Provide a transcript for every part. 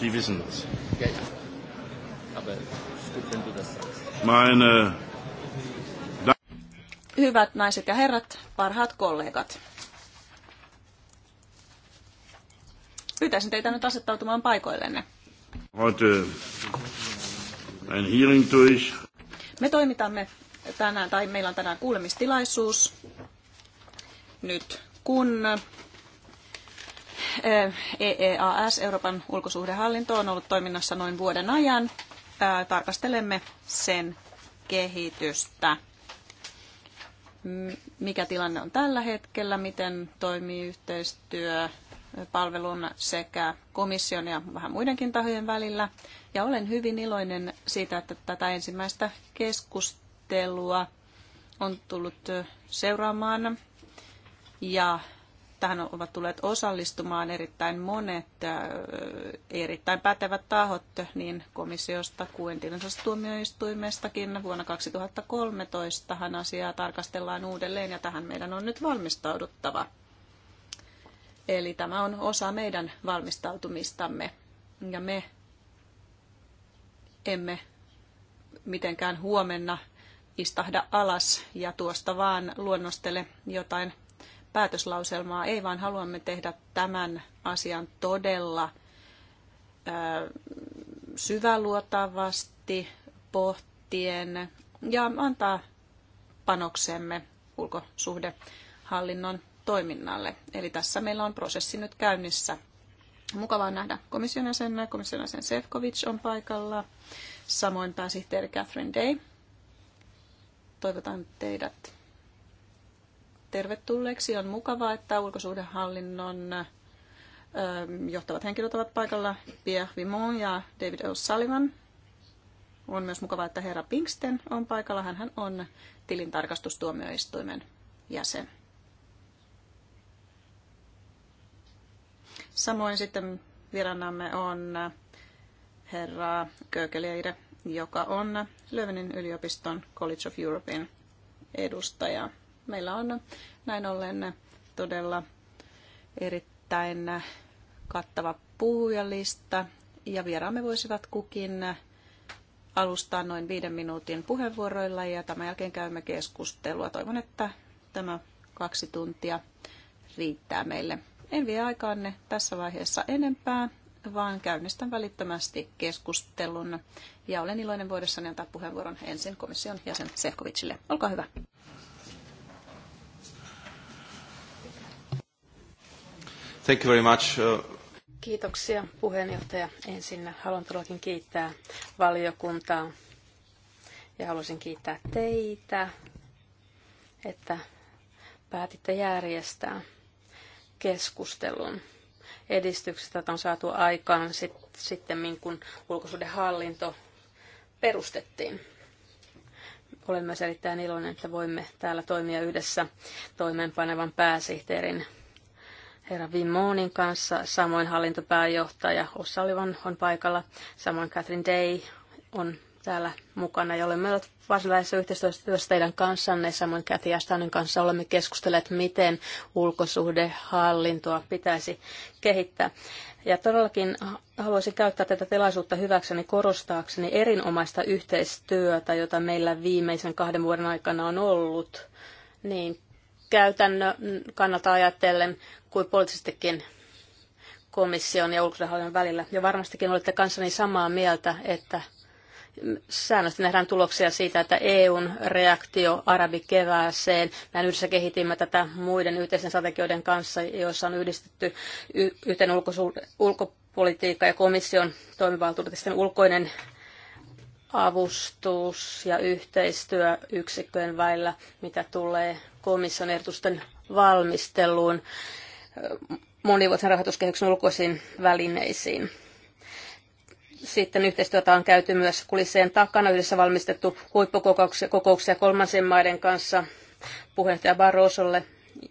Die wissen das. Ja, ja. Aber gut, wenn du das sagst. Meine Hyvät naiset ja herrat, parhaat kollegat. Pyytäisin teitä nyt asettautumaan paikoillenne. Heute ein hearing durch. Me toimitamme tänään, tai meillä on tänään kuulemistilaisuus. Nyt kun EEAS, eh, e Euroopan ulkosuhdehallinto, on ollut toiminnassa noin vuoden ajan. Tarkastelemme sen kehitystä. Mikä tilanne on tällä hetkellä, miten toimii yhteistyö palvelun sekä komission ja vähän muidenkin tahojen välillä. Ja olen hyvin iloinen siitä, että tätä ensimmäistä keskustelua on tullut seuraamaan. Ja tähän ovat tulleet osallistumaan erittäin monet äh, erittäin pätevät tahot niin komissiosta kuin tuomioistuimestakin. Vuonna 2013 tähän asiaa tarkastellaan uudelleen ja tähän meidän on nyt valmistauduttava. Eli tämä on osa meidän valmistautumistamme ja me emme mitenkään huomenna istahda alas ja tuosta vaan luonnostele jotain päätöslauselmaa, ei vaan haluamme tehdä tämän asian todella syväluotavasti pohtien ja antaa panoksemme ulkosuhdehallinnon toiminnalle. Eli tässä meillä on prosessi nyt käynnissä. Mukavaa nähdä komission jäsen, komission jäsen Sefkovic on paikalla, samoin pääsihteeri Catherine Day. Toivotan teidät tervetulleeksi. On mukavaa, että ulkosuhdehallinnon johtavat henkilöt ovat paikalla, Pierre Vimon ja David O'Sullivan. On myös mukavaa, että herra Pinksten on paikalla. hän on tilintarkastustuomioistuimen jäsen. Samoin sitten virannamme on herra Kökeliäide, joka on Lövenin yliopiston College of Europein edustaja. Meillä on näin ollen todella erittäin kattava puhujalista ja vieraamme voisivat kukin alustaa noin viiden minuutin puheenvuoroilla ja tämän jälkeen käymme keskustelua. Toivon, että tämä kaksi tuntia riittää meille. En vie aikaanne tässä vaiheessa enempää, vaan käynnistän välittömästi keskustelun. Ja olen iloinen voidessani antaa puheenvuoron ensin komission jäsen Sehkovicille. Olkaa hyvä. Thank you very much. Uh, Kiitoksia puheenjohtaja. Ensin haluan todellakin kiittää valiokuntaa ja haluaisin kiittää teitä, että päätitte järjestää keskustelun edistyksestä, jota on saatu aikaan sit, sitten, kun ulkosuhdehallinto perustettiin. Olen myös erittäin iloinen, että voimme täällä toimia yhdessä toimeenpanevan pääsihteerin herra Vimonin kanssa, samoin hallintopääjohtaja Ossalivan on paikalla, samoin Catherine Day on täällä mukana ja olemme olleet varsin yhteistyössä teidän kanssanne, samoin Kathy Astanin kanssa olemme keskustelleet, miten ulkosuhdehallintoa pitäisi kehittää. Ja todellakin haluaisin käyttää tätä tilaisuutta hyväkseni korostaakseni erinomaista yhteistyötä, jota meillä viimeisen kahden vuoden aikana on ollut niin käytännön kannalta ajatellen kuin poliittisestikin komission ja ulkoisen välillä. Ja varmastikin olette kanssani samaa mieltä, että säännöllisesti nähdään tuloksia siitä, että EUn reaktio arabikevääseen, näin yhdessä kehitimme tätä muiden yhteisten strategioiden kanssa, joissa on yhdistetty y- yhteen ulkopolitiikka ja komission toimivaltuudet, sitten ulkoinen avustus- ja yhteistyöyksikköjen välillä, mitä tulee komission ehdotusten valmisteluun monivuotisen rahoituskehyksen ulkoisiin välineisiin. Sitten yhteistyötä on käyty myös kulisseen takana yhdessä valmistettu huippukokouksia kolmansien maiden kanssa puheenjohtaja Barrosolle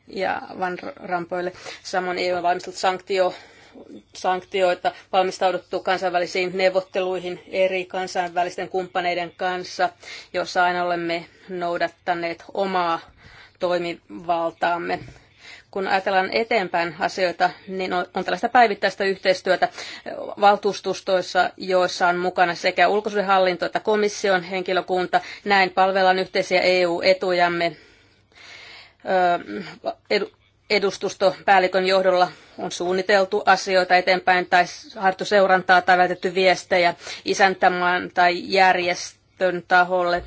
ja Van Rampoille. Samoin EU on valmistellut sanktio sanktioita, valmistauduttu kansainvälisiin neuvotteluihin eri kansainvälisten kumppaneiden kanssa, jossa aina olemme noudattaneet omaa toimivaltaamme. Kun ajatellaan eteenpäin asioita, niin on, on tällaista päivittäistä yhteistyötä valtuustustoissa, joissa on mukana sekä ulkosuhdehallinto että komission henkilökunta. Näin palvellaan yhteisiä EU-etujamme edustustopäällikön johdolla on suunniteltu asioita eteenpäin tai hartu seurantaa tai vältetty viestejä isäntämaan tai järjestön taholle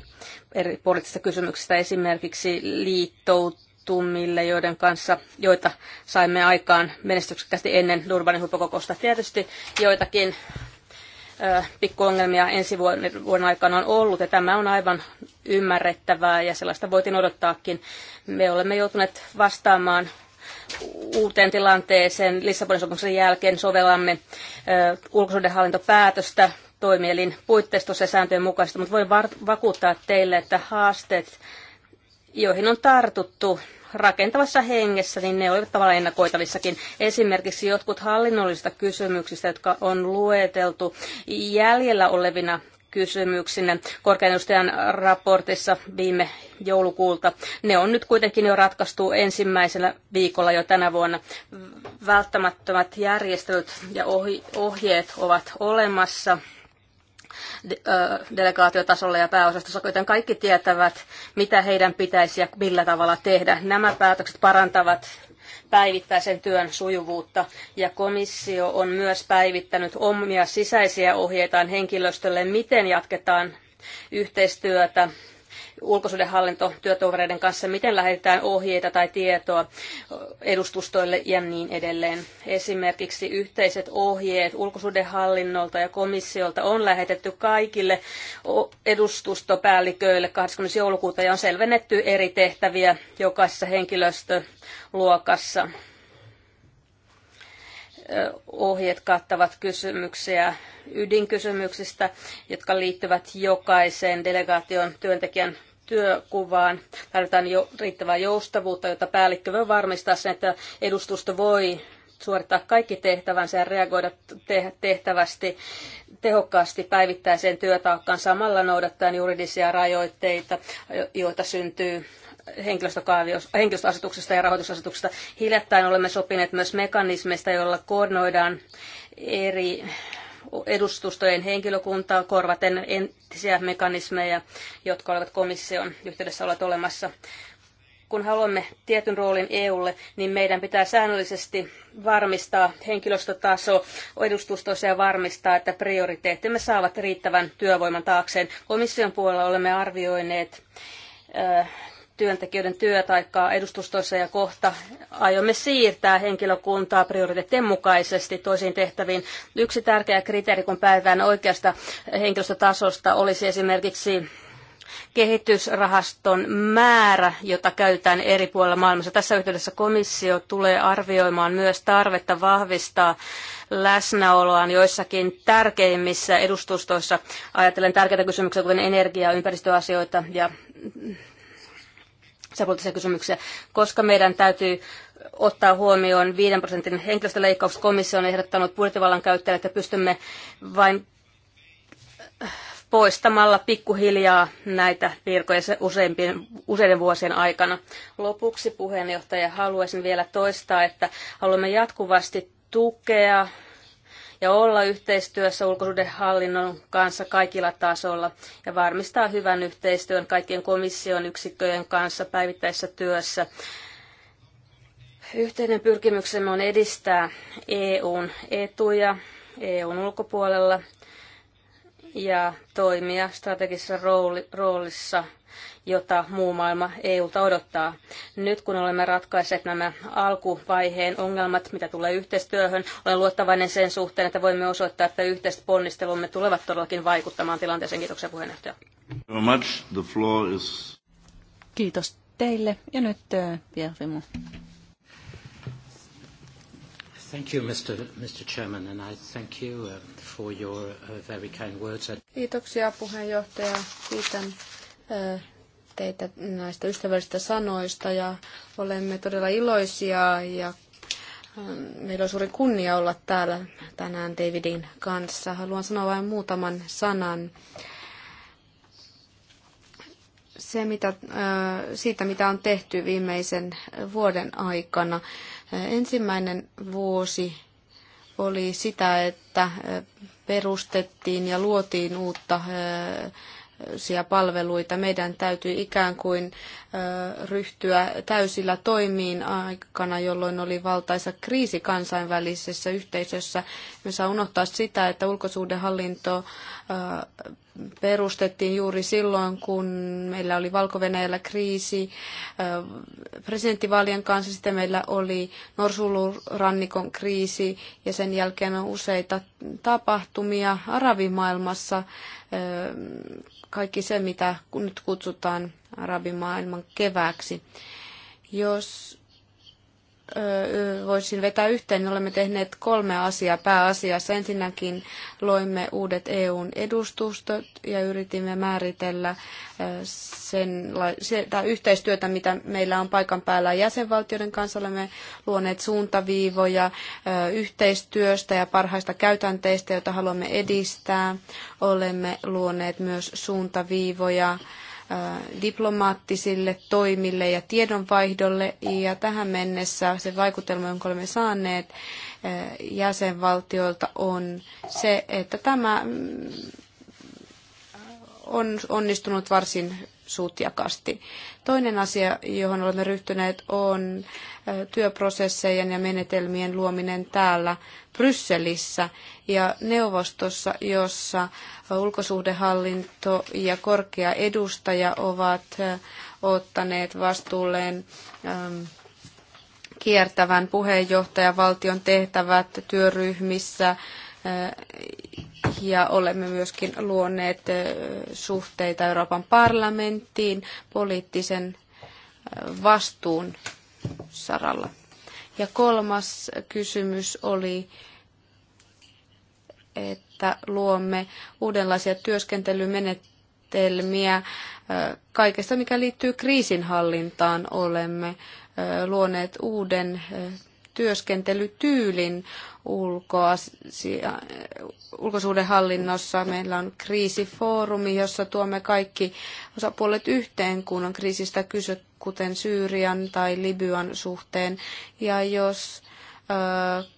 eri poliittisista kysymyksistä esimerkiksi liittoutumille, joiden kanssa, joita saimme aikaan menestyksekkäästi ennen Durbanin huippukokousta. Tietysti joitakin pikkuongelmia ensi vuoden aikana on ollut, ja tämä on aivan ymmärrettävää, ja sellaista voitiin odottaakin. Me olemme joutuneet vastaamaan uuteen tilanteeseen Lissabonin sopimuksen jälkeen sovellamme ulkosuhdehallintopäätöstä toimielin puitteistossa ja sääntöjen mukaisesti, mutta voin vakuuttaa teille, että haasteet, joihin on tartuttu rakentavassa hengessä, niin ne olivat tavallaan ennakoitavissakin. Esimerkiksi jotkut hallinnollisista kysymyksistä, jotka on lueteltu jäljellä olevina kysymyksinne korkean raportissa viime joulukuulta. Ne on nyt kuitenkin jo ratkaistu ensimmäisellä viikolla jo tänä vuonna. Välttämättömät järjestelyt ja ohjeet ovat olemassa delegaatiotasolla ja pääosastossa, joten kaikki tietävät, mitä heidän pitäisi ja millä tavalla tehdä. Nämä päätökset parantavat päivittäisen työn sujuvuutta. Ja komissio on myös päivittänyt omia sisäisiä ohjeitaan henkilöstölle, miten jatketaan yhteistyötä ulkosuhdehallinto työtovereiden kanssa, miten lähetetään ohjeita tai tietoa edustustoille ja niin edelleen. Esimerkiksi yhteiset ohjeet ulkosuhdehallinnolta ja komissiolta on lähetetty kaikille edustustopäälliköille 20. joulukuuta ja on selvennetty eri tehtäviä jokaisessa henkilöstöluokassa ohjeet kattavat kysymyksiä ydinkysymyksistä, jotka liittyvät jokaiseen delegaation työntekijän työkuvaan. Tarvitaan jo riittävää joustavuutta, jotta päällikkö voi varmistaa sen, että edustusto voi suorittaa kaikki tehtävänsä ja reagoida tehtävästi tehokkaasti päivittäiseen työtaakkaan samalla noudattaen juridisia rajoitteita, joita syntyy henkilöstöasetuksesta ja rahoitusasetuksesta. Hiljattain olemme sopineet myös mekanismeista, joilla koordinoidaan eri edustustojen henkilökuntaa korvaten entisiä mekanismeja, jotka olivat komission yhteydessä olleet olemassa. Kun haluamme tietyn roolin EUlle, niin meidän pitää säännöllisesti varmistaa henkilöstötaso edustustossa ja varmistaa, että prioriteettimme saavat riittävän työvoiman taakseen. Komission puolella olemme arvioineet työntekijöiden työtaikkaa edustustoissa ja kohta aiomme siirtää henkilökuntaa prioriteettien mukaisesti toisiin tehtäviin. Yksi tärkeä kriteeri, kun päätetään oikeasta henkilöstötasosta, olisi esimerkiksi kehitysrahaston määrä, jota käytetään eri puolilla maailmassa. Tässä yhteydessä komissio tulee arvioimaan myös tarvetta vahvistaa läsnäoloaan joissakin tärkeimmissä edustustoissa. Ajattelen tärkeitä kysymyksiä, kuten energia- ja ympäristöasioita ja poliittisia kysymyksiä, koska meidän täytyy ottaa huomioon 5 prosentin henkilöstöleikkaukset. Komissio on ehdottanut budjettivallan käyttäjille, että pystymme vain äh, poistamalla pikkuhiljaa näitä virkoja useimpien, useiden vuosien aikana. Lopuksi puheenjohtaja haluaisin vielä toistaa, että haluamme jatkuvasti tukea ja olla yhteistyössä ulkosuhdehallinnon kanssa kaikilla tasolla ja varmistaa hyvän yhteistyön kaikkien komission yksikköjen kanssa päivittäisessä työssä. Yhteinen pyrkimyksemme on edistää EUn etuja EUn ulkopuolella ja toimia strategisessa roolissa jota muu maailma EUlta odottaa. Nyt kun olemme ratkaisseet nämä alkuvaiheen ongelmat, mitä tulee yhteistyöhön, olen luottavainen sen suhteen, että voimme osoittaa, että yhteiset ponnistelumme tulevat todellakin vaikuttamaan tilanteeseen. Kiitoksia puheenjohtaja. Kiitos teille. Ja nyt äh, Pierre Rimu. Thank you, Mr. Mr. Chairman, and I thank you uh, for your uh, very kind words. Kiitoksia puheenjohtaja. Kiitän uh, teitä näistä ystävällisistä sanoista ja olemme todella iloisia ja ähm, meillä on suuri kunnia olla täällä tänään Davidin kanssa. Haluan sanoa vain muutaman sanan se, mitä, äh, siitä, mitä on tehty viimeisen vuoden aikana. Äh, ensimmäinen vuosi oli sitä, että äh, perustettiin ja luotiin uutta palveluita. Meidän täytyy ikään kuin ryhtyä täysillä toimiin aikana, jolloin oli valtaisa kriisi kansainvälisessä yhteisössä. Me saa unohtaa sitä, että ulkosuhdehallinto perustettiin juuri silloin, kun meillä oli valko kriisi presidenttivaalien kanssa. Sitten meillä oli Norsulurannikon kriisi ja sen jälkeen on useita tapahtumia arabimaailmassa. Kaikki se, mitä nyt kutsutaan arabimaailman keväksi, Jos voisin vetää yhteen. Olemme tehneet kolme asiaa pääasiassa. Ensinnäkin loimme uudet EUn edustustot ja yritimme määritellä sen, sitä yhteistyötä, mitä meillä on paikan päällä jäsenvaltioiden kanssa. Olemme luoneet suuntaviivoja yhteistyöstä ja parhaista käytänteistä, joita haluamme edistää. Olemme luoneet myös suuntaviivoja diplomaattisille toimille ja tiedonvaihdolle. Ja tähän mennessä se vaikutelma, jonka olemme saaneet jäsenvaltioilta, on se, että tämä mm, on onnistunut varsin sutjakasti. Toinen asia, johon olemme ryhtyneet, on työprosessejen ja menetelmien luominen täällä Brysselissä ja neuvostossa, jossa ulkosuhdehallinto ja korkea edustaja ovat ottaneet vastuulleen kiertävän puheenjohtajavaltion tehtävät työryhmissä ja olemme myöskin luoneet suhteita Euroopan parlamenttiin poliittisen vastuun saralla. Ja kolmas kysymys oli, että luomme uudenlaisia työskentelymenetelmiä. Kaikesta, mikä liittyy kriisinhallintaan, olemme luoneet uuden työskentelytyylin ulkoasia, ulkosuudenhallinnossa. Meillä on kriisifoorumi, jossa tuomme kaikki osapuolet yhteen, kun on kriisistä kyse, kuten Syyrian tai Libyan suhteen. Ja jos ö,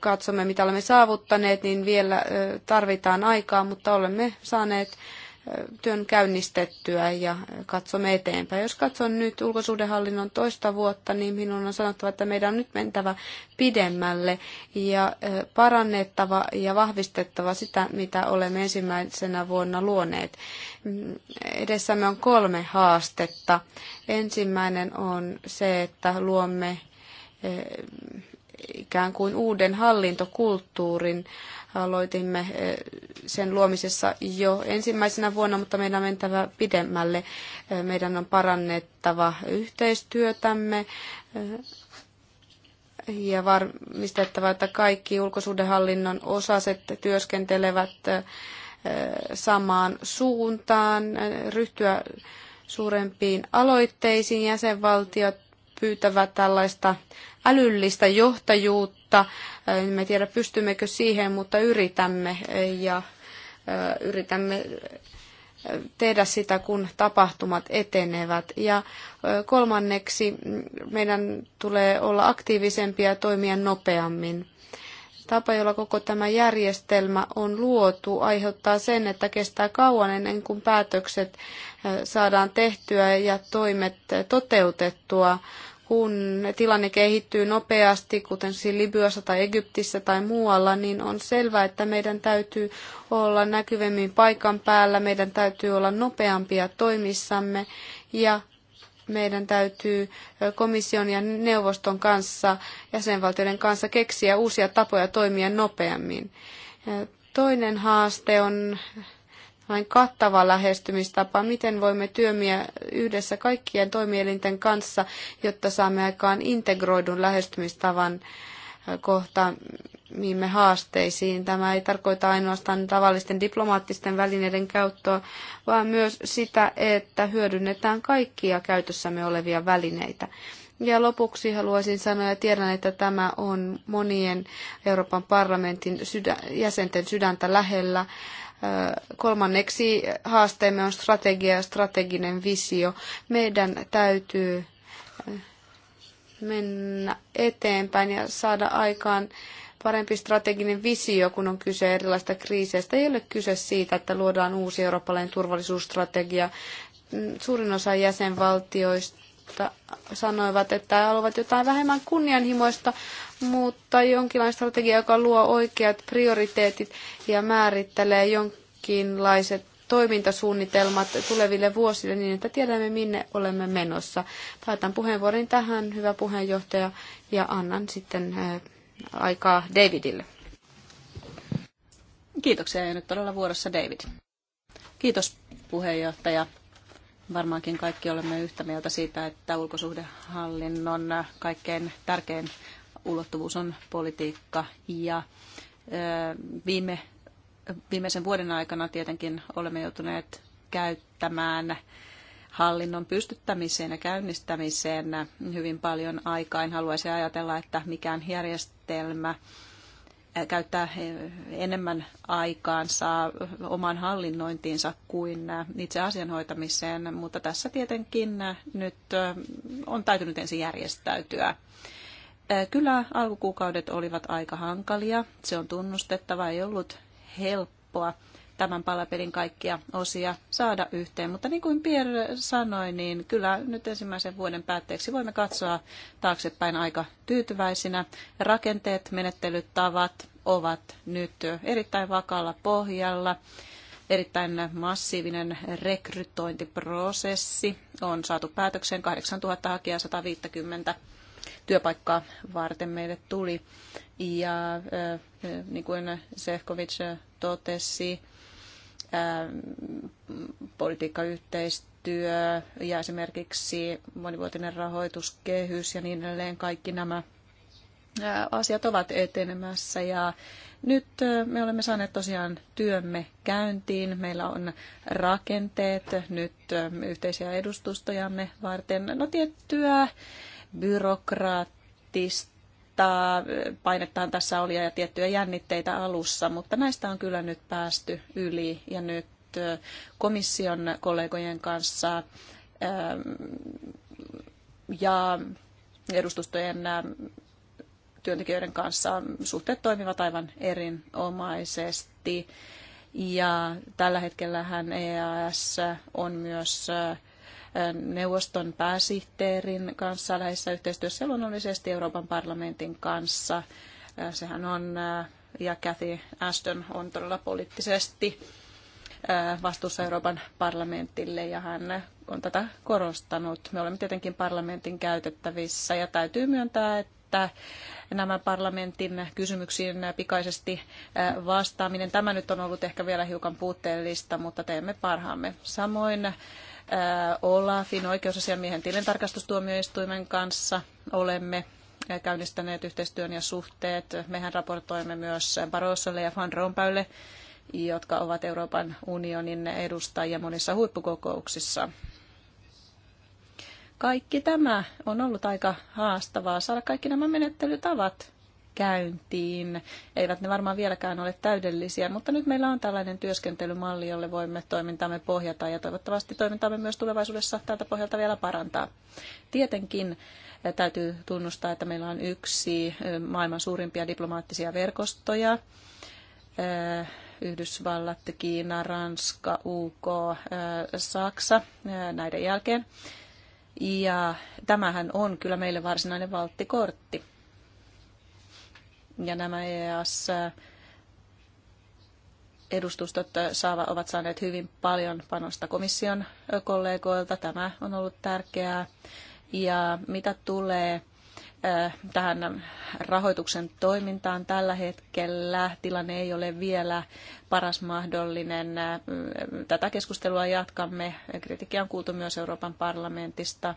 katsomme, mitä olemme saavuttaneet, niin vielä ö, tarvitaan aikaa, mutta olemme saaneet työn käynnistettyä ja katsomme eteenpäin. Jos katson nyt ulkosuhdehallinnon toista vuotta, niin minun on sanottava, että meidän on nyt mentävä pidemmälle ja parannettava ja vahvistettava sitä, mitä olemme ensimmäisenä vuonna luoneet. Mm, edessämme on kolme haastetta. Ensimmäinen on se, että luomme ikään kuin uuden hallintokulttuurin Aloitimme eh, sen luomisessa jo ensimmäisenä vuonna, mutta meidän on mentävä pidemmälle. Eh, meidän on parannettava yhteistyötämme eh, ja varmistettava, että kaikki ulkosuhdehallinnon osaset työskentelevät samaan suuntaan, ryhtyä suurempiin aloitteisiin. Jäsenvaltiot pyytävät tällaista älyllistä johtajuutta. Me tiedä, pystymmekö siihen, mutta yritämme ja yritämme tehdä sitä, kun tapahtumat etenevät. Ja kolmanneksi mm, meidän tulee olla aktiivisempia ja toimia nopeammin. Tapa, jolla koko tämä järjestelmä on luotu, aiheuttaa sen, että kestää kauan ennen kuin päätökset saadaan tehtyä ja toimet toteutettua kun tilanne kehittyy nopeasti, kuten siis Libyassa tai Egyptissä tai muualla, niin on selvää, että meidän täytyy olla näkyvemmin paikan päällä, meidän täytyy olla nopeampia toimissamme ja meidän täytyy komission ja neuvoston kanssa, jäsenvaltioiden kanssa keksiä uusia tapoja toimia nopeammin. Toinen haaste on näin kattava lähestymistapa, miten voimme työmiä yhdessä kaikkien toimielinten kanssa, jotta saamme aikaan integroidun lähestymistavan äh, kohtaamiimme haasteisiin. Tämä ei tarkoita ainoastaan tavallisten diplomaattisten välineiden käyttöä, vaan myös sitä, että hyödynnetään kaikkia käytössämme olevia välineitä. Ja lopuksi haluaisin sanoa, ja tiedän, että tämä on monien Euroopan parlamentin sydä, jäsenten sydäntä lähellä, Kolmanneksi haasteemme on strategia ja strateginen visio. Meidän täytyy eh, mennä eteenpäin ja saada aikaan parempi strateginen visio, kun on kyse erilaisista kriiseistä. Ei ole kyse siitä, että luodaan uusi eurooppalainen turvallisuusstrategia. Mm, suurin osa jäsenvaltioista sanoivat, että haluavat jotain vähemmän kunnianhimoista, mutta jonkinlainen strategia, joka luo oikeat prioriteetit ja määrittelee jonkinlaiset toimintasuunnitelmat tuleville vuosille niin, että tiedämme minne olemme menossa. Päätän puheenvuoron tähän, hyvä puheenjohtaja, ja annan sitten äh, aikaa Davidille. Kiitoksia ja nyt todella vuorossa David. Kiitos puheenjohtaja. Varmaankin kaikki olemme yhtä mieltä siitä, että ulkosuhdehallinnon äh, kaikkein tärkein ulottuvuus on politiikka ja viime, viimeisen vuoden aikana tietenkin olemme joutuneet käyttämään hallinnon pystyttämiseen ja käynnistämiseen hyvin paljon aikaa. En haluaisi ajatella, että mikään järjestelmä käyttää enemmän aikaansa omaan hallinnointiinsa kuin itse asian hoitamiseen, mutta tässä tietenkin nyt on täytynyt ensin järjestäytyä. Äh, kyllä alkukuukaudet olivat aika hankalia, se on tunnustettava, ei ollut helppoa tämän palapelin kaikkia osia saada yhteen. Mutta niin kuin Pierre sanoi, niin kyllä nyt ensimmäisen vuoden päätteeksi voimme katsoa taaksepäin aika tyytyväisinä. Rakenteet, menettelyt, tavat ovat nyt erittäin vakalla pohjalla. Erittäin massiivinen rekrytointiprosessi on saatu päätökseen 8150 työpaikkaa varten meille tuli. Ja niin kuin Sefkovic totesi, politiikkayhteistyö ja esimerkiksi monivuotinen rahoituskehys ja niin edelleen kaikki nämä asiat ovat etenemässä ja nyt me olemme saaneet tosiaan työmme käyntiin. Meillä on rakenteet nyt yhteisiä edustustojamme varten. No tiettyä byrokraattista painettaan tässä oli ja tiettyjä jännitteitä alussa, mutta näistä on kyllä nyt päästy yli ja nyt komission kollegojen kanssa ja edustustojen työntekijöiden kanssa suhteet toimivat aivan erinomaisesti. Ja tällä hetkellä hän EAS on myös neuvoston pääsihteerin kanssa läheisessä yhteistyössä luonnollisesti Euroopan parlamentin kanssa. Sehän on, ja Cathy Ashton on todella poliittisesti vastuussa Euroopan parlamentille ja hän on tätä korostanut. Me olemme tietenkin parlamentin käytettävissä ja täytyy myöntää, että nämä parlamentin kysymyksiin pikaisesti vastaaminen. Tämä nyt on ollut ehkä vielä hiukan puutteellista, mutta teemme parhaamme. Samoin Olafin oikeusasiamiehen tilintarkastustuomioistuimen kanssa olemme käynnistäneet yhteistyön ja suhteet. Mehän raportoimme myös Barrosolle ja Van Rompuylle, jotka ovat Euroopan unionin edustajia monissa huippukokouksissa. Kaikki tämä on ollut aika haastavaa, saada kaikki nämä menettelytavat käyntiin. Eivät ne varmaan vieläkään ole täydellisiä, mutta nyt meillä on tällainen työskentelymalli, jolle voimme toimintamme pohjata ja toivottavasti toimintamme myös tulevaisuudessa tältä pohjalta vielä parantaa. Tietenkin eh, täytyy tunnustaa, että meillä on yksi eh, maailman suurimpia diplomaattisia verkostoja. Eh, Yhdysvallat, Kiina, Ranska, UK, Saksa näiden jälkeen. Ja tämähän on kyllä meille varsinainen valttikortti ja nämä EAS edustustot äh, saava, ovat saaneet hyvin paljon panosta komission äh, kollegoilta. Tämä on ollut tärkeää. Ja mitä tulee Äh, tähän rahoituksen toimintaan tällä hetkellä. Tilanne ei ole vielä paras mahdollinen. Äh, tätä keskustelua jatkamme. Kritiikkiä on kuultu myös Euroopan parlamentista.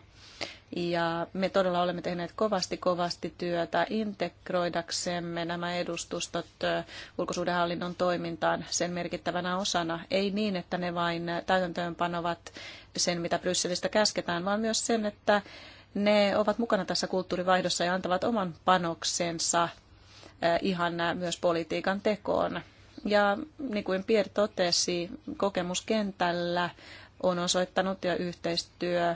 Ja me todella olemme tehneet kovasti, kovasti työtä integroidaksemme nämä edustustot äh, ulkosuhdehallinnon toimintaan sen merkittävänä osana. Ei niin, että ne vain täytäntöönpanovat sen, mitä Brysselistä käsketään, vaan myös sen, että ne ovat mukana tässä kulttuurivaihdossa ja antavat oman panoksensa eh, ihan eh, myös politiikan tekoon. Ja niin kuin Pierre totesi, kokemuskentällä on osoittanut ja yhteistyö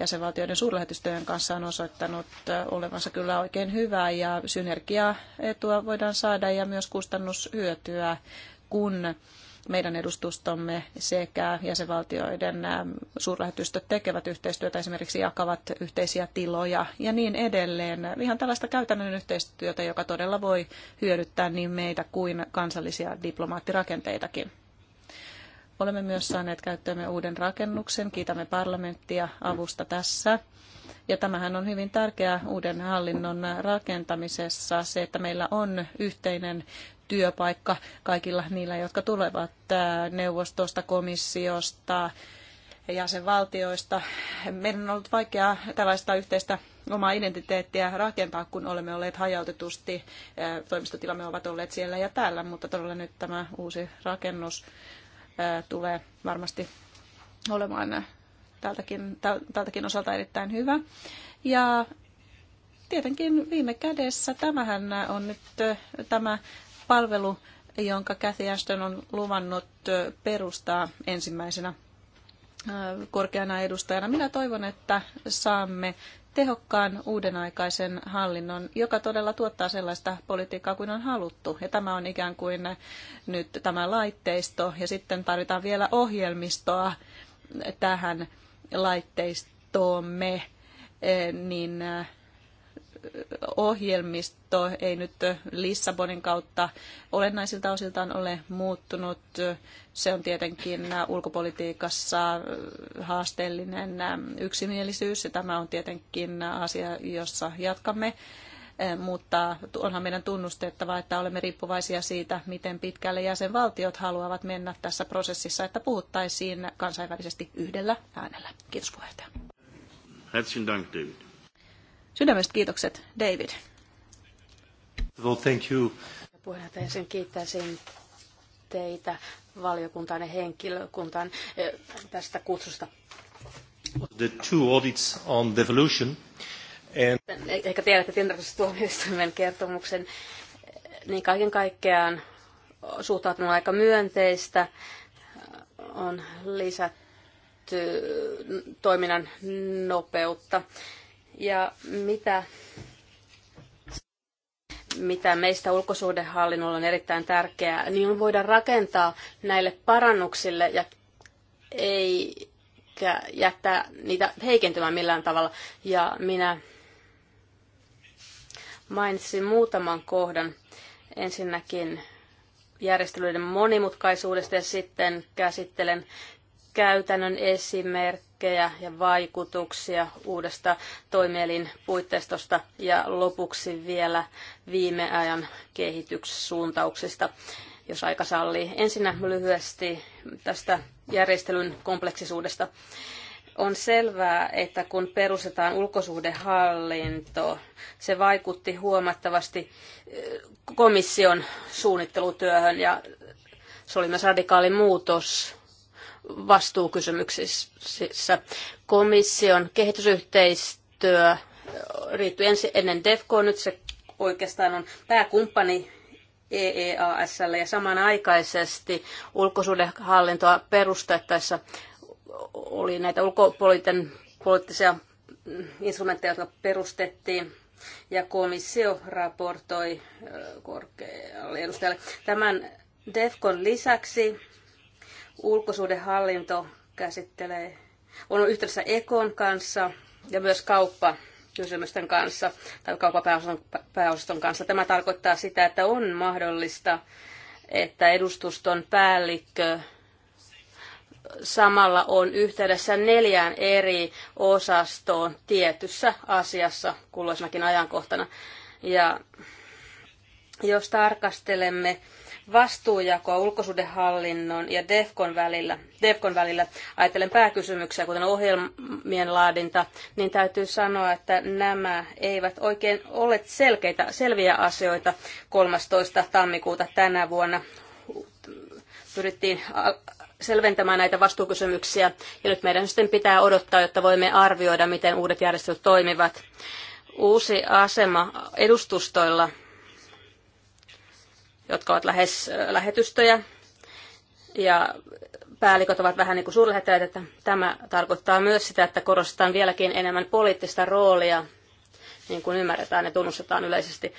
jäsenvaltioiden suurlähetystöjen kanssa on osoittanut eh, olevansa kyllä oikein hyvää ja synergiaetua voidaan saada ja myös kustannushyötyä, kun meidän edustustomme sekä jäsenvaltioiden suurlähetystöt tekevät yhteistyötä, esimerkiksi jakavat yhteisiä tiloja ja niin edelleen. Ihan tällaista käytännön yhteistyötä, joka todella voi hyödyttää niin meitä kuin kansallisia diplomaattirakenteitakin. Olemme myös saaneet käyttöömme uuden rakennuksen. Kiitämme parlamenttia avusta tässä. Ja tämähän on hyvin tärkeää uuden hallinnon rakentamisessa, se, että meillä on yhteinen työpaikka kaikilla niillä, jotka tulevat neuvostosta, komissiosta, jäsenvaltioista. Meidän on ollut vaikeaa tällaista yhteistä omaa identiteettiä rakentaa, kun olemme olleet hajautetusti. Toimistotilamme ovat olleet siellä ja täällä, mutta todella nyt tämä uusi rakennus tulee varmasti olemaan tältäkin, tältäkin osalta erittäin hyvä. Ja tietenkin viime kädessä tämähän on nyt tämä palvelu, jonka Kathy Ashton on luvannut perustaa ensimmäisenä korkeana edustajana. Minä toivon, että saamme tehokkaan uudenaikaisen hallinnon, joka todella tuottaa sellaista politiikkaa kuin on haluttu. Ja tämä on ikään kuin nyt tämä laitteisto ja sitten tarvitaan vielä ohjelmistoa tähän laitteistomme, eh, niin eh, ohjelmisto ei nyt Lissabonin kautta olennaisilta osiltaan ole muuttunut. Se on tietenkin ulkopolitiikassa haasteellinen yksimielisyys ja tämä on tietenkin asia, jossa jatkamme mutta onhan meidän tunnustettava, että olemme riippuvaisia siitä, miten pitkälle jäsenvaltiot haluavat mennä tässä prosessissa, että puhuttaisiin kansainvälisesti yhdellä äänellä. Kiitos puheenjohtaja. Herzlichen Dank, David. Sydämestä kiitokset, David. Well, thank you. Puheenjohtaja, sen kiittäisin teitä valiokuntaan ja henkilökuntaan tästä kutsusta. The two audits on devolution. En. Eh, ehkä tiedätte tilintarkastustuomioistuimen kertomuksen, eh, niin kaiken kaikkiaan suhtautunut aika myönteistä. On lisätty toiminnan nopeutta. Ja mitä mitä meistä ulkosuhdehallinnolla on erittäin tärkeää, niin on voida rakentaa näille parannuksille ja ei jättää niitä heikentymään millään tavalla. Ja minä Mainitsin muutaman kohdan. Ensinnäkin järjestelyiden monimutkaisuudesta ja sitten käsittelen käytännön esimerkkejä ja vaikutuksia uudesta toimielin puitteistosta ja lopuksi vielä viime ajan kehityssuuntauksista, jos aika sallii. Ensinnä lyhyesti tästä järjestelyn kompleksisuudesta. On selvää, että kun perustetaan ulkosuhdehallinto, se vaikutti huomattavasti eh, komission suunnittelutyöhön ja se oli myös radikaali muutos vastuukysymyksissä. Komission kehitysyhteistyö riittyi ensin ennen DEFCO, nyt se oikeastaan on pääkumppani EEASlle e ja samanaikaisesti ulkosuhdehallintoa perustettaessa oli näitä ulkopoliittisia instrumentteja, jotka perustettiin, ja komissio raportoi korkealle edustajalle. Tämän DEFCON lisäksi ulkosuhdehallinto käsittelee, on yhteydessä EKON kanssa ja myös kauppa kysymysten kanssa tai kauppapääosaston kanssa. Tämä tarkoittaa sitä, että on mahdollista, että edustuston päällikkö samalla on yhteydessä neljään eri osastoon tietyssä asiassa kulloisenakin ajankohtana. Ja jos tarkastelemme vastuujakoa ulkosuhdehallinnon ja DEFCON välillä, DEFCON välillä ajattelen pääkysymyksiä, kuten ohjelmien laadinta, niin täytyy sanoa, että nämä eivät oikein ole selkeitä, selviä asioita 13. tammikuuta tänä vuonna. Pyrittiin selventämään näitä vastuukysymyksiä. Ja nyt meidän sitten pitää odottaa, jotta voimme arvioida, miten uudet järjestelyt toimivat. Uusi asema edustustoilla, jotka ovat lähes lähetystöjä, ja päälliköt ovat vähän niin kuin suurlähettiläät, että tämä tarkoittaa myös sitä, että korostetaan vieläkin enemmän poliittista roolia, niin kuin ymmärretään ja tunnustetaan yleisesti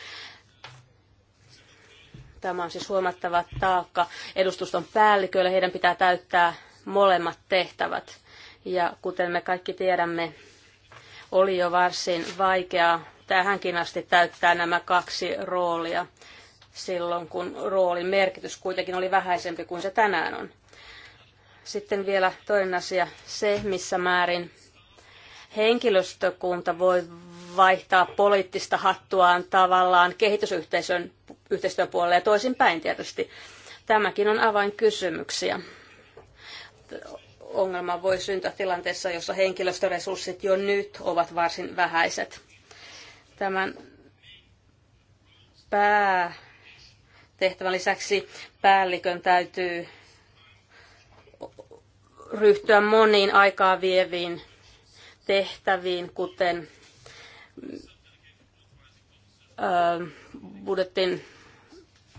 Tämä on siis huomattava taakka edustuston päälliköille. Heidän pitää täyttää molemmat tehtävät. Ja kuten me kaikki tiedämme, oli jo varsin vaikeaa tähänkin asti täyttää nämä kaksi roolia silloin, kun roolin merkitys kuitenkin oli vähäisempi kuin se tänään on. Sitten vielä toinen asia, se missä määrin henkilöstökunta voi vaihtaa poliittista hattuaan tavallaan kehitysyhteisön yhteistyöpuolelle ja toisinpäin tietysti. Tämäkin on avainkysymyksiä. Ongelma voi syntyä tilanteessa, jossa henkilöstöresurssit jo nyt ovat varsin vähäiset. Tämän päätehtävän lisäksi päällikön täytyy ryhtyä moniin aikaa vieviin tehtäviin, kuten budjetin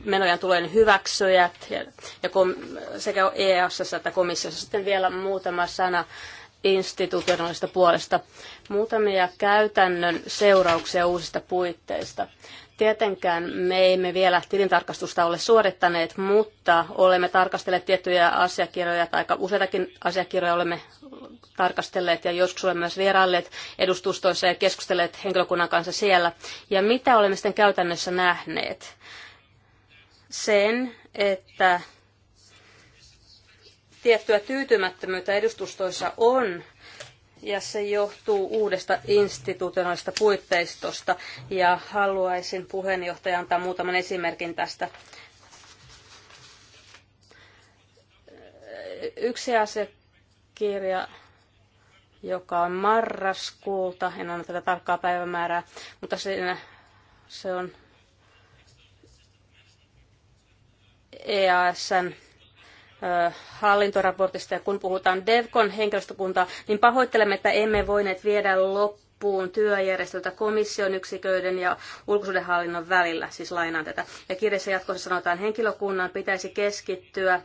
menojen tulojen hyväksyjät ja, ja kom, sekä EAS että komissiossa. Sitten vielä muutama sana institutionaalisesta puolesta. Muutamia käytännön seurauksia uusista puitteista. Tietenkään me emme vielä tilintarkastusta ole suorittaneet, mutta olemme tarkastelleet tiettyjä asiakirjoja tai useitakin asiakirjoja olemme tarkastelleet ja joskus olemme myös vierailleet edustustoissa ja keskustelleet henkilökunnan kanssa siellä. Ja mitä olemme sitten käytännössä nähneet? sen, että tiettyä tyytymättömyyttä edustustoissa on, ja se johtuu uudesta institutionaalista puitteistosta, ja haluaisin puheenjohtaja antaa muutaman esimerkin tästä. Yksi asiakirja, joka on marraskuulta, en anna tätä tarkkaa päivämäärää, mutta siinä se on EASn hallintoraportista ja kun puhutaan DEVCON henkilöstökuntaa, niin pahoittelemme, että emme voineet viedä loppuun työjärjestöltä komission yksiköiden ja ulkosuudenhallinnon välillä, siis lainaan tätä. Ja kirjassa jatkossa sanotaan, että henkilökunnan pitäisi keskittyä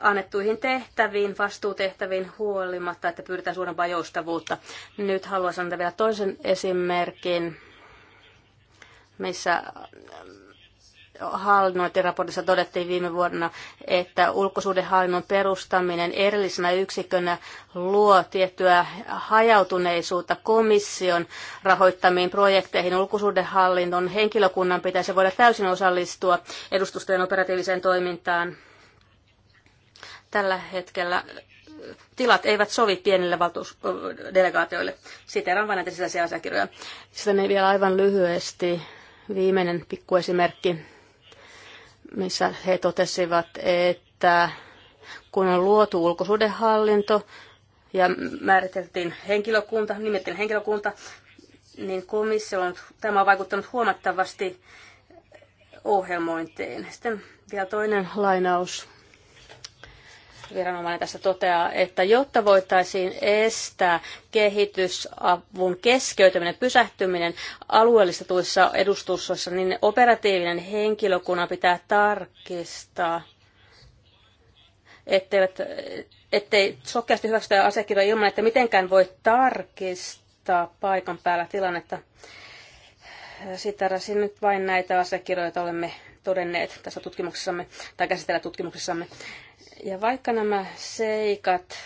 annettuihin tehtäviin, vastuutehtäviin huolimatta, että pyritään suurempaa joustavuutta. Nyt haluaisin antaa vielä toisen esimerkin, missä hallinnointiraportissa todettiin viime vuonna, että ulkosuhdehallinnon perustaminen erillisenä yksikönä luo tiettyä hajautuneisuutta komission rahoittamiin projekteihin. Ulkosuhdehallinnon henkilökunnan pitäisi voida täysin osallistua edustustojen operatiiviseen toimintaan. Tällä hetkellä tilat eivät sovi pienille valtuusdelegaatioille. Siteeraan vain näitä sisäisiä asiakirjoja. Sitten vielä aivan lyhyesti viimeinen pikkuesimerkki missä he totesivat, että kun on luotu ulkosuhdehallinto ja määriteltiin henkilökunta, nimettiin henkilökunta, niin komissio on, tämä on vaikuttanut huomattavasti ohjelmointiin. Sitten vielä toinen lainaus viranomainen tässä toteaa, että jotta voitaisiin estää kehitysavun keskeytyminen, pysähtyminen alueellistetuissa edustustoissa, niin operatiivinen henkilökunnan pitää tarkistaa, etteivät, ettei sokeasti hyväksytä asiakirjoja ilman, että mitenkään voi tarkistaa paikan päällä tilannetta. Sitarasin nyt vain näitä asiakirjoja, olemme todenneet tässä tutkimuksessamme tai käsitellä tutkimuksessamme. Ja vaikka nämä seikat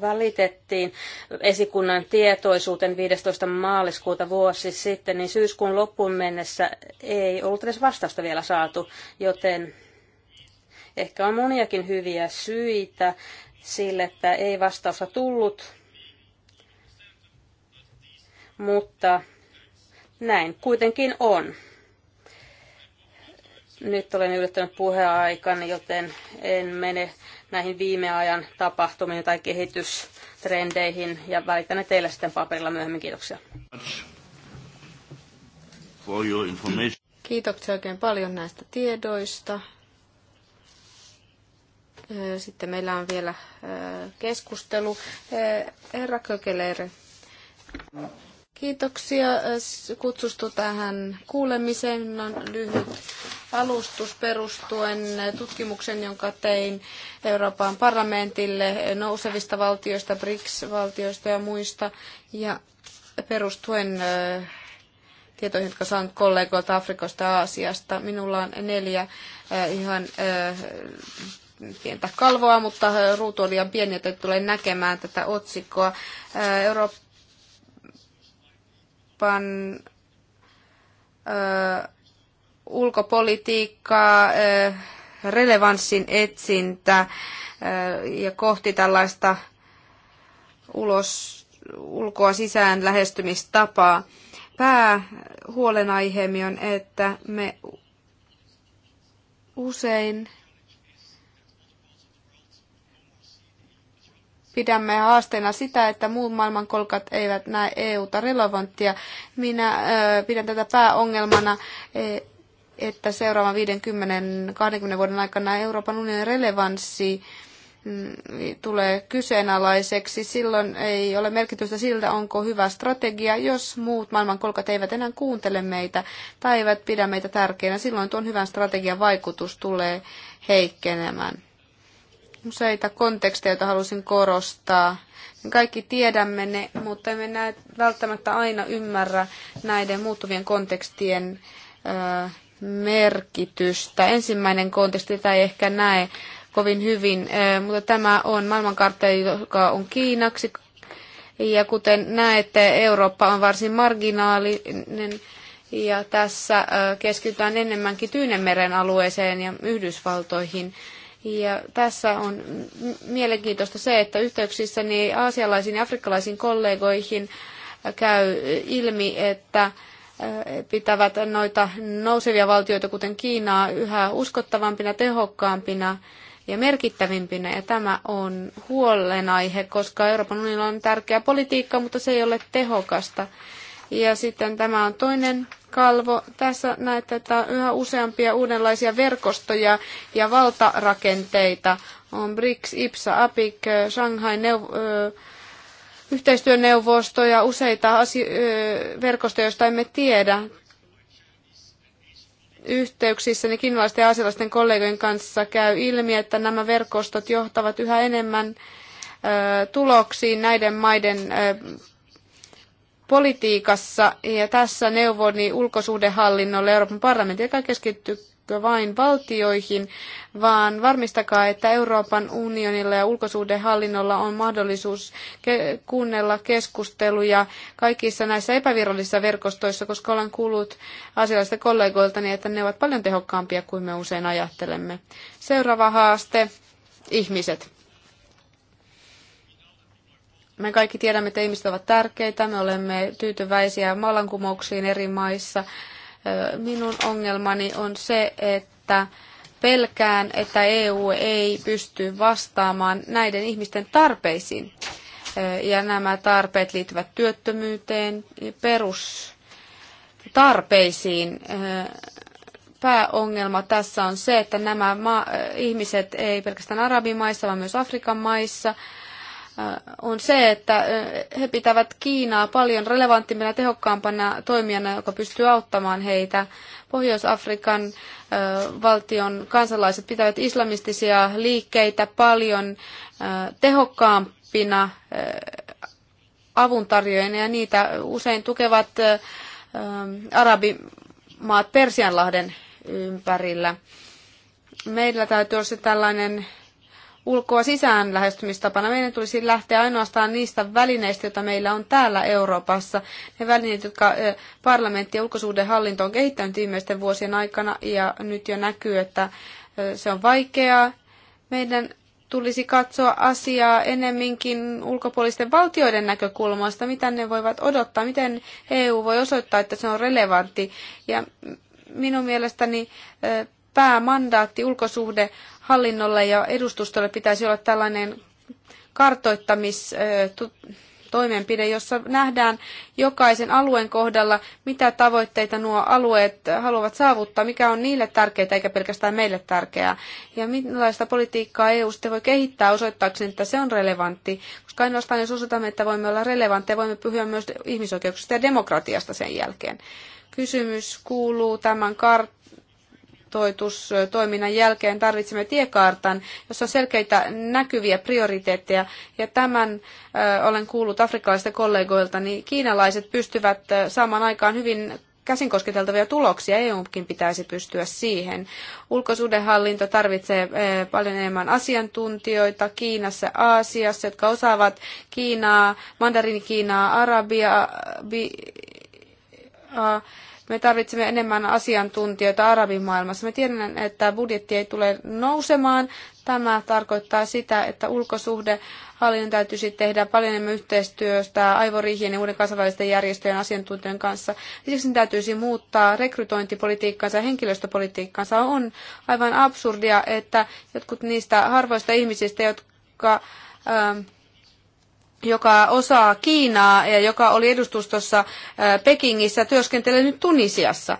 välitettiin esikunnan tietoisuuteen 15. maaliskuuta vuosi sitten, niin syyskuun loppuun mennessä ei ollut edes vastausta vielä saatu, joten ehkä on moniakin hyviä syitä sille, että ei vastausta tullut, mutta näin kuitenkin on. Nyt olen ylittänyt puheaikan, joten en mene näihin viime ajan tapahtumiin tai kehitystrendeihin ja välitän ne teille sitten paperilla myöhemmin. Kiitoksia. Kiitoksia oikein paljon näistä tiedoista. Sitten meillä on vielä keskustelu. Herra Kökeleere. Kiitoksia äh, kutsustu tähän kuulemiseen. on lyhyt alustus perustuen tutkimuksen, jonka tein Euroopan parlamentille nousevista valtioista, BRICS-valtioista ja muista, ja perustuen äh, tietoihin, jotka saan kollegoilta Afrikasta ja Aasiasta. Minulla on neljä äh, ihan pientä kalvoa, mutta ruutu on liian pieni, joten tulee näkemään tätä otsikkoa. Eurooppa Euroopan ö, ulkopolitiikkaa, ö, relevanssin etsintä ö, ja kohti tällaista ulos, ulkoa sisään lähestymistapaa. Päähuolenaiheemme on, että me usein pidämme haasteena sitä, että muun maailman kolkat eivät näe EUta relevanttia. Minä pidän tätä pääongelmana, e, että seuraavan 50-20 vuoden aikana Euroopan unionin relevanssi mm, tulee kyseenalaiseksi. Silloin ei ole merkitystä siltä, onko hyvä strategia, jos muut maailmankolkat eivät enää kuuntele meitä tai eivät pidä meitä tärkeänä. Silloin tuon hyvän strategian vaikutus tulee heikkenemään useita konteksteja, joita halusin korostaa. Kaikki tiedämme ne, mutta emme näe, välttämättä aina ymmärrä näiden muuttuvien kontekstien ö, merkitystä. Ensimmäinen konteksti tätä ei ehkä näe kovin hyvin, ö, mutta tämä on maailmankartta, joka on kiinaksi. Ja kuten näette, Eurooppa on varsin marginaalinen ja tässä keskitytään enemmänkin Tyynemeren alueeseen ja Yhdysvaltoihin. Ja tässä on mielenkiintoista se, että yhteyksissäni aasialaisiin ja afrikkalaisiin kollegoihin käy ilmi, että pitävät noita nousevia valtioita, kuten Kiinaa, yhä uskottavampina, tehokkaampina ja merkittävimpinä. Ja tämä on huolenaihe, koska Euroopan unionilla on tärkeä politiikka, mutta se ei ole tehokasta. Ja sitten tämä on toinen kalvo. Tässä näette, että on yhä useampia uudenlaisia verkostoja ja valtarakenteita. On BRICS, IPSA, APIC, Shanghai, neuv- yhteistyöneuvosto ja useita asio- verkostoja, joista emme tiedä yhteyksissä niin kiinalaisten ja asialaisten kollegojen kanssa käy ilmi, että nämä verkostot johtavat yhä enemmän tuloksiin näiden maiden politiikassa ja tässä neuvoni niin ulkosuhdehallinnolle Euroopan parlamentti eikä keskittykö vain valtioihin, vaan varmistakaa, että Euroopan unionilla ja ulkosuhdehallinnolla on mahdollisuus ke- kuunnella keskusteluja kaikissa näissä epävirallisissa verkostoissa, koska olen kuullut asiallisista kollegoiltani, niin, että ne ovat paljon tehokkaampia kuin me usein ajattelemme. Seuraava haaste, ihmiset. Me kaikki tiedämme, että ihmiset ovat tärkeitä, me olemme tyytyväisiä mallankumouksiin eri maissa. Minun ongelmani on se, että pelkään, että EU ei pysty vastaamaan näiden ihmisten tarpeisiin. Ja nämä tarpeet liittyvät työttömyyteen, perustarpeisiin. Pääongelma tässä on se, että nämä ihmiset ei pelkästään arabimaissa, vaan myös Afrikan maissa – Äh, on se, että äh, he pitävät Kiinaa paljon relevanttimpana ja tehokkaampana toimijana, joka pystyy auttamaan heitä. Pohjois-Afrikan äh, valtion kansalaiset pitävät islamistisia liikkeitä paljon tehokkaampina avuntarjoajina ja niitä usein tukevat arabimaat Persianlahden ympärillä. Meillä täytyy olla se tällainen ulkoa sisään lähestymistapana. Meidän tulisi lähteä ainoastaan niistä välineistä, joita meillä on täällä Euroopassa. Ne välineet, jotka eh, parlamentti ja ulkosuhdehallinto on kehittänyt viimeisten vuosien aikana ja nyt jo näkyy, että eh, se on vaikeaa. Meidän tulisi katsoa asiaa enemminkin ulkopuolisten valtioiden näkökulmasta, mitä ne voivat odottaa, miten EU voi osoittaa, että se on relevantti. Ja minun mielestäni eh, päämandaatti ulkosuhde hallinnolle ja edustustolle pitäisi olla tällainen kartoittamistoimenpide, jossa nähdään jokaisen alueen kohdalla, mitä tavoitteita nuo alueet haluavat saavuttaa, mikä on niille tärkeää eikä pelkästään meille tärkeää. Ja millaista politiikkaa EU sitten voi kehittää osoittaakseen, että se on relevantti. Koska ainoastaan jos osoitamme, että voimme olla relevantteja, voimme pyhyä myös ihmisoikeuksista ja demokratiasta sen jälkeen. Kysymys kuuluu tämän kart raportoitustoiminnan jälkeen tarvitsemme tiekartan, jossa on selkeitä näkyviä prioriteetteja. Ja tämän olen kuullut afrikkalaisilta kollegoilta, niin kiinalaiset pystyvät saamaan aikaan hyvin käsin kosketeltavia tuloksia, EUkin pitäisi pystyä siihen. Ulkosuhdehallinto tarvitsee paljon enemmän asiantuntijoita Kiinassa, Aasiassa, jotka osaavat Kiinaa, mandariini Kiinaa, Arabia, bi, me tarvitsemme enemmän asiantuntijoita arabimaailmassa. Me tiedän, että budjetti ei tule nousemaan. Tämä tarkoittaa sitä, että ulkosuhde hallinnon täytyisi tehdä paljon enemmän yhteistyöstä aivoriihien ja uuden kansainvälisten järjestöjen asiantuntijoiden kanssa. Lisäksi ne täytyisi muuttaa rekrytointipolitiikkansa ja henkilöstöpolitiikkansa. On aivan absurdia, että jotkut niistä harvoista ihmisistä, jotka ähm, joka osaa Kiinaa ja joka oli edustustossa äh, Pekingissä, työskentelee nyt Tunisiassa.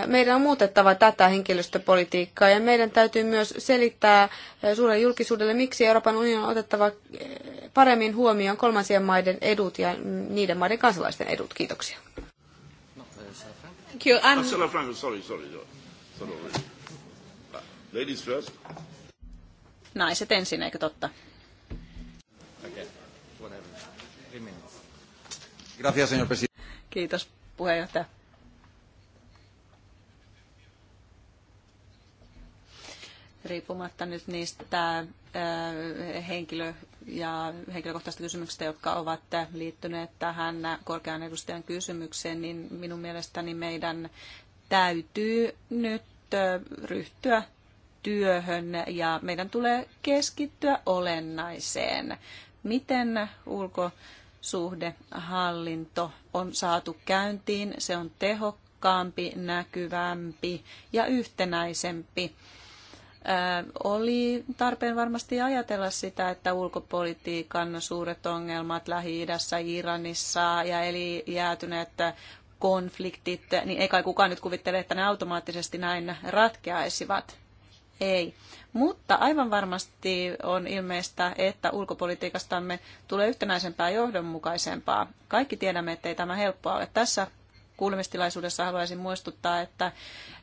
Äh, meidän on muutettava tätä henkilöstöpolitiikkaa ja meidän täytyy myös selittää äh, suurelle julkisuudelle, miksi Euroopan unionin on otettava paremmin huomioon kolmansien maiden edut ja niiden maiden kansalaisten edut. Kiitoksia. Ah, uh, Naiset ensin, eikö totta? Gracias, señor presidente. Kiitos, puheenjohtaja. riippumatta nyt niistä äh, henkilö- ja henkilökohtaisista kysymyksistä, jotka ovat liittyneet tähän korkean edustajan kysymykseen, niin minun mielestäni meidän täytyy nyt äh, ryhtyä työhön ja meidän tulee keskittyä olennaiseen. Miten ulko- suhdehallinto on saatu käyntiin. Se on tehokkaampi, näkyvämpi ja yhtenäisempi. Oli tarpeen varmasti ajatella sitä, että ulkopolitiikan suuret ongelmat Lähi-idässä, Iranissa ja eli jäätyneet konfliktit, niin ei kai kukaan nyt kuvittele, että ne automaattisesti näin ratkeaisivat ei. Mutta aivan varmasti on ilmeistä, että ulkopolitiikastamme tulee yhtenäisempää ja johdonmukaisempaa. Kaikki tiedämme, että ei tämä helppoa ole. Tässä kuulemistilaisuudessa haluaisin muistuttaa, että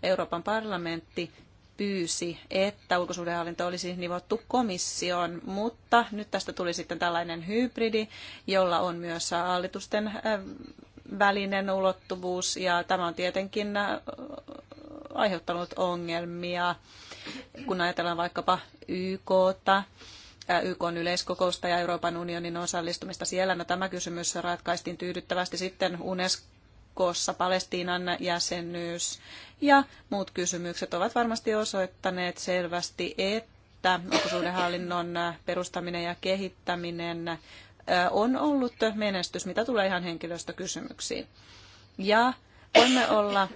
Euroopan parlamentti pyysi, että ulkosuhdehallinto olisi nivottu komissioon, mutta nyt tästä tuli sitten tällainen hybridi, jolla on myös hallitusten äh, välinen ulottuvuus ja tämä on tietenkin äh, aiheuttanut ongelmia kun ajatellaan vaikkapa YK, YK yleiskokousta ja Euroopan unionin osallistumista siellä. No, tämä kysymys ratkaistiin tyydyttävästi sitten UNESCOssa Palestiinan jäsenyys ja muut kysymykset ovat varmasti osoittaneet selvästi, että hallinnon perustaminen ja kehittäminen on ollut menestys, mitä tulee ihan henkilöstökysymyksiin. Ja voimme olla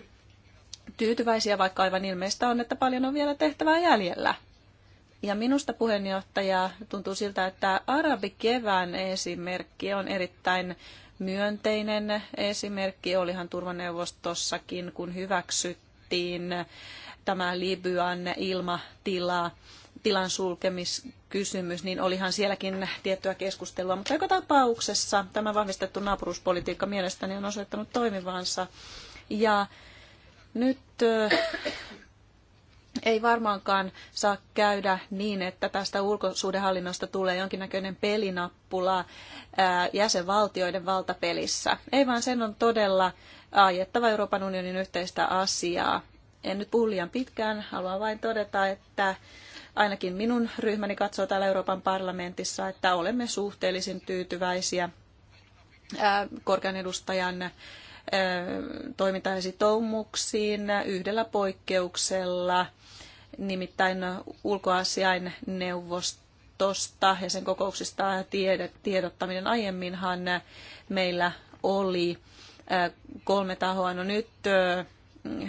tyytyväisiä, vaikka aivan ilmeistä on, että paljon on vielä tehtävää jäljellä. Ja minusta puheenjohtaja tuntuu siltä, että arabikevään esimerkki on erittäin myönteinen esimerkki. Olihan turvaneuvostossakin, kun hyväksyttiin tämä Libyan ilmatila, tilan sulkemiskysymys, niin olihan sielläkin tiettyä keskustelua. Mutta joka tapauksessa tämä vahvistettu naapuruuspolitiikka mielestäni on osoittanut toimivansa. Ja nyt äh, ei varmaankaan saa käydä niin, että tästä ulkosuudenhallinnosta tulee jonkinnäköinen pelinappula äh, jäsenvaltioiden valtapelissä. Ei vaan sen on todella ajettava Euroopan unionin yhteistä asiaa. En nyt puhu liian pitkään, haluan vain todeta, että ainakin minun ryhmäni katsoo täällä Euroopan parlamentissa, että olemme suhteellisen tyytyväisiä äh, korkean edustajan toimintaesitoumuksiin yhdellä poikkeuksella, nimittäin ulkoasiain neuvostosta ja sen kokouksista tiedottaminen aiemminhan meillä oli kolme tahoa. No nyt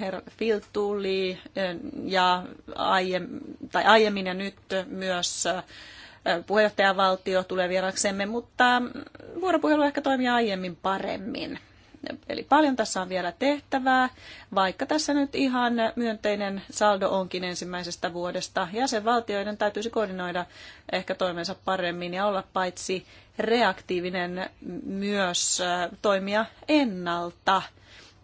herra Phil tuli ja aiemmin, tai aiemmin ja nyt myös puheenjohtajavaltio tulee vieraksemme, mutta vuoropuhelu ehkä toimii aiemmin paremmin. Eli paljon tässä on vielä tehtävää, vaikka tässä nyt ihan myönteinen saldo onkin ensimmäisestä vuodesta. Jäsenvaltioiden täytyisi koordinoida ehkä toimensa paremmin ja olla paitsi reaktiivinen myös toimia ennalta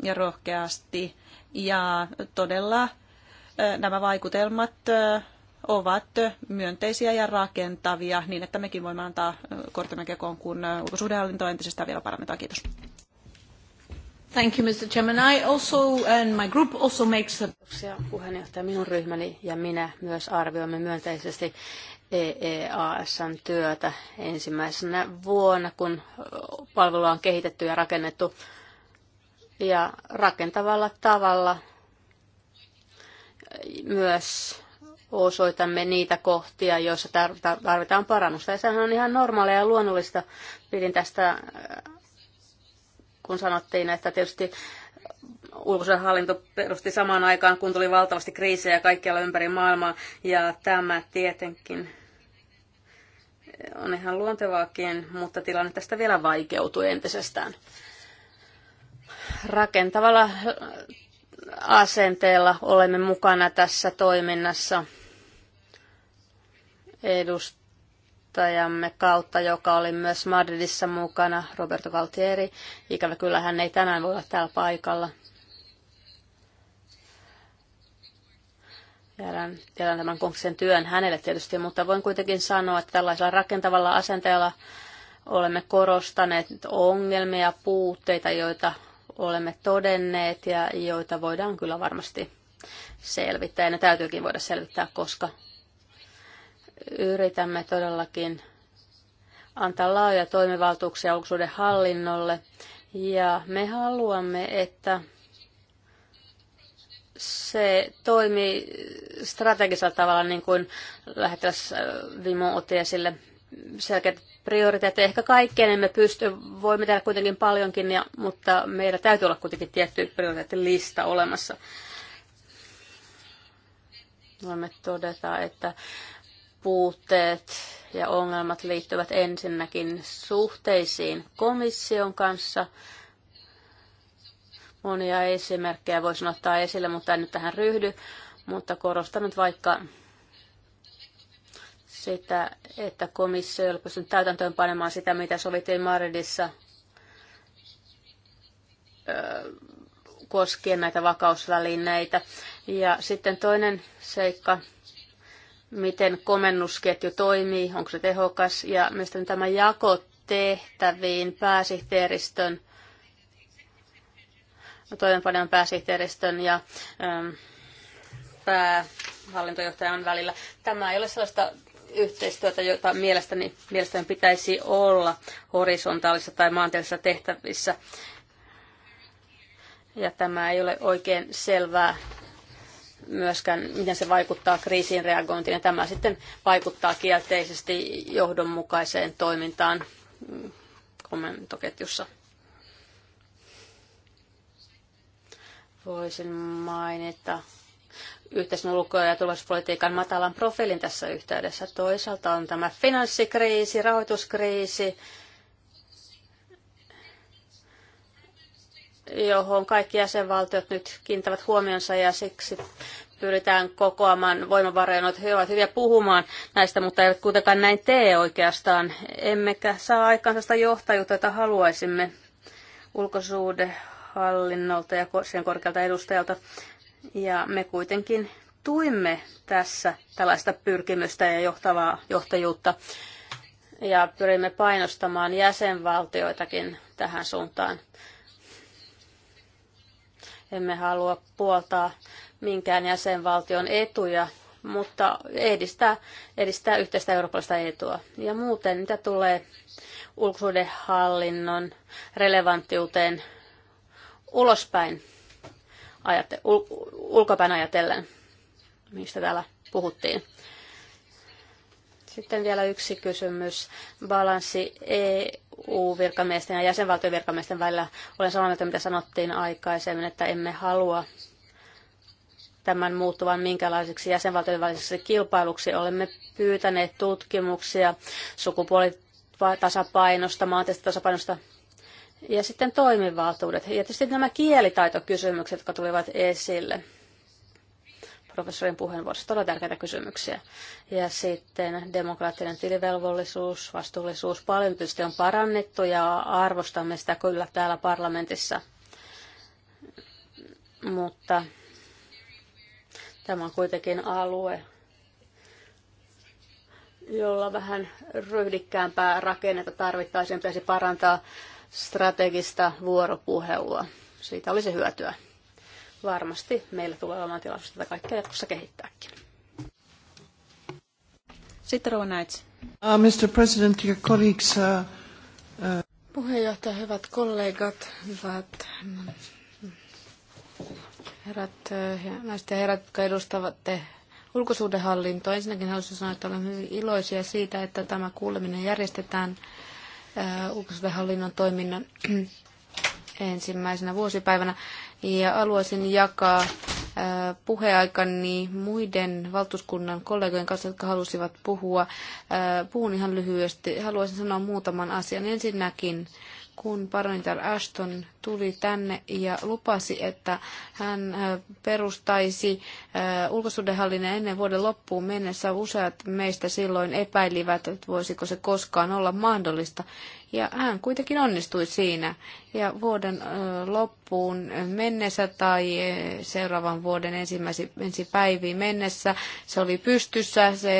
ja rohkeasti. Ja todella nämä vaikutelmat ovat myönteisiä ja rakentavia niin, että mekin voimme antaa korttimäkekoon, kun ulkosuhdehallinto entisestään vielä parannetaan. Kiitos. Thank you, Mr. Chairman. I also, and my group also makes a... Puheenjohtaja, minun ryhmäni ja minä myös arvioimme myönteisesti EEASn työtä ensimmäisenä vuonna, kun palvelua on kehitetty ja rakennettu ja rakentavalla tavalla myös osoitamme niitä kohtia, joissa tarvitaan parannusta. Ja sehän on ihan normaalia ja luonnollista. Pidin tästä kun sanottiin, että tietysti ulkoisen hallinto perusti samaan aikaan, kun tuli valtavasti kriisejä kaikkialla ympäri maailmaa, ja tämä tietenkin on ihan luontevaakin, mutta tilanne tästä vielä vaikeutui entisestään. Rakentavalla asenteella olemme mukana tässä toiminnassa. Edust- puheenjohtajamme kautta, joka oli myös Madridissa mukana, Roberto Galtieri. Ikävä kyllä hän ei tänään voi olla täällä paikalla. Tiedän, tiedän tämän konkreettisen työn hänelle tietysti, mutta voin kuitenkin sanoa, että tällaisella rakentavalla asenteella olemme korostaneet ongelmia puutteita, joita olemme todenneet ja joita voidaan kyllä varmasti selvittää. Ja ne täytyykin voida selvittää, koska yritämme todellakin antaa laajoja toimivaltuuksia ulkosuuden hallinnolle. Ja me haluamme, että se toimii strategisella tavalla, niin kuin lähettiläs äh, Vimo otti esille selkeät prioriteetteja. Ehkä kaikkeen emme pysty, voimme tehdä kuitenkin paljonkin, ja, mutta meillä täytyy olla kuitenkin tietty prioriteettilista olemassa. Voimme todeta, että puutteet ja ongelmat liittyvät ensinnäkin suhteisiin komission kanssa. Monia esimerkkejä voisin ottaa esille, mutta en nyt tähän ryhdy, mutta korostan nyt vaikka sitä, että komissio ei ole pystynyt täytäntöön panemaan sitä, mitä sovittiin Madridissa koskien näitä vakausvälineitä. Ja sitten toinen seikka, miten komennusketju toimii, onko se tehokas ja mistä tämä jako tehtäviin pääsihteeristön, toimenpaneon pääsihteeristön ja ähm, päähallintojohtajan välillä. Tämä ei ole sellaista yhteistyötä, jota mielestäni, mielestäni pitäisi olla horisontaalissa tai maantieteellisissä tehtävissä. Ja tämä ei ole oikein selvää myöskään, miten se vaikuttaa kriisiin reagointiin, ja tämä sitten vaikuttaa kielteisesti johdonmukaiseen toimintaan kommentoketjussa. Voisin mainita yhteisen ulko- ja turvallisuuspolitiikan matalan profiilin tässä yhteydessä. Toisaalta on tämä finanssikriisi, rahoituskriisi, johon kaikki jäsenvaltiot nyt kiinnittävät huomionsa ja siksi pyritään kokoamaan voimavaroja, no, he ovat hyviä puhumaan näistä, mutta eivät kuitenkaan näin tee oikeastaan. Emmekä saa aikaan sitä johtajuutta, jota haluaisimme ulkosuudehallinnolta ja sen korkealta edustajalta. Ja me kuitenkin tuimme tässä tällaista pyrkimystä ja johtavaa johtajuutta ja pyrimme painostamaan jäsenvaltioitakin tähän suuntaan. Emme halua puoltaa minkään jäsenvaltion etuja, mutta edistää, edistää yhteistä eurooppalaista etua. Ja muuten, mitä tulee ulkosuhdehallinnon relevanttiuteen ulospäin ajate, ul, ulkopäin ajatellen, mistä täällä puhuttiin. Sitten vielä yksi kysymys. Balanssi e- EU-virkamiesten ja jäsenvaltion virkamiesten välillä. Olen samaa mieltä, mitä sanottiin aikaisemmin, että emme halua tämän muuttuvan minkälaiseksi jäsenvaltioiden väliseksi kilpailuksi. Olemme pyytäneet tutkimuksia sukupuolitasapainosta, maantieteellisestä tasapainosta ja sitten toimivaltuudet. Ja tietysti nämä kielitaitokysymykset, jotka tulivat esille professorin puheenvuorossa. Todella tärkeitä kysymyksiä. Ja sitten demokraattinen tilivelvollisuus, vastuullisuus. Paljon tietysti on parannettu ja arvostamme sitä kyllä täällä parlamentissa. Mutta tämä on kuitenkin alue, jolla vähän ryhdikkäämpää rakennetta tarvittaisiin, pitäisi parantaa strategista vuoropuhelua. Siitä olisi hyötyä varmasti meillä tulee olemaan tilaisuus tätä kaikkea jatkossa kehittääkin. Sitten Rova Näits. Uh, Mr. President, your colleagues, uh, uh... Puheenjohtaja, hyvät kollegat, hyvät herrat ja äh, naiset ja herrat, jotka edustavat te ulkosuudenhallintoa. Ensinnäkin haluaisin sanoa, että olemme hyvin iloisia siitä, että tämä kuuleminen järjestetään äh, ulkosuhdehallinnon toiminnan ensimmäisenä vuosipäivänä. Ja haluaisin jakaa äh, puheaikani muiden valtuuskunnan kollegojen kanssa, jotka halusivat puhua. Äh, puhun ihan lyhyesti. Haluaisin sanoa muutaman asian. Ensinnäkin, kun parlamentar Ashton tuli tänne ja lupasi, että hän äh, perustaisi ulkosuhdehallinnan ennen vuoden loppuun mennessä. Useat meistä silloin epäilivät, että voisiko se koskaan olla mahdollista. Ja hän kuitenkin onnistui siinä. Ja vuoden loppuun mennessä tai seuraavan vuoden ensimmäisiin ensi päiviin mennessä se oli pystyssä. Se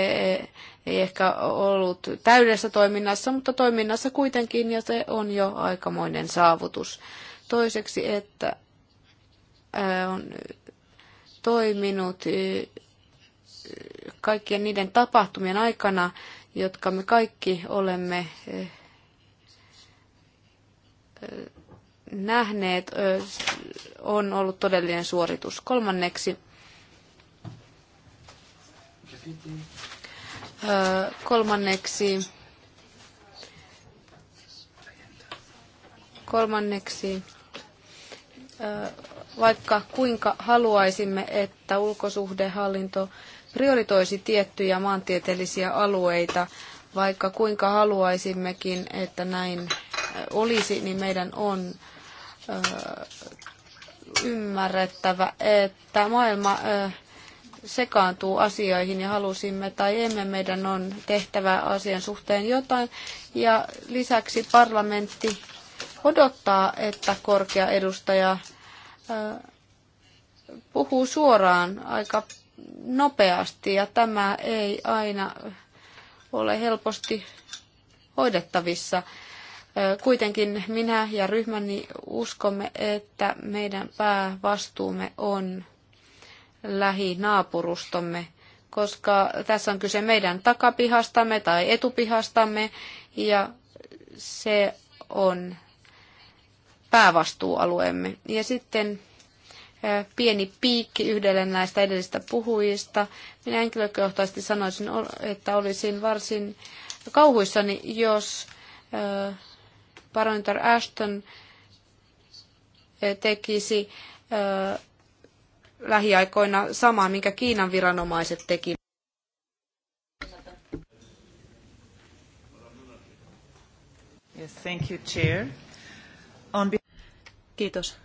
ei ehkä ollut täydessä toiminnassa, mutta toiminnassa kuitenkin ja se on jo aikamoinen saavutus. Toiseksi, että on toiminut kaikkien niiden tapahtumien aikana, jotka me kaikki olemme nähneet, on ollut todellinen suoritus. Kolmanneksi, kolmanneksi, kolmanneksi, vaikka kuinka haluaisimme, että ulkosuhdehallinto prioritoisi tiettyjä maantieteellisiä alueita, vaikka kuinka haluaisimmekin, että näin olisi, niin meidän on ymmärrettävä, että maailma sekaantuu asioihin ja halusimme tai emme, meidän on tehtävä asian suhteen jotain. Ja lisäksi parlamentti odottaa, että korkea edustaja puhuu suoraan aika nopeasti ja tämä ei aina ole helposti hoidettavissa. Kuitenkin minä ja ryhmäni uskomme, että meidän päävastuumme on lähinaapurustomme, koska tässä on kyse meidän takapihastamme tai etupihastamme ja se on päävastuualueemme. Ja sitten pieni piikki yhdelle näistä edellisistä puhujista. Minä henkilökohtaisesti sanoisin, että olisin varsin kauhuissani, jos Parontar Ashton e, tekisi e, lähiaikoina samaa, minkä Kiinan viranomaiset tekivät. thank you, Chair. On... Kiitos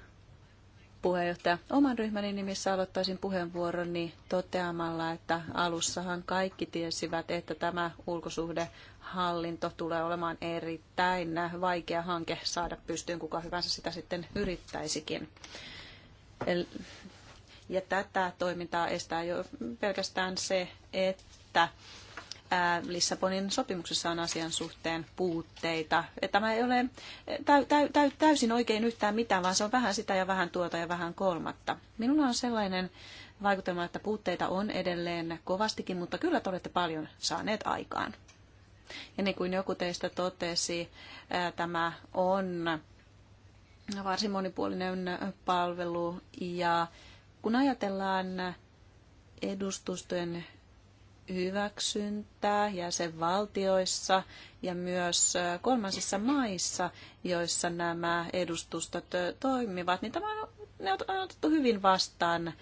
puheenjohtaja. Oman ryhmäni nimissä aloittaisin puheenvuoroni toteamalla, että alussahan kaikki tiesivät, että tämä ulkosuhde hallinto tulee olemaan erittäin vaikea hanke saada pystyyn, kuka hyvänsä sitä sitten yrittäisikin. Ja tätä toimintaa estää jo pelkästään se, että Lissabonin sopimuksessa on asian suhteen puutteita. Tämä ei ole täysin oikein yhtään mitään, vaan se on vähän sitä ja vähän tuota ja vähän kolmatta. Minulla on sellainen vaikutelma, että puutteita on edelleen kovastikin, mutta kyllä te olette paljon saaneet aikaan. Ja niin kuin joku teistä totesi, tämä on varsin monipuolinen palvelu ja kun ajatellaan edustustojen hyväksyntää jäsenvaltioissa ja myös kolmansissa maissa, joissa nämä edustustot toimivat, niin tämä on ne on otettu hyvin vastaan,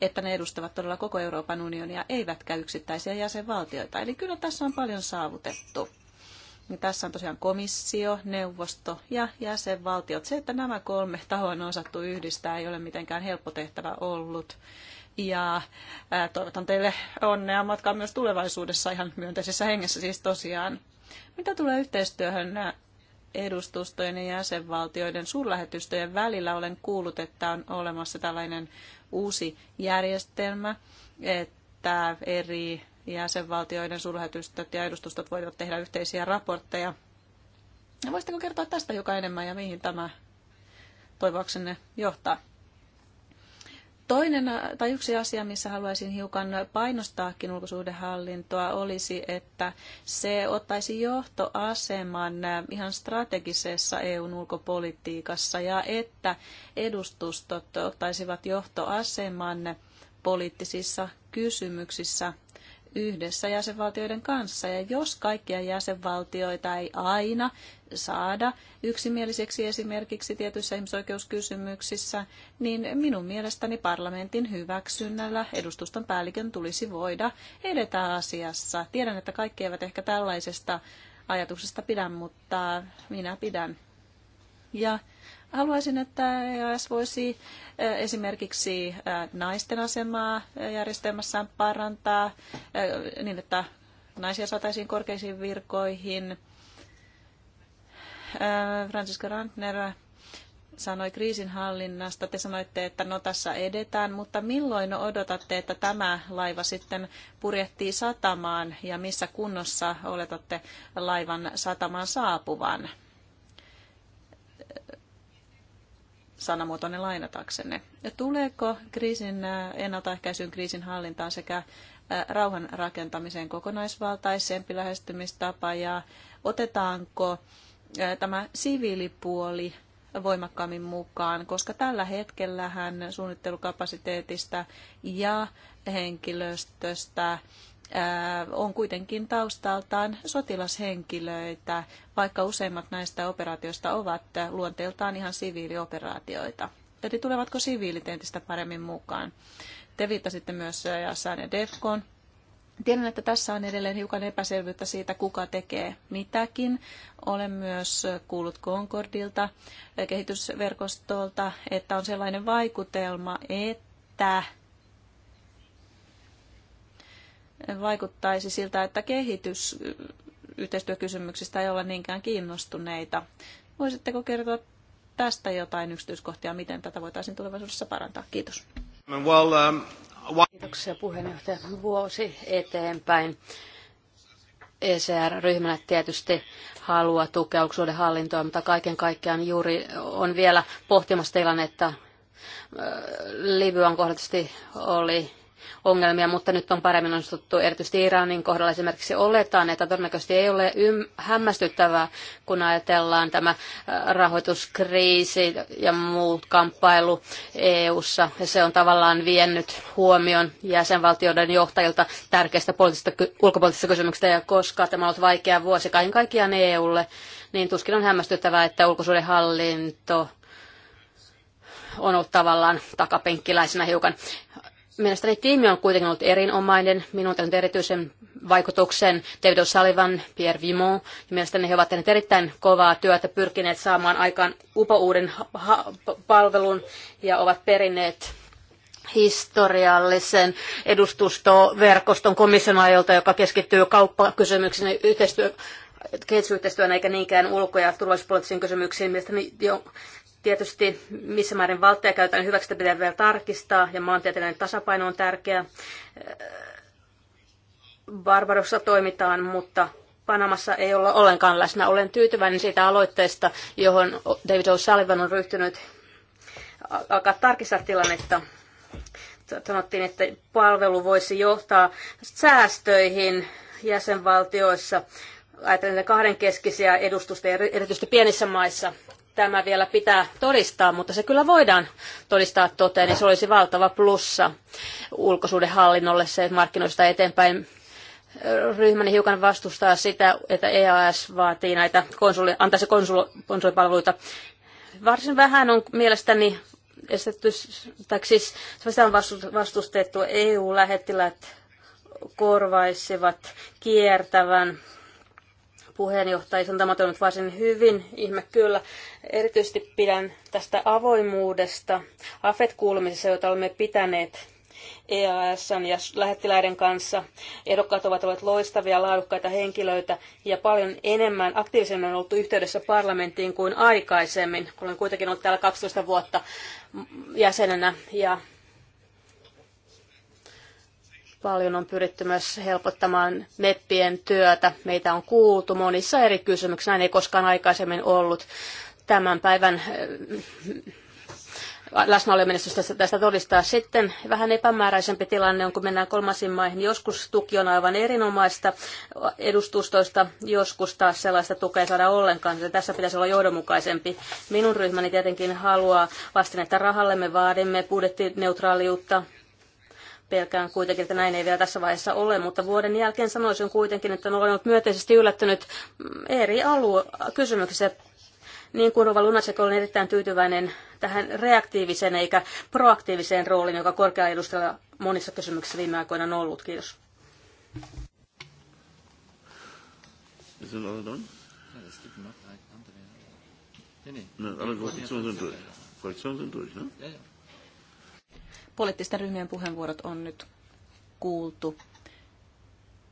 että ne edustavat todella koko Euroopan unionia, eivätkä yksittäisiä jäsenvaltioita. Eli kyllä tässä on paljon saavutettu. Ja tässä on tosiaan komissio, neuvosto ja jäsenvaltiot. Se, että nämä kolme tahoa on osattu yhdistää, ei ole mitenkään helppo tehtävä ollut. Ja ää, toivotan teille onnea matkaa myös tulevaisuudessa ihan myönteisessä hengessä siis tosiaan. Mitä tulee yhteistyöhön edustustojen ja jäsenvaltioiden suurlähetystöjen välillä olen kuullut, että on olemassa tällainen uusi järjestelmä, että eri jäsenvaltioiden suurlähetystöt ja edustustot voivat tehdä yhteisiä raportteja. Voisitteko kertoa tästä joka enemmän ja mihin tämä toivoaksenne johtaa? Toinen tai yksi asia, missä haluaisin hiukan painostaakin ulkosuhdehallintoa, olisi, että se ottaisi johtoaseman ihan strategisessa EUn ulkopolitiikassa ja että edustustot ottaisivat johtoaseman poliittisissa kysymyksissä yhdessä jäsenvaltioiden kanssa. Ja jos kaikkia jäsenvaltioita ei aina saada yksimieliseksi esimerkiksi tietyissä ihmisoikeuskysymyksissä, niin minun mielestäni parlamentin hyväksynnällä edustuston päällikön tulisi voida edetä asiassa. Tiedän, että kaikki eivät ehkä tällaisesta ajatuksesta pidän, mutta minä pidän. Ja Haluaisin, että EAS voisi eh, esimerkiksi eh, naisten asemaa eh, järjestelmässään parantaa niin, että naisia saataisiin korkeisiin virkoihin. Francisco Rantner sanoi kriisinhallinnasta. Te sanoitte, että no tässä edetään, mutta milloin odotatte, että tämä laiva sitten purjehtii satamaan ja missä kunnossa oletatte laivan satamaan saapuvan? sanamuotoinen lainataksenne. Ja tuleeko kriisin ennaltaehkäisyyn, kriisin hallintaan sekä rauhan rakentamiseen kokonaisvaltaisempi lähestymistapa ja otetaanko tämä siviilipuoli voimakkaammin mukaan, koska tällä hetkellähän suunnittelukapasiteetista ja henkilöstöstä Äh, on kuitenkin taustaltaan sotilashenkilöitä, vaikka useimmat näistä operaatioista ovat luonteeltaan ihan siviilioperaatioita. Eli tulevatko siviilit entistä paremmin mukaan? Te viittasitte myös Jassan ja Defcon. Tiedän, että tässä on edelleen hiukan epäselvyyttä siitä, kuka tekee mitäkin. Olen myös kuullut Concordilta, kehitysverkostolta, että on sellainen vaikutelma, että vaikuttaisi siltä, että kehitys yhteistyökysymyksistä ei olla niinkään kiinnostuneita. Voisitteko kertoa tästä jotain yksityiskohtia, miten tätä voitaisiin tulevaisuudessa parantaa? Kiitos. Well, um, Kiitoksia puheenjohtaja. Vuosi eteenpäin. ECR-ryhmänä tietysti haluaa tukea ulkosuuden hallintoa, mutta kaiken kaikkiaan juuri on vielä pohtimassa tilannetta. Libyan kohdallisesti oli ongelmia, mutta nyt on paremmin onnistuttu erityisesti Iranin kohdalla esimerkiksi oletaan, että todennäköisesti ei ole ym- hämmästyttävää, kun ajatellaan tämä rahoituskriisi ja muut kamppailu EU-ssa. Ja se on tavallaan viennyt huomion jäsenvaltioiden johtajilta tärkeistä ulkopoliittisista kysymyksistä, ja koska tämä on ollut vaikea vuosi kaiken kaikkiaan EUlle, niin tuskin on hämmästyttävää, että ulkosuudenhallinto on ollut tavallaan takapenkkiläisenä hiukan. Mielestäni tiimi on kuitenkin ollut erinomainen. Minun on erityisen vaikutuksen David O'Sullivan, Pierre Vimon. Ja mielestäni he ovat tehneet erittäin kovaa työtä, pyrkineet saamaan aikaan upouuden palvelun ja ovat perinneet historiallisen edustustoverkoston komission ajolta, joka keskittyy kauppakysymyksiin ja yhteistyö, kehitysyhteistyön eikä niinkään ulko- ja turvallisuuspoliittisiin kysymyksiin. Mielestäni jo Tietysti missä määrin valtteja käytetään hyväksi, pitää vielä tarkistaa, ja maantieteellinen tasapaino on tärkeä. Barbarossa toimitaan, mutta Panamassa ei olla ollenkaan läsnä. Olen tyytyväinen siitä aloitteesta, johon David O'Sullivan on ryhtynyt alkaa tarkistaa tilannetta. Sanottiin, että palvelu voisi johtaa säästöihin jäsenvaltioissa, ajatellen kahdenkeskisiä edustusta, erityisesti pienissä maissa. Tämä vielä pitää todistaa, mutta se kyllä voidaan todistaa toteen, niin se olisi valtava plussa ulkosuudenhallinnolle se, että markkinoista eteenpäin ryhmäni hiukan vastustaa sitä, että EAS vaatii näitä konsuli, antaisi konsul, konsulipalveluita. Varsin vähän on mielestäni estetty, tai siis sitä on vastustettu EU-lähettilät korvaisivat kiertävän puheenjohtaja tämä on varsin hyvin, ihme kyllä. Erityisesti pidän tästä avoimuudesta AFET-kuulemisessa, jota olemme pitäneet EASn ja lähettiläiden kanssa. Ehdokkaat ovat olleet loistavia, laadukkaita henkilöitä ja paljon enemmän aktiivisemmin on oltu yhteydessä parlamenttiin kuin aikaisemmin, kun olen kuitenkin ollut täällä 12 vuotta jäsenenä ja Paljon on pyritty myös helpottamaan meppien työtä. Meitä on kuultu monissa eri kysymyksissä. Näin ei koskaan aikaisemmin ollut. Tämän päivän äh, läsnäolemenestystä tästä, todistaa. Sitten vähän epämääräisempi tilanne on, kun mennään kolmasin maihin. Joskus tuki on aivan erinomaista edustustoista, joskus taas sellaista tukea saada ollenkaan. Ja tässä pitäisi olla johdonmukaisempi. Minun ryhmäni tietenkin haluaa vastinetta rahalle. Me vaadimme budjettineutraaliutta, Pelkään kuitenkin, että näin ei vielä tässä vaiheessa ole, mutta vuoden jälkeen sanoisin kuitenkin, että olen ollut myönteisesti yllättynyt eri alue- Niin kuin Rova Lunacek, olen erittäin tyytyväinen tähän reaktiiviseen eikä proaktiiviseen rooliin, joka korkea edustajalla monissa kysymyksissä viime aikoina on ollut. Kiitos. Is no, it all done? No, Ja, ja poliittisten ryhmien puheenvuorot on nyt kuultu.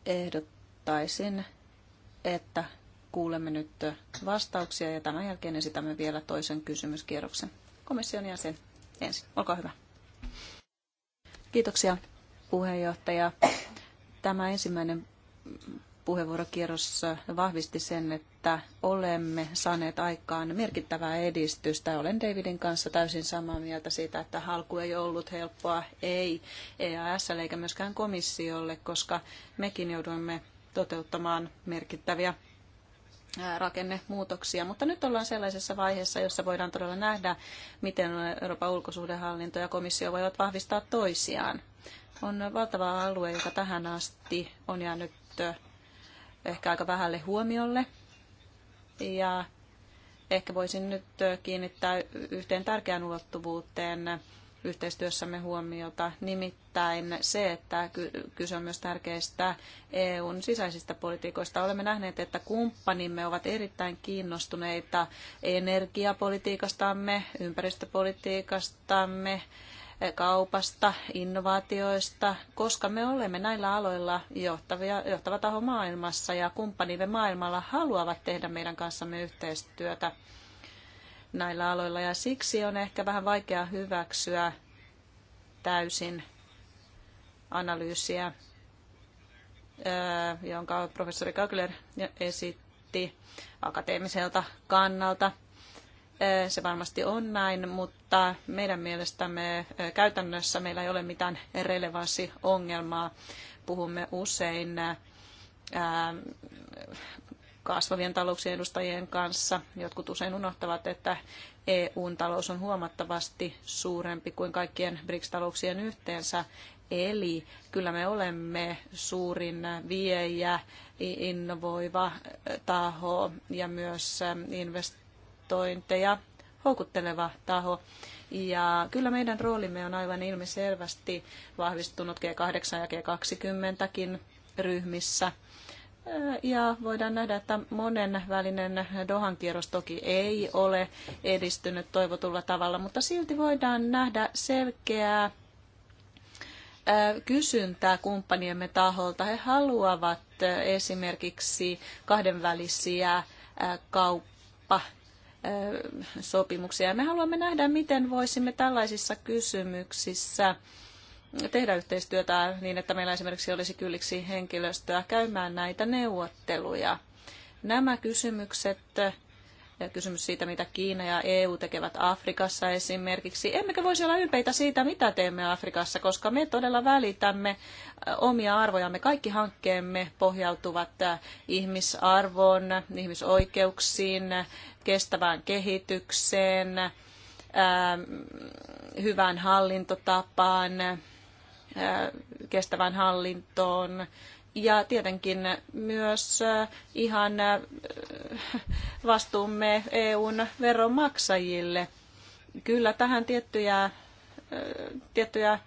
Ehdottaisin, että kuulemme nyt vastauksia ja tämän jälkeen esitämme vielä toisen kysymyskierroksen. Komission jäsen ensin. Olkaa hyvä. Kiitoksia puheenjohtaja. Tämä ensimmäinen puheenvuorokierros vahvisti sen, että olemme saaneet aikaan merkittävää edistystä. Olen Davidin kanssa täysin samaa mieltä siitä, että halku ei ollut helppoa, ei EAS eikä myöskään komissiolle, koska mekin jouduimme toteuttamaan merkittäviä rakennemuutoksia, mutta nyt ollaan sellaisessa vaiheessa, jossa voidaan todella nähdä, miten Euroopan ulkosuhdehallinto ja komissio voivat vahvistaa toisiaan. On valtava alue, joka tähän asti on jäänyt ehkä aika vähälle huomiolle. Ja ehkä voisin nyt kiinnittää yhteen tärkeään ulottuvuuteen yhteistyössämme huomiota, nimittäin se, että kyse on myös tärkeistä EUn sisäisistä politiikoista. Olemme nähneet, että kumppanimme ovat erittäin kiinnostuneita energiapolitiikastamme, ympäristöpolitiikastamme, kaupasta, innovaatioista, koska me olemme näillä aloilla johtavia, johtava taho maailmassa ja kumppanimme maailmalla haluavat tehdä meidän kanssamme yhteistyötä näillä aloilla ja siksi on ehkä vähän vaikea hyväksyä täysin analyysiä, jonka professori Kagler esitti akateemiselta kannalta – se varmasti on näin, mutta meidän mielestämme käytännössä meillä ei ole mitään relevanssiongelmaa. Puhumme usein kasvavien talouksien edustajien kanssa. Jotkut usein unohtavat, että EUn talous on huomattavasti suurempi kuin kaikkien BRICS-talouksien yhteensä. Eli kyllä me olemme suurin viejä, innovoiva taho ja myös investointi investointeja houkutteleva taho. Ja kyllä meidän roolimme on aivan ilmiselvästi vahvistunut G8 ja G20kin ryhmissä. Ja voidaan nähdä, että monen välinen Dohan kierros toki ei ole edistynyt toivotulla tavalla, mutta silti voidaan nähdä selkeää kysyntää kumppaniemme taholta. He haluavat esimerkiksi kahdenvälisiä kauppa sopimuksia. Me haluamme nähdä, miten voisimme tällaisissa kysymyksissä tehdä yhteistyötä niin, että meillä esimerkiksi olisi kylliksi henkilöstöä käymään näitä neuvotteluja. Nämä kysymykset, kysymys siitä, mitä Kiina ja EU tekevät Afrikassa esimerkiksi, emmekö voisi olla ylpeitä siitä, mitä teemme Afrikassa, koska me todella välitämme omia arvojamme. Kaikki hankkeemme pohjautuvat ihmisarvoon, ihmisoikeuksiin, kestävään kehitykseen, ähm, hyvään hallintotapaan, äh, kestävään hallintoon ja tietenkin myös äh, ihan äh, vastuumme EUn veronmaksajille. Kyllä tähän tiettyjä, tiettyjä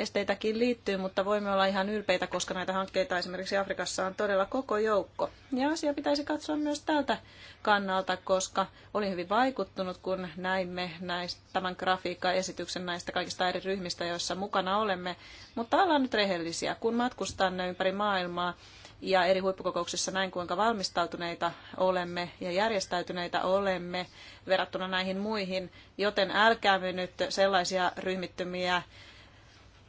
esteitäkin liittyy, mutta voimme olla ihan ylpeitä, koska näitä hankkeita esimerkiksi Afrikassa on todella koko joukko. Ja asia pitäisi katsoa myös tältä kannalta, koska olin hyvin vaikuttunut, kun näimme näistä, tämän grafiikkaesityksen näistä kaikista eri ryhmistä, joissa mukana olemme. Mutta ollaan nyt rehellisiä. Kun matkustan ympäri maailmaa, ja eri huippukokouksissa näin, kuinka valmistautuneita olemme ja järjestäytyneitä olemme verrattuna näihin muihin, joten älkäämme nyt sellaisia ryhmittymiä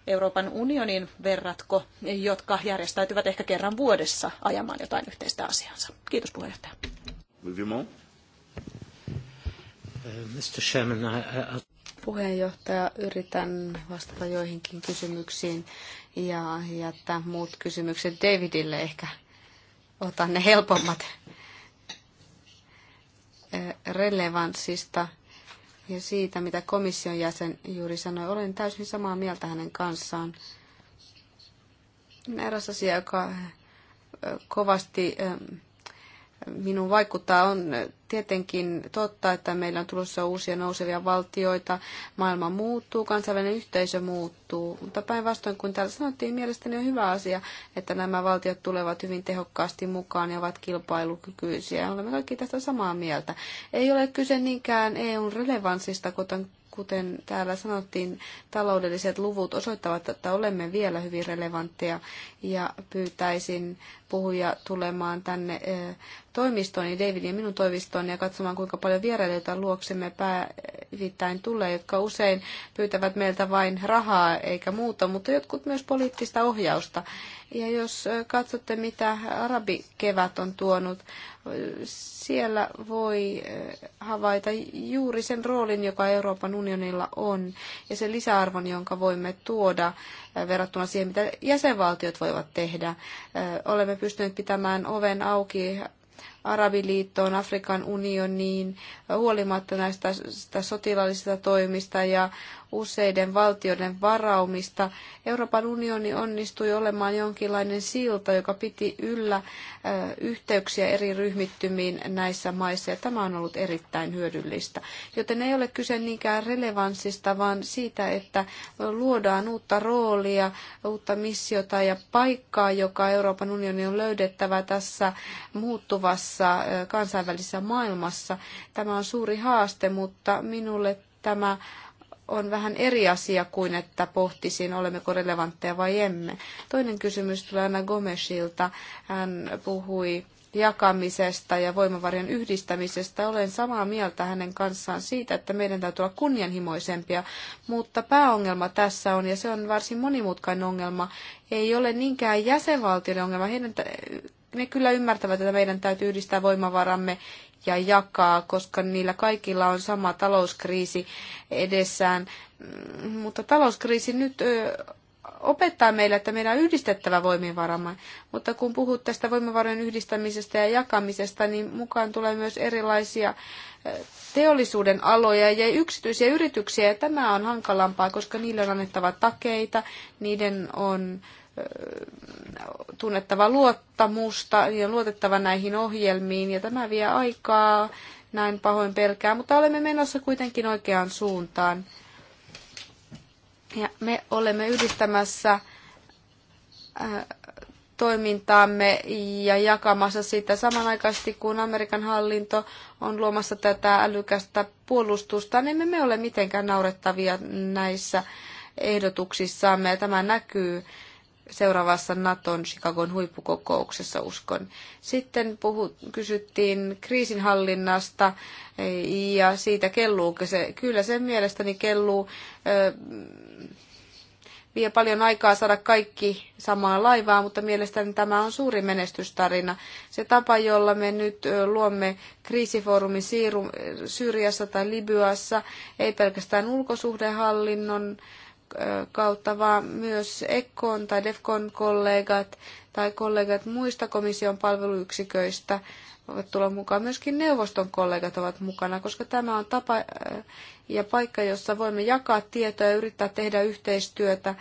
Euroopan unionin verratko, jotka järjestäytyvät ehkä kerran vuodessa ajamaan jotain yhteistä asiansa. Kiitos puheenjohtaja. Puheenjohtaja, yritän vastata joihinkin kysymyksiin ja jättää muut kysymykset Davidille ehkä. Otan ne helpommat relevanssista ja siitä, mitä komission jäsen juuri sanoi. Olen täysin samaa mieltä hänen kanssaan. Eräs asia, joka kovasti minun vaikuttaa. On tietenkin totta, että meillä on tulossa uusia nousevia valtioita, maailma muuttuu, kansainvälinen yhteisö muuttuu, mutta päinvastoin kuin täällä sanottiin, mielestäni on hyvä asia, että nämä valtiot tulevat hyvin tehokkaasti mukaan ja ovat kilpailukykyisiä. Olemme kaikki tästä samaa mieltä. Ei ole kyse niinkään EUn relevanssista, kuten Kuten täällä sanottiin, taloudelliset luvut osoittavat, että olemme vielä hyvin relevantteja ja pyytäisin puhuja tulemaan tänne toimistooni, niin David ja minun toimistoon ja katsomaan, kuinka paljon vierailijoita luoksemme päivittäin tulee, jotka usein pyytävät meiltä vain rahaa eikä muuta, mutta jotkut myös poliittista ohjausta. Ja jos äh, katsotte, mitä arabikevät on tuonut, siellä voi äh, havaita juuri sen roolin, joka Euroopan unionilla on, ja sen lisäarvon, jonka voimme tuoda äh, verrattuna siihen, mitä jäsenvaltiot voivat tehdä. Olemme pystyneet pitämään oven auki Arabiliittoon, Afrikan unioniin, huolimatta näistä sotilaallisista toimista ja useiden valtioiden varaumista. Euroopan unioni onnistui olemaan jonkinlainen silta, joka piti yllä yhteyksiä eri ryhmittymiin näissä maissa, ja tämä on ollut erittäin hyödyllistä. Joten ei ole kyse niinkään relevanssista, vaan siitä, että luodaan uutta roolia, uutta missiota ja paikkaa, joka Euroopan unioni on löydettävä tässä muuttuvassa kansainvälisessä maailmassa. Tämä on suuri haaste, mutta minulle tämä on vähän eri asia kuin, että pohtisin, olemmeko relevantteja vai emme. Toinen kysymys tulee Anna Gomesilta. Hän puhui jakamisesta ja voimavarien yhdistämisestä. Olen samaa mieltä hänen kanssaan siitä, että meidän täytyy olla kunnianhimoisempia, mutta pääongelma tässä on, ja se on varsin monimutkainen ongelma, ei ole niinkään jäsenvaltioiden ongelma. Heidän ne kyllä ymmärtävät, että meidän täytyy yhdistää voimavaramme ja jakaa, koska niillä kaikilla on sama talouskriisi edessään. Mm, mutta talouskriisi nyt opettaa meille, että meidän on yhdistettävä voimivaramme. Mutta kun puhut tästä voimavarojen yhdistämisestä ja jakamisesta, niin mukaan tulee myös erilaisia teollisuuden aloja ja yksityisiä yrityksiä. Ja tämä on hankalampaa, koska niille on annettava takeita, niiden on tunnettava luottamusta ja luotettava näihin ohjelmiin. Ja tämä vie aikaa, näin pahoin pelkää, mutta olemme menossa kuitenkin oikeaan suuntaan. Ja me olemme yhdistämässä toimintaamme ja jakamassa sitä samanaikaisesti, kun Amerikan hallinto on luomassa tätä älykästä puolustusta, niin me ole mitenkään naurettavia näissä ehdotuksissamme. Tämä näkyy seuraavassa Naton Chicagon huippukokouksessa, uskon. Sitten puhu, kysyttiin kriisinhallinnasta eh, ja siitä kelluu se. Kyllä sen mielestäni kelluu. Ö, eh, vie paljon aikaa saada kaikki samaan laivaan, mutta mielestäni tämä on suuri menestystarina. Se tapa, jolla me nyt eh, luomme kriisifoorumin Syyriassa tai Libyassa, ei pelkästään ulkosuhdehallinnon, kautta, vaan myös Ekkon tai Defcon kollegat tai kollegat muista komission palveluyksiköistä ovat tulla mukaan. Myöskin neuvoston kollegat ovat mukana, koska tämä on tapa äh, ja paikka, jossa voimme jakaa tietoa ja yrittää tehdä yhteistyötä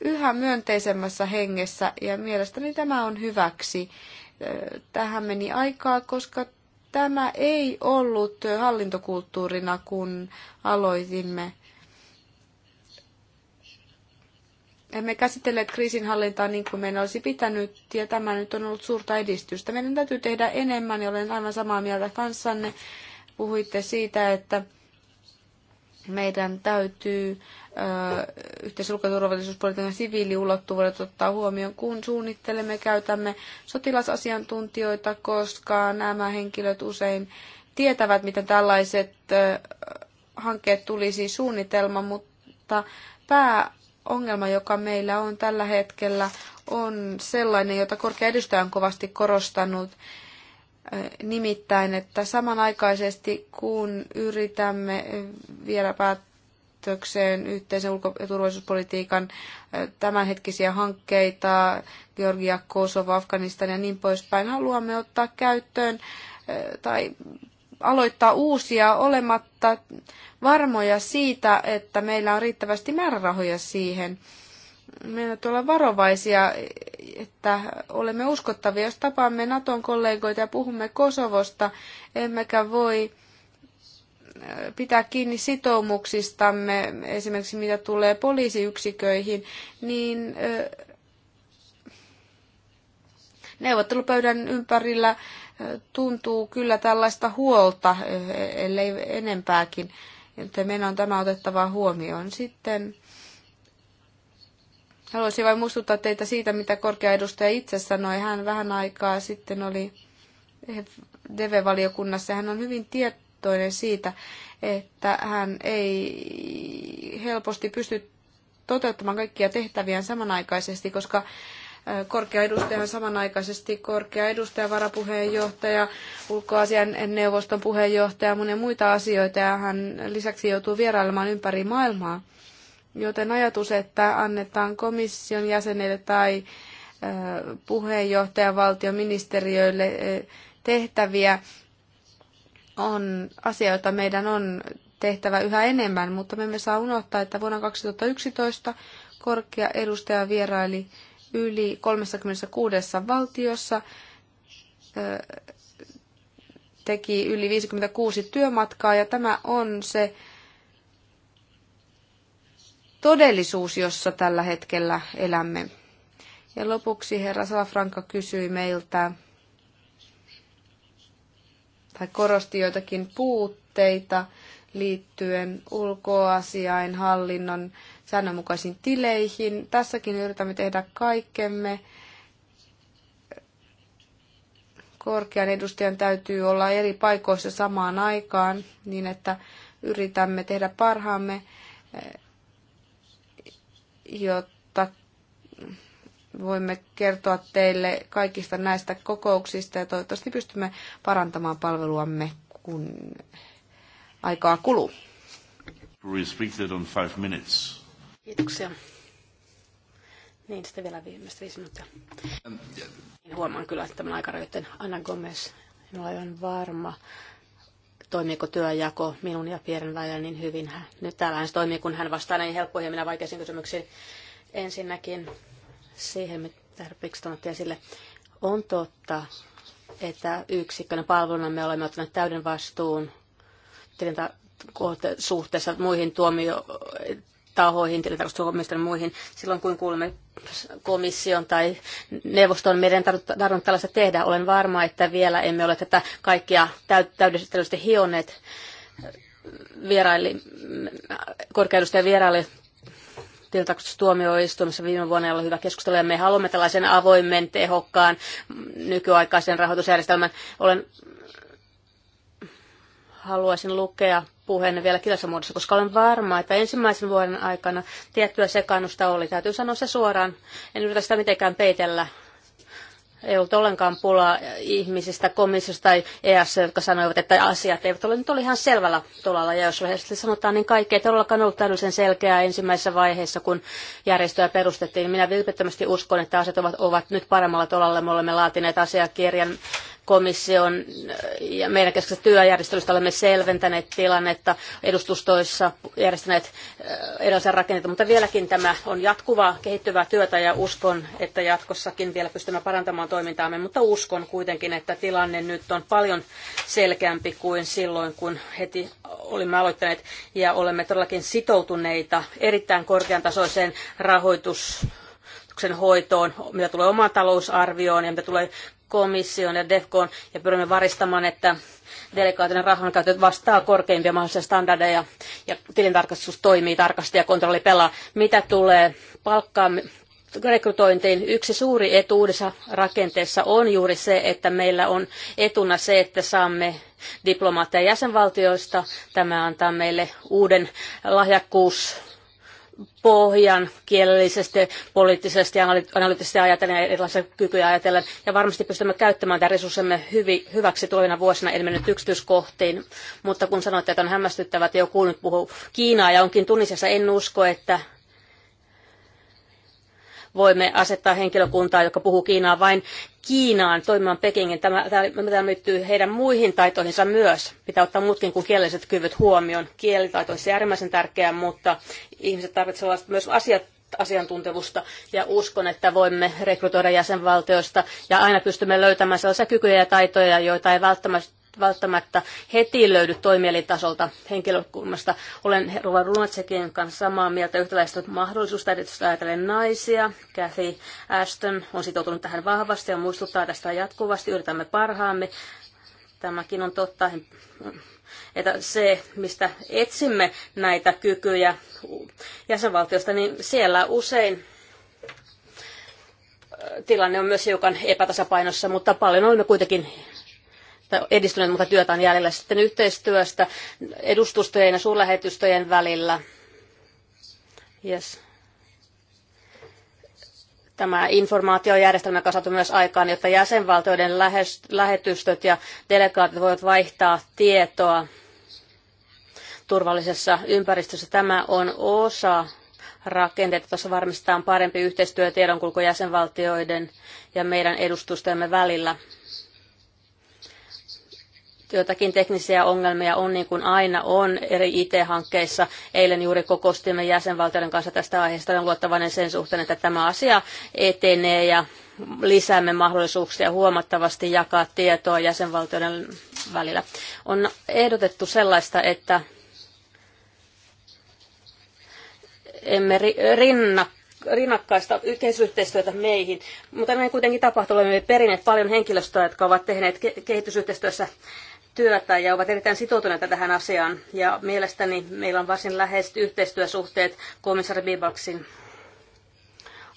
yhä myönteisemmässä hengessä ja mielestäni tämä on hyväksi. Äh, tähän meni aikaa, koska tämä ei ollut hallintokulttuurina, kun aloitimme. emme käsitelleet kriisinhallintaa niin kuin meidän olisi pitänyt, ja tämä nyt on ollut suurta edistystä. Meidän täytyy tehdä enemmän, ja olen aivan samaa mieltä kanssanne. Puhuitte siitä, että meidän täytyy yhteisulkoturvallisuuspolitiikan siviiliulottuvuudet ottaa huomioon, kun suunnittelemme, käytämme sotilasasiantuntijoita, koska nämä henkilöt usein tietävät, miten tällaiset hankkeet tulisi suunnitelma, mutta pää ongelma, joka meillä on tällä hetkellä, on sellainen, jota korkea edustaja on kovasti korostanut, nimittäin, että samanaikaisesti kun yritämme viedä päätökseen yhteisen ulko- ja turvallisuuspolitiikan tämänhetkisiä hankkeita, Georgia, Kosovo, Afganistan ja niin poispäin, haluamme ottaa käyttöön tai aloittaa uusia olematta varmoja siitä, että meillä on riittävästi määrärahoja siihen. Meidän tulee olla varovaisia, että olemme uskottavia, jos tapaamme Naton kollegoita ja puhumme Kosovosta, emmekä voi eh, pitää kiinni sitoumuksistamme, esimerkiksi mitä tulee poliisiyksiköihin, niin eh, neuvottelupöydän ympärillä tuntuu kyllä tällaista huolta, e, ellei enempääkin, että meidän on tämä otettava huomioon. Sitten haluaisin vain muistuttaa teitä siitä, mitä korkea edustaja itse sanoi. Hän vähän aikaa sitten oli DV-valiokunnassa. Hän on hyvin tietoinen siitä, että hän ei helposti pysty toteuttamaan kaikkia tehtäviä samanaikaisesti, koska korkea edustaja samanaikaisesti korkea edustaja, varapuheenjohtaja, ulkoasian neuvoston puheenjohtaja, monia muita asioita ja hän lisäksi joutuu vierailemaan ympäri maailmaa. Joten ajatus, että annetaan komission jäsenille tai puheenjohtajavaltioministeriöille tehtäviä, on asia, jota meidän on tehtävä yhä enemmän, mutta me emme saa unohtaa, että vuonna 2011 korkea edustaja vieraili yli 36 valtiossa, teki yli 56 työmatkaa ja tämä on se todellisuus, jossa tällä hetkellä elämme. Ja lopuksi herra Salafranka kysyi meiltä, tai korosti joitakin puutteita liittyen ulkoasiain hallinnon säännönmukaisiin tileihin. Tässäkin yritämme tehdä kaikkemme. Korkean edustajan täytyy olla eri paikoissa samaan aikaan niin, että yritämme tehdä parhaamme, jotta voimme kertoa teille kaikista näistä kokouksista ja toivottavasti pystymme parantamaan palveluamme, kun aikaa kuluu. Restricted on five minutes. Kiitoksia. Niin, sitten vielä viimeistä viisi minuuttia. Niin huomaan kyllä, että tämän aikarajoitteen Anna Gomez, en ole aivan varma, toimiiko työjako minun ja Pieren välillä niin hyvin. Nyt täällähän se toimii, kun hän vastaa näihin helppoihin ja minä vaikeisiin kysymyksiin. Ensinnäkin siihen, mitä Pixton otti esille. On totta, että yksikkönä palveluna me olemme ottaneet täyden vastuun suhteessa muihin tuomio, tahoihin, tilintarkastustuomioistuin muihin. Silloin kun kuulemme komission tai neuvoston, meidän tarvitsee tällaista tehdä. Olen varma, että vielä emme ole tätä kaikkia täydellisesti hioneet. Vieraili, korkeudustaja vieraili tilintarkastustuomioistuimessa viime vuonna oli hyvä keskustelu, ja me haluamme tällaisen avoimen, tehokkaan, nykyaikaisen rahoitusjärjestelmän. Olen, haluaisin lukea puheenne vielä kirjassa muodossa, koska olen varma, että ensimmäisen vuoden aikana tiettyä sekannusta oli. Täytyy sanoa se suoraan. En yritä sitä mitenkään peitellä. Ei ollut ollenkaan pulaa ihmisistä, komissiosta tai EAS, jotka sanoivat, että asiat eivät ole nyt oli ihan selvällä tolalla. Ja jos rehellisesti sanotaan, niin kaikki ei todellakaan ollut täydellisen selkeää ensimmäisessä vaiheessa, kun järjestöä perustettiin. Minä vilpittömästi uskon, että asiat ovat, ovat nyt paremmalla tolalla. Me olemme laatineet asiakirjan komission ja meidän keskeisestä työjärjestelystä olemme selventäneet tilannetta edustustoissa, järjestäneet eh, erilaisia rakenteita, mutta vieläkin tämä on jatkuvaa, kehittyvää työtä ja uskon, että jatkossakin vielä pystymme parantamaan toimintaamme, mutta uskon kuitenkin, että tilanne nyt on paljon selkeämpi kuin silloin, kun heti olimme aloittaneet ja olemme todellakin sitoutuneita erittäin korkean tasoiseen rahoitus sen hoitoon, mitä tulee omaan talousarvioon ja mitä tulee komission ja DEFCON ja pyrimme varistamaan, että delegaatin rahankäyttö vastaa korkeimpia mahdollisia standardeja ja tilintarkastus toimii tarkasti ja kontrolli pelaa. Mitä tulee palkkaan, rekrytointiin yksi suuri etu uudessa rakenteessa on juuri se, että meillä on etuna se, että saamme diplomaatteja jäsenvaltioista. Tämä antaa meille uuden lahjakkuus pohjan kielellisesti, poliittisesti ja analyyttisesti ajatellen ja erilaisia kykyjä ajatellen. Ja varmasti pystymme käyttämään tämän resurssimme hyvi, hyväksi tulevina vuosina. En mennyt yksityiskohtiin, mutta kun sanoitte, että on hämmästyttävää, että joku nyt puhuu Kiinaa ja onkin Tunisessa, en usko, että voimme asettaa henkilökuntaa, joka puhuu Kiinaa vain Kiinaan toimimaan Pekingin. Tämä, tämä liittyy heidän muihin taitoihinsa myös. Pitää ottaa muutkin kuin kielelliset kyvyt huomioon. Kielitaito on äärimmäisen tärkeää, mutta ihmiset tarvitsevat myös asiat asiantuntevusta ja uskon, että voimme rekrytoida jäsenvaltioista ja aina pystymme löytämään sellaisia kykyjä ja taitoja, joita ei välttämättä välttämättä heti löydy toimielintasolta henkilökunnasta. Olen Ruva Runatsekin kanssa samaa mieltä yhtäläistä mahdollisuutta, erityisesti ajatellen naisia. Kathy Ashton on sitoutunut tähän vahvasti ja muistuttaa tästä jatkuvasti. Yritämme parhaamme. Tämäkin on totta, että se, mistä etsimme näitä kykyjä jäsenvaltiosta, niin siellä usein äh, tilanne on myös hiukan epätasapainossa, mutta paljon olemme kuitenkin edistyneet, mutta työtä on jäljellä sitten yhteistyöstä edustustojen ja suurlähetystöjen välillä. Yes. Tämä informaatiojärjestelmä kasatui myös aikaan, jotta jäsenvaltioiden lähetystöt ja delegaatit voivat vaihtaa tietoa turvallisessa ympäristössä. Tämä on osa rakenteita, jossa varmistetaan parempi yhteistyö tiedonkulku jäsenvaltioiden ja meidän edustustemme välillä jotakin teknisiä ongelmia on niin kuin aina on eri IT-hankkeissa. Eilen juuri kokostimme jäsenvaltioiden kanssa tästä aiheesta. Olen luottavainen sen suhteen, että tämä asia etenee ja lisäämme mahdollisuuksia huomattavasti jakaa tietoa jäsenvaltioiden välillä. On ehdotettu sellaista, että emme rinnak rinnakkaista kehitysyhteistyötä meihin. Mutta näin kuitenkin tapahtuu. Olemme perineet paljon henkilöstöä, jotka ovat tehneet kehitysyhteistyössä työtä ja ovat erittäin sitoutuneita tähän asiaan. Ja mielestäni meillä on varsin läheiset yhteistyösuhteet komissaari Bibaksin.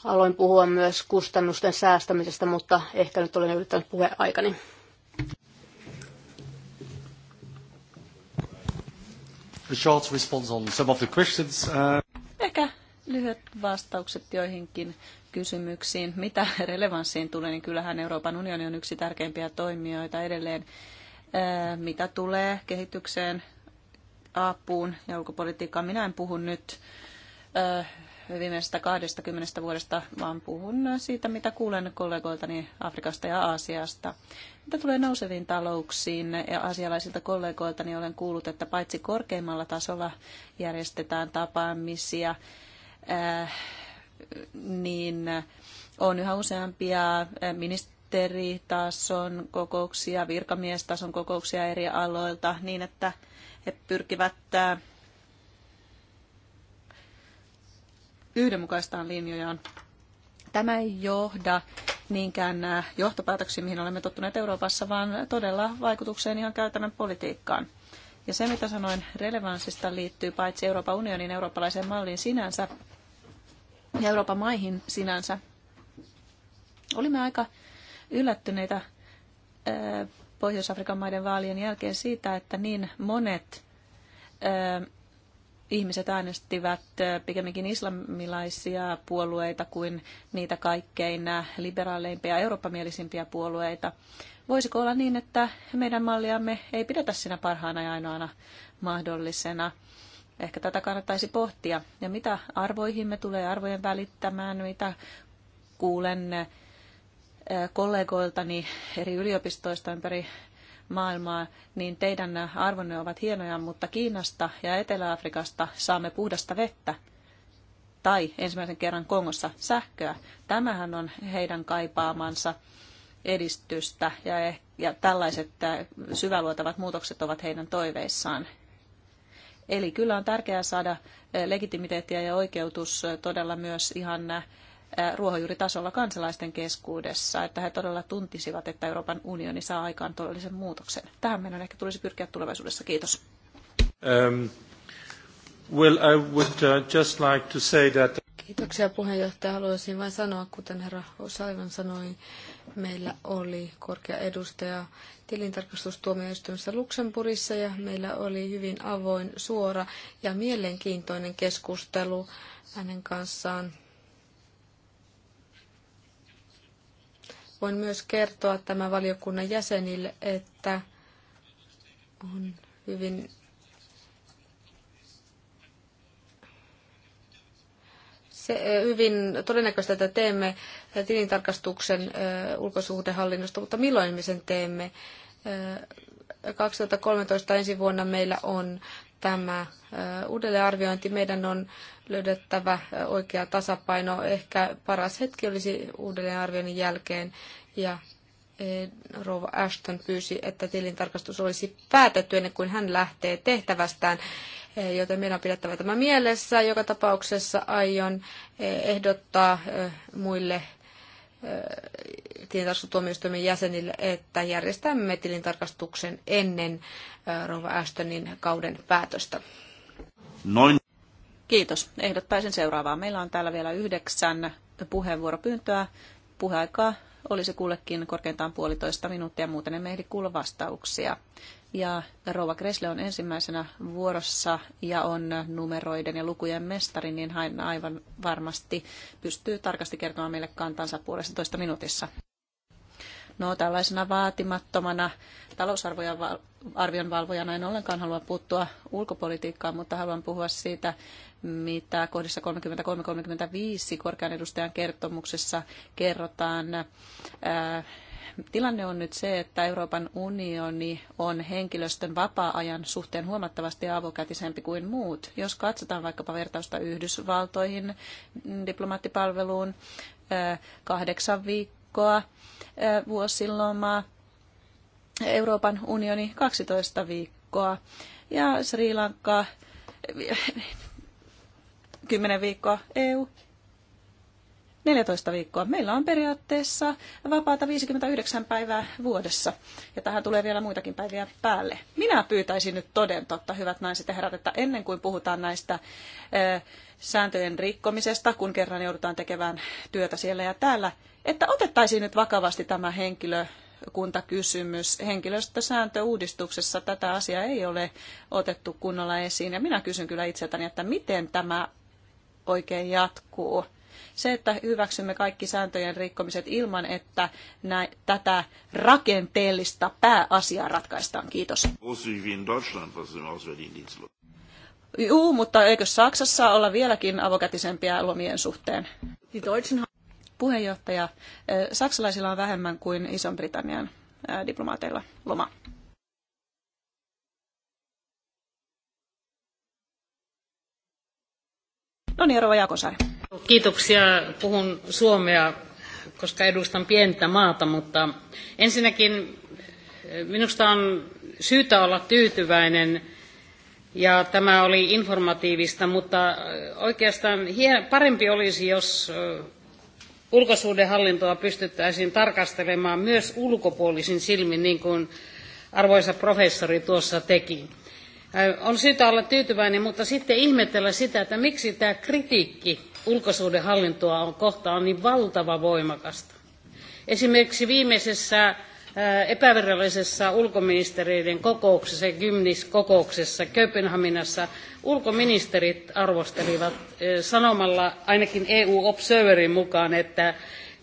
Aloin puhua myös kustannusten säästämisestä, mutta ehkä nyt olen yrittänyt puheaikani. A short response on some of the questions. Uh... Ehkä lyhyet vastaukset joihinkin kysymyksiin. Mitä relevanssiin tulee, niin kyllähän Euroopan unioni on yksi tärkeimpiä toimijoita edelleen mitä tulee kehitykseen, apuun ja ulkopolitiikkaan. Minä en puhu nyt viimeisestä 20 vuodesta, vaan puhun siitä, mitä kuulen kollegoiltani Afrikasta ja Aasiasta. Mitä tulee nouseviin talouksiin ja asialaisilta kollegoiltani olen kuullut, että paitsi korkeimmalla tasolla järjestetään tapaamisia, niin on yhä useampia ministeriöitä, ministeritason kokouksia, virkamiestason kokouksia eri aloilta niin, että he pyrkivät äh, yhdenmukaistaan linjojaan. Tämä ei johda niinkään äh, johtopäätöksiin, mihin olemme tottuneet Euroopassa, vaan todella vaikutukseen ihan käytännön politiikkaan. Ja se, mitä sanoin relevanssista, liittyy paitsi Euroopan unionin eurooppalaiseen malliin sinänsä ja Euroopan maihin sinänsä. Olimme aika yllättyneitä Pohjois-Afrikan maiden vaalien jälkeen siitä, että niin monet ihmiset äänestivät pikemminkin islamilaisia puolueita kuin niitä kaikkein liberaaleimpia ja eurooppamielisimpiä puolueita. Voisiko olla niin, että meidän malliamme ei pidetä siinä parhaana ja ainoana mahdollisena? Ehkä tätä kannattaisi pohtia. Ja mitä arvoihin me tulee arvojen välittämään, mitä kuulen kollegoiltani eri yliopistoista ympäri maailmaa, niin teidän arvonne ovat hienoja, mutta Kiinasta ja Etelä-Afrikasta saamme puhdasta vettä tai ensimmäisen kerran Kongossa sähköä. Tämähän on heidän kaipaamansa edistystä ja, eh- ja tällaiset syväluotavat muutokset ovat heidän toiveissaan. Eli kyllä on tärkeää saada legitimiteettiä ja oikeutus todella myös ihan ruohonjuuritasolla kansalaisten keskuudessa, että he todella tuntisivat, että Euroopan unioni saa aikaan todellisen muutoksen. Tähän meidän ehkä tulisi pyrkiä tulevaisuudessa. Kiitos. Um, well, I would uh, just like to say that... Kiitoksia puheenjohtaja. Haluaisin vain sanoa, kuten herra Osaivan sanoi, meillä oli korkea edustaja tilintarkastustuomioistuimessa Luxemburgissa ja meillä oli hyvin avoin, suora ja mielenkiintoinen keskustelu hänen kanssaan Voin myös kertoa tämän valiokunnan jäsenille, että on hyvin se, hyvin todennäköistä, että teemme tilintarkastuksen ulkosuhdehallinnosta, mutta milloin me sen teemme? 2013 ensi vuonna meillä on tämä uudelleenarviointi. Meidän on löydettävä oikea tasapaino. Ehkä paras hetki olisi uudelleenarvioinnin jälkeen ja e, Rova Ashton pyysi, että tilintarkastus olisi päätetty ennen kuin hän lähtee tehtävästään, e, joten meidän on pidettävä tämä mielessä. Joka tapauksessa aion e, ehdottaa muille tilintarkastustuomioistuimen jäsenille, että järjestämme tilintarkastuksen ennen Rova Ashtonin kauden päätöstä. Noin. Kiitos. Ehdottaisin seuraavaa. Meillä on täällä vielä yhdeksän puheenvuoropyyntöä. Puheaikaa olisi kullekin korkeintaan puolitoista minuuttia, muuten emme ehdi kuulla vastauksia. Ja Rova Kresle on ensimmäisenä vuorossa ja on numeroiden ja lukujen mestari, niin hän aivan varmasti pystyy tarkasti kertomaan meille kantansa puolesta toista minuutissa. No tällaisena vaatimattomana talousarvion valvojana en ollenkaan halua puuttua ulkopolitiikkaan, mutta haluan puhua siitä, mitä kohdissa 33-35 korkean edustajan kertomuksessa kerrotaan. Äh, tilanne on nyt se, että Euroopan unioni on henkilöstön vapaa-ajan suhteen huomattavasti avokätisempi kuin muut. Jos katsotaan vaikkapa vertausta Yhdysvaltoihin, diplomaattipalveluun, äh, kahdeksan viikkoa äh, vuosilomaa, Euroopan unioni 12 viikkoa ja Sri Lanka 10 viikkoa EU, 14 viikkoa. Meillä on periaatteessa vapaata 59 päivää vuodessa, ja tähän tulee vielä muitakin päiviä päälle. Minä pyytäisin nyt toden totta, hyvät naiset ja herrat, että ennen kuin puhutaan näistä ö, sääntöjen rikkomisesta, kun kerran joudutaan tekemään työtä siellä ja täällä, että otettaisiin nyt vakavasti tämä henkilö kuntakysymys. Henkilöstösääntöuudistuksessa tätä asiaa ei ole otettu kunnolla esiin. Ja minä kysyn kyllä itseltäni, että miten tämä oikein jatkuu. Se, että hyväksymme kaikki sääntöjen rikkomiset ilman, että nä- tätä rakenteellista pääasiaa ratkaistaan. Kiitos. Juu, mutta eikö Saksassa olla vieläkin avokätisempiä lomien suhteen? Puheenjohtaja, eh, saksalaisilla on vähemmän kuin Ison-Britannian eh, diplomaateilla loma. No niin, Rova Kiitoksia. Puhun suomea, koska edustan pientä maata, mutta ensinnäkin eh, minusta on syytä olla tyytyväinen ja tämä oli informatiivista, mutta eh, oikeastaan parempi olisi, jos eh, ulkosuhdehallintoa pystyttäisiin tarkastelemaan myös ulkopuolisin silmin, niin kuin arvoisa professori tuossa teki on syytä olla tyytyväinen, mutta sitten ihmetellä sitä, että miksi tämä kritiikki ulkosuhdehallintoa on kohtaan on niin valtava voimakasta. Esimerkiksi viimeisessä epävirallisessa ulkoministereiden kokouksessa, Gymnis-kokouksessa Kööpenhaminassa, ulkoministerit arvostelivat sanomalla ainakin EU-Observerin mukaan, että,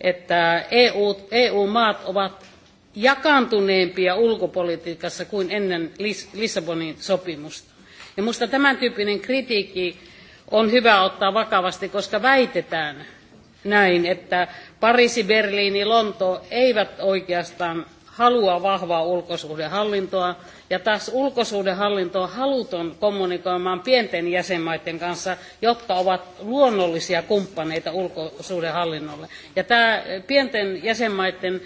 että EU, EU-maat ovat jakaantuneempia ulkopolitiikassa kuin ennen Lissabonin sopimusta. Ja minusta tämän tyyppinen kritiikki on hyvä ottaa vakavasti, koska väitetään näin, että Pariisi, Berliini, Lonto eivät oikeastaan halua vahvaa ulkosuhdehallintoa, ja taas ulkosuhdehallinto on haluton kommunikoimaan pienten jäsenmaiden kanssa, jotka ovat luonnollisia kumppaneita ulkosuhdehallinnolle. Ja tämä pienten jäsenmaiden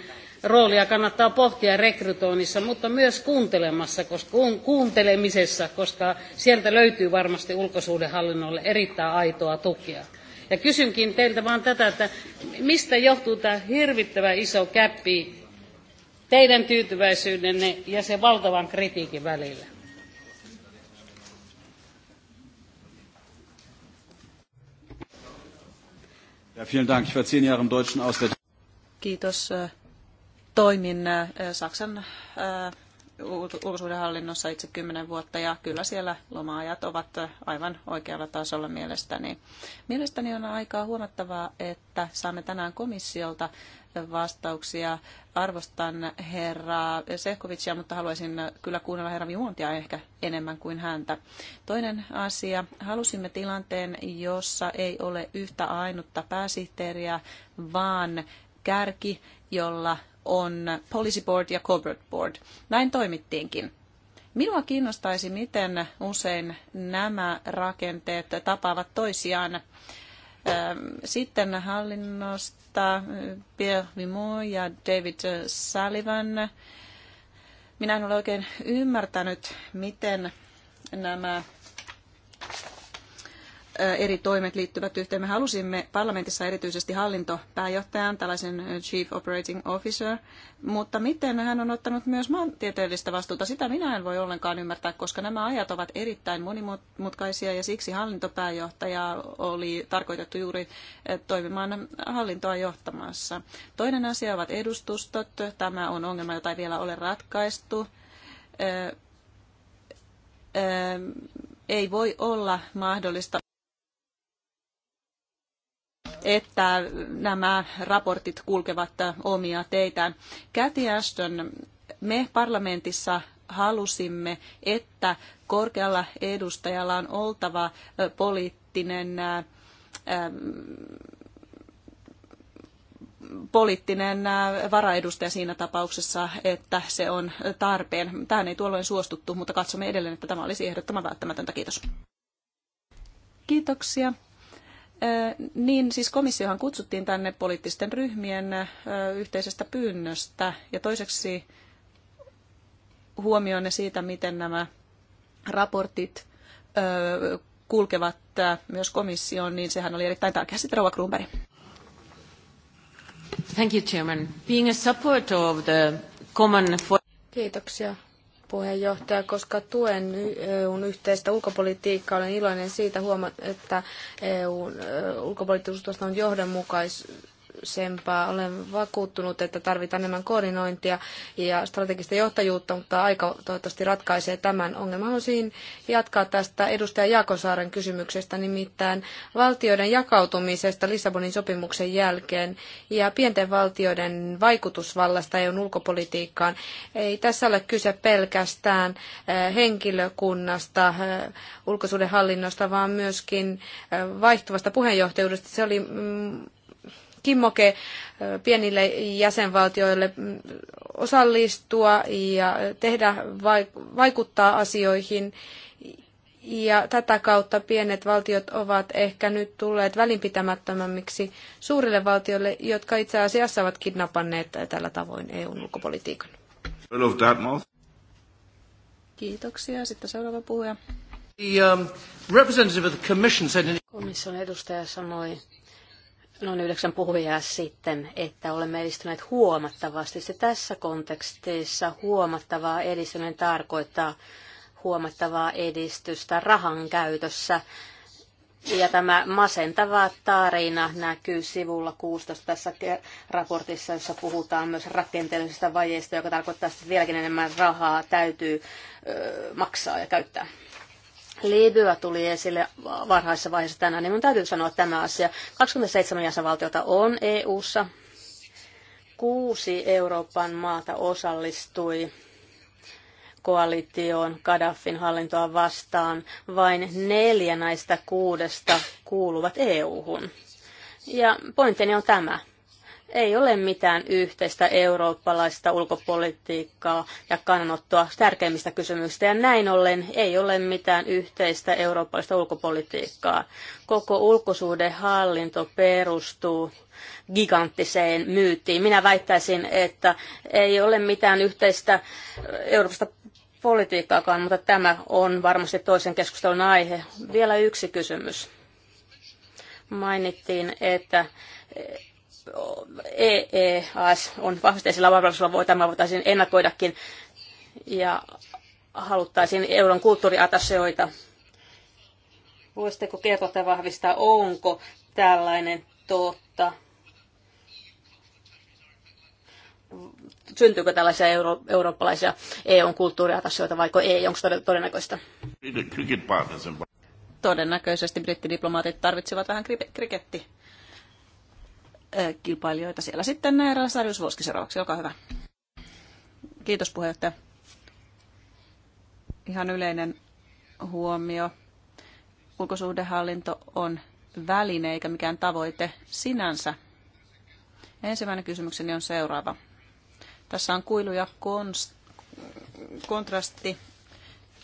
roolia kannattaa pohtia rekrytoinnissa, mutta myös kuuntelemassa, koska, kuuntelemisessa, koska sieltä löytyy varmasti ulkosuhdehallinnolle erittäin aitoa tukea. Ja kysynkin teiltä vaan tätä, että mistä johtuu tämä hirvittävä iso käppi teidän tyytyväisyydenne ja se valtavan kritiikin välillä? Kiitos. Äh, toimin äh, Saksan äh, ulkosuhdehallinnossa itse kymmenen vuotta ja kyllä siellä lomaajat ovat äh, aivan oikealla tasolla mielestäni. Mielestäni on aikaa huomattavaa, että saamme tänään komissiolta vastauksia. Arvostan herra Sehkovicia, mutta haluaisin kyllä kuunnella herra Juontia ehkä enemmän kuin häntä. Toinen asia. Halusimme tilanteen, jossa ei ole yhtä ainutta pääsihteeriä, vaan kärki, jolla on Policy Board ja Corporate Board. Näin toimittiinkin. Minua kiinnostaisi, miten usein nämä rakenteet tapaavat toisiaan. Sitten hallinnosta Pierre Vimo ja David Sullivan. Minä en ole oikein ymmärtänyt, miten nämä eri toimet liittyvät yhteen. Me halusimme parlamentissa erityisesti hallintopääjohtajan, tällaisen chief operating officer, mutta miten hän on ottanut myös maantieteellistä vastuuta, sitä minä en voi ollenkaan ymmärtää, koska nämä ajat ovat erittäin monimutkaisia ja siksi hallintopääjohtaja oli tarkoitettu juuri toimimaan hallintoa johtamassa. Toinen asia ovat edustustot. Tämä on ongelma, jota ei vielä ole ratkaistu ei voi olla mahdollista että nämä raportit kulkevat omia teitään. Käti Ashton, me parlamentissa halusimme, että korkealla edustajalla on oltava poliittinen poliittinen varaedustaja siinä tapauksessa, että se on tarpeen. Tähän ei tuolloin suostuttu, mutta katsomme edelleen, että tämä olisi ehdottoman välttämätöntä. Kiitos. Kiitoksia. Niin siis komissiohan kutsuttiin tänne poliittisten ryhmien yhteisestä pyynnöstä ja toiseksi huomioon siitä, miten nämä raportit kulkevat myös komissioon, niin sehän oli erittäin tärkeä sitten Rova Grunberg. Thank you, Chairman. Being a supporter of the common... Kiitoksia puheenjohtaja, koska tuen EUn yhteistä ulkopolitiikkaa. Olen iloinen siitä, että EUn ulkopolitiikasta on johdonmukais, sempaa. Olen vakuuttunut, että tarvitaan enemmän koordinointia ja strategista johtajuutta, mutta aika toivottavasti ratkaisee tämän ongelman. Haluaisin jatkaa tästä edustaja Jaakonsaaren kysymyksestä, nimittäin valtioiden jakautumisesta Lissabonin sopimuksen jälkeen ja pienten valtioiden vaikutusvallasta EUn ulkopolitiikkaan. Ei tässä ole kyse pelkästään eh, henkilökunnasta, eh, ulkosuudenhallinnosta, vaan myöskin eh, vaihtuvasta puheenjohtajuudesta. Se oli mm, kimmoke pienille jäsenvaltioille osallistua ja tehdä, vaikuttaa asioihin. Ja tätä kautta pienet valtiot ovat ehkä nyt tulleet välinpitämättömämmiksi suurille valtioille, jotka itse asiassa ovat kidnappanneet tällä tavoin EUn ulkopolitiikan. Kiitoksia. Sitten seuraava puhuja. The um, representative of the commission said... Komission edustaja sanoi, noin yhdeksän puhujaa sitten, että olemme edistyneet huomattavasti. Se tässä kontekstissa huomattavaa edistyminen tarkoittaa huomattavaa edistystä rahan käytössä. Ja tämä masentava tarina näkyy sivulla 16 tässä raportissa, jossa puhutaan myös rakenteellisesta vajeesta, joka tarkoittaa, että vieläkin enemmän rahaa täytyy maksaa ja käyttää. Libya tuli esille varhaisessa vaiheessa tänään, niin minun täytyy sanoa tämä asia. 27 jäsenvaltiota on EU-ssa. Kuusi Euroopan maata osallistui koalitioon Gaddafin hallintoa vastaan. Vain neljä näistä kuudesta kuuluvat EU-hun. Ja pointtini on tämä ei ole mitään yhteistä eurooppalaista ulkopolitiikkaa ja kannanottoa tärkeimmistä kysymyksistä, ja näin ollen ei ole mitään yhteistä eurooppalaista ulkopolitiikkaa. Koko ulkosuhdehallinto perustuu giganttiseen myyttiin. Minä väittäisin, että ei ole mitään yhteistä Euroopasta politiikkaakaan, mutta tämä on varmasti toisen keskustelun aihe. Vielä yksi kysymys. Mainittiin, että EEAS on vahvasti esillä varallisuudella, tämä voitaisiin ennakoidakin, ja haluttaisiin euron kulttuuriatasioita. Voisitteko kertoa vahvistaa, onko tällainen totta? syntyykö tällaisia euro, eurooppalaisia EUn kulttuuriatasioita vai ei, onko todennäköistä? Todennäköisesti brittidiplomaatit tarvitsevat vähän krikettiä. Eh, kilpailijoita siellä. Sitten näin eh, Sarjus Voski seuraavaksi, olkaa hyvä. Kiitos puheenjohtaja. Ihan yleinen huomio. Ulkosuhdehallinto on väline eikä mikään tavoite sinänsä. Ensimmäinen kysymykseni on seuraava. Tässä on kuilu ja konst- kontrasti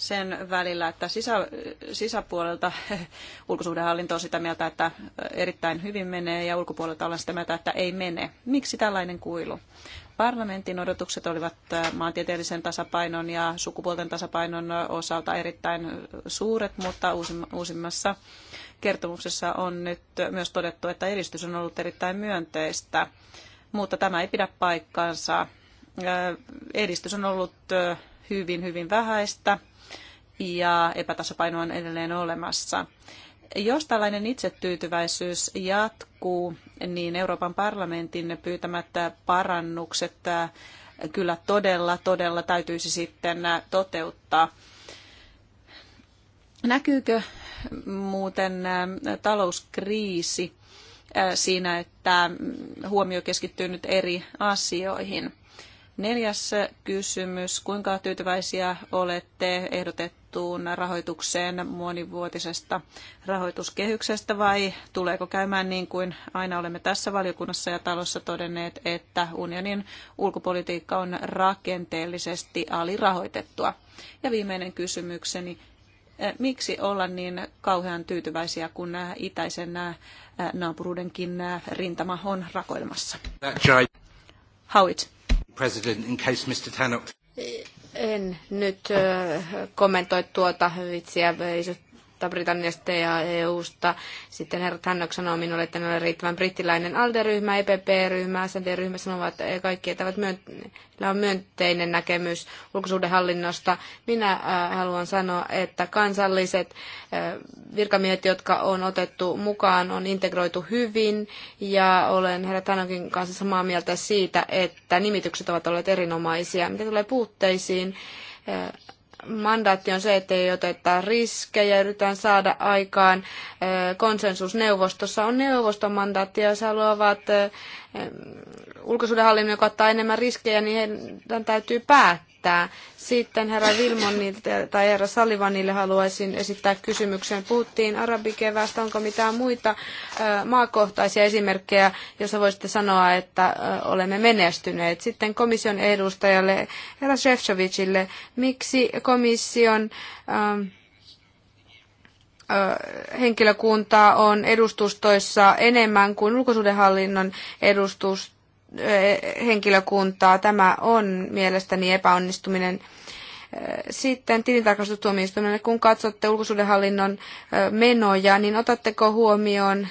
sen välillä, että sisä, sisäpuolelta ulkosuhdehallinto on sitä mieltä, että erittäin hyvin menee ja ulkopuolelta ollaan sitä mieltä, että ei mene. Miksi tällainen kuilu? Parlamentin odotukset olivat äh, maantieteellisen tasapainon ja sukupuolten tasapainon osalta erittäin suuret, mutta uusimmassa kertomuksessa on nyt myös todettu, että edistys on ollut erittäin myönteistä, mutta tämä ei pidä paikkaansa. Äh, edistys on ollut äh, hyvin, hyvin vähäistä ja epätasapaino on edelleen olemassa. Jos tällainen itsetyytyväisyys jatkuu, niin Euroopan parlamentin pyytämättä parannukset äh, kyllä todella, todella täytyisi sitten äh, toteuttaa. Näkyykö muuten äh, talouskriisi siinä, että mm, huomio keskittyy nyt eri asioihin? Neljäs kysymys. Kuinka tyytyväisiä olette ehdotettu? ehdotettuun rahoitukseen monivuotisesta rahoituskehyksestä vai tuleeko käymään niin kuin aina olemme tässä valiokunnassa ja talossa todenneet, että unionin ulkopolitiikka on rakenteellisesti alirahoitettua? Ja viimeinen kysymykseni, eh, miksi olla niin kauhean tyytyväisiä, kun itäisen eh, naapuruudenkin rintama on rakoilmassa? Howitt. President, in case Mr. Tannock eh, en nyt kommentoi tuota vitsiä Britanniasta ja EUsta. Sitten herra Tannock sanoo minulle, että en ole riittävän brittiläinen ALDE-ryhmä, EPP-ryhmä, SND-ryhmä sanovat että kaikki, että myönteillä on myönteinen näkemys ulkosuhdehallinnosta. Minä äh, haluan sanoa, että kansalliset äh, virkamiehet, jotka on otettu mukaan, on integroitu hyvin ja olen herra Tannokin kanssa samaa mieltä siitä, että nimitykset ovat olleet erinomaisia. Mitä tulee puutteisiin, äh, mandaatti on se, että ei oteta riskejä, yritetään saada aikaan konsensusneuvostossa. On neuvoston mandaatti, ja jos haluavat ulkosuudenhallinnon, joka ottaa enemmän riskejä, niin heidän täytyy päättää esittää. Sitten herra Vilmonilta tai herra Salivanille haluaisin esittää kysymyksen. Puhuttiin arabikevästä, onko mitään muita maakohtaisia esimerkkejä, joissa voisitte sanoa, että olemme menestyneet. Sitten komission edustajalle, herra Shevchovicille, miksi komission henkilökuntaa on edustustoissa enemmän kuin ulkosuhdehallinnon edustustoissa? henkilökuntaa. Tämä on mielestäni epäonnistuminen. Sitten tilintarkastustuomioistuimelle, kun katsotte ulkosuudenhallinnon menoja, niin otatteko huomioon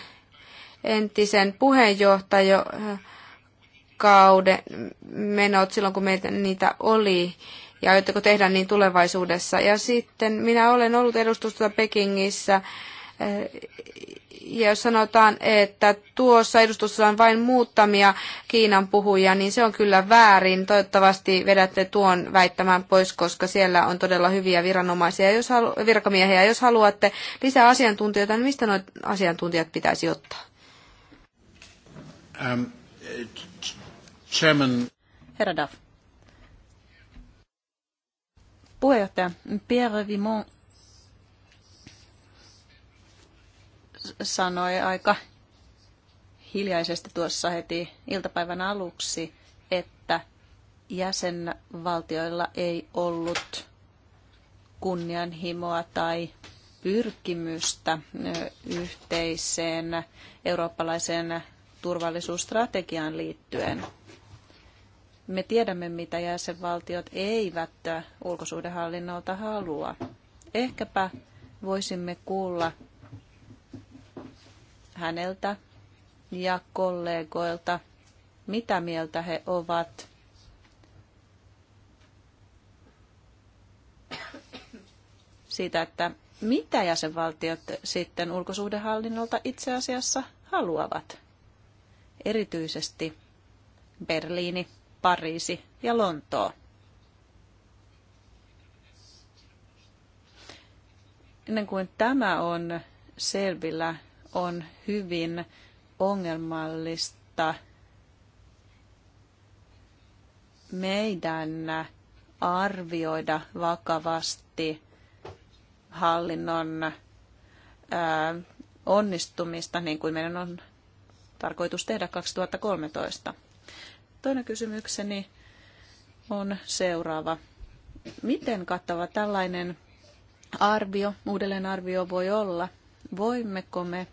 entisen puheenjohtajakauden menot silloin, kun meitä niitä oli, ja aiotteko tehdä niin tulevaisuudessa. Ja sitten minä olen ollut edustustossa Pekingissä ja jos sanotaan, että tuossa edustussa on vain muutamia Kiinan puhujia, niin se on kyllä väärin. Toivottavasti vedätte tuon väittämään pois, koska siellä on todella hyviä viranomaisia, jos halu- virkamiehiä. Jos haluatte lisää asiantuntijoita, niin mistä nuo asiantuntijat pitäisi ottaa? Um, chairman. Herra Duff. Puheenjohtaja Pierre Vimont sanoi aika hiljaisesti tuossa heti iltapäivän aluksi, että jäsenvaltioilla ei ollut kunnianhimoa tai pyrkimystä yhteiseen eurooppalaiseen turvallisuusstrategiaan liittyen. Me tiedämme, mitä jäsenvaltiot eivät ulkosuhdehallinnolta halua. Ehkäpä voisimme kuulla häneltä ja kollegoilta, mitä mieltä he ovat siitä, että mitä jäsenvaltiot sitten ulkosuhdehallinnolta itse asiassa haluavat. Erityisesti Berliini, Pariisi ja Lontoo. Ennen kuin tämä on selvillä, on hyvin ongelmallista meidän arvioida vakavasti hallinnon onnistumista, niin kuin meidän on tarkoitus tehdä 2013. Toinen kysymykseni on seuraava. Miten kattava tällainen arvio, uudelleenarvio voi olla? Voimmeko me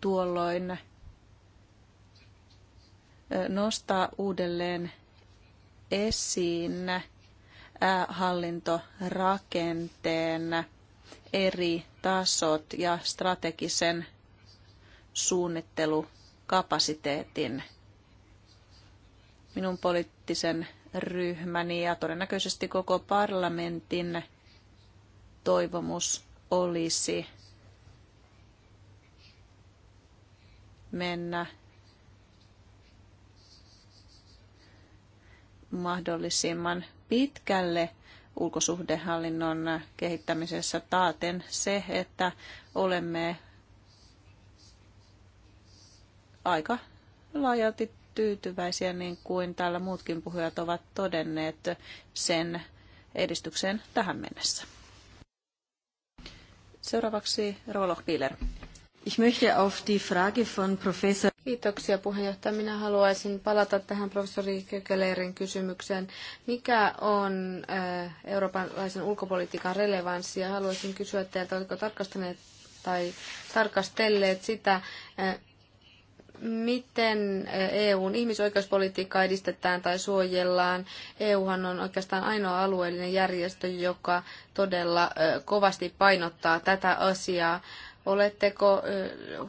tuolloin nostaa uudelleen esiin hallintorakenteen eri tasot ja strategisen suunnittelukapasiteetin. Minun poliittisen ryhmäni ja todennäköisesti koko parlamentin toivomus olisi mennä mahdollisimman pitkälle ulkosuhdehallinnon kehittämisessä taaten se, että olemme aika laajalti tyytyväisiä, niin kuin täällä muutkin puhujat ovat todenneet sen edistykseen tähän mennessä. Seuraavaksi Roloh Piler. Ich möchte auf die Frage von Professor Kiitoksia puheenjohtaja. Minä haluaisin palata tähän professori Kökelerin kysymykseen. Mikä on äh, eurooppalaisen ulkopolitiikan relevanssi? Ja haluaisin kysyä teiltä, oliko tarkastaneet tai tarkastelleet sitä, äh, miten äh, EUn ihmisoikeuspolitiikkaa edistetään tai suojellaan. EUhan on oikeastaan ainoa alueellinen järjestö, joka todella kovasti painottaa tätä asiaa. Oletteko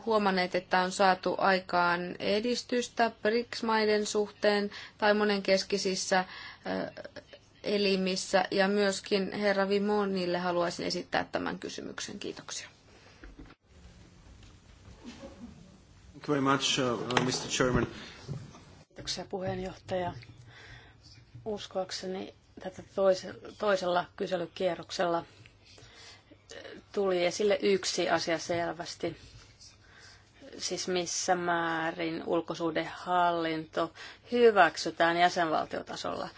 huomanneet, että on saatu aikaan edistystä BRICS-maiden suhteen tai monenkeskisissä elimissä? Ja myöskin herra Vimonille haluaisin esittää tämän kysymyksen. Kiitoksia. Thank you very much, uh, uh, Mr. Chairman. Kiitoksia puheenjohtaja. Uskoakseni tätä toisella kyselykierroksella – tuli esille yksi asia selvästi, siis missä määrin ulkosuhdehallinto hyväksytään jäsenvaltiotasolla.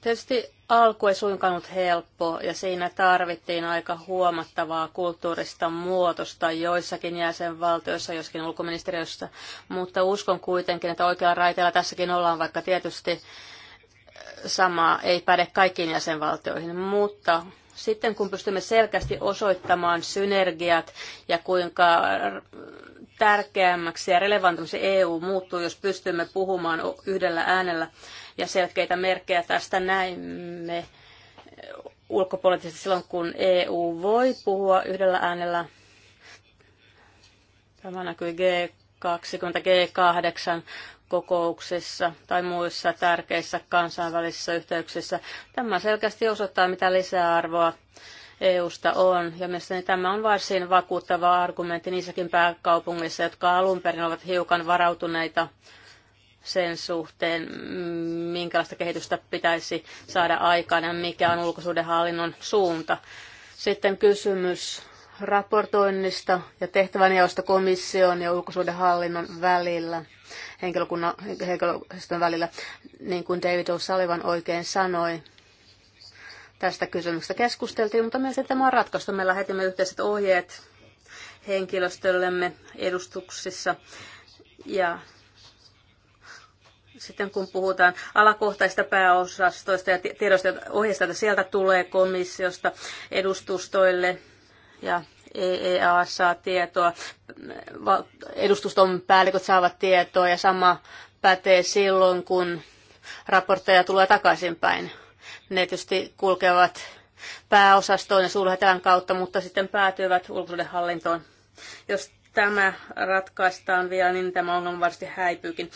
Tietysti alku ei suinkaan ollut helppo ja siinä tarvittiin aika huomattavaa kulttuurista muutosta joissakin jäsenvaltioissa, joskin ulkoministeriössä, mutta uskon kuitenkin, että oikealla raiteella tässäkin ollaan, vaikka tietysti sama ei päde kaikkiin jäsenvaltioihin, mutta sitten kun pystymme selkeästi osoittamaan synergiat ja kuinka tärkeämmäksi ja relevantimmaksi EU muuttuu, jos pystymme puhumaan yhdellä äänellä ja selkeitä merkkejä tästä näimme ulkopoliittisesti silloin, kun EU voi puhua yhdellä äänellä. Tämä näkyy G20, G8 kokouksessa tai muissa tärkeissä kansainvälisissä yhteyksissä. Tämä selkeästi osoittaa, mitä lisäarvoa EUsta on, ja mielestäni tämä on varsin vakuuttava argumentti niissäkin pääkaupungeissa, jotka alun perin ovat hiukan varautuneita sen suhteen, minkälaista kehitystä pitäisi saada aikaan ja mikä on ulkosuudenhallinnon suunta. Sitten kysymys raportoinnista ja tehtävänjaosta komission ja ulkosuhdehallinnon välillä, henkilökunnan, henkilöstön välillä, niin kuin David O'Sullivan oikein sanoi. Tästä kysymyksestä keskusteltiin, mutta myös tämä on ratkaistu. Me lähetimme yhteiset ohjeet henkilöstöllemme edustuksissa ja sitten kun puhutaan alakohtaista pääosastoista ja tiedosta ohjeista, että sieltä tulee komissiosta edustustoille ja EEA saa tietoa, edustuston päälliköt saavat tietoa ja sama pätee silloin, kun raportteja tulee takaisinpäin. Ne tietysti kulkevat pääosastoon ja suurlähetään kautta, mutta sitten päätyvät ulkosuudenhallintoon. Jos tämä ratkaistaan vielä, niin tämä ongelma varmasti häipyykin.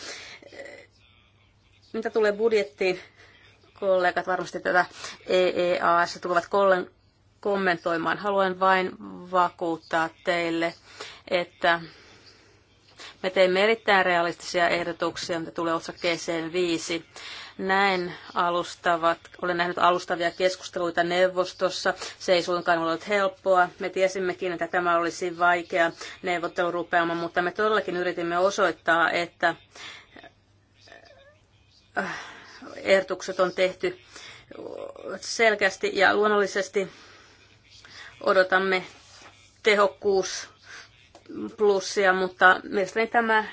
Mitä tulee budjettiin, kollegat varmasti tätä EEAS tulevat kommentoimaan. Haluan vain vakuuttaa teille, että me teimme erittäin realistisia ehdotuksia, mitä tulee osakkeeseen viisi. Näin alustavat, olen nähnyt alustavia keskusteluita neuvostossa. Se ei suinkaan ollut helppoa. Me tiesimmekin, että tämä olisi vaikea neuvottelurupeama, mutta me todellakin yritimme osoittaa, että äh, ehdotukset on tehty selkeästi ja luonnollisesti odotamme tehokkuus plussia, mutta mielestäni tämä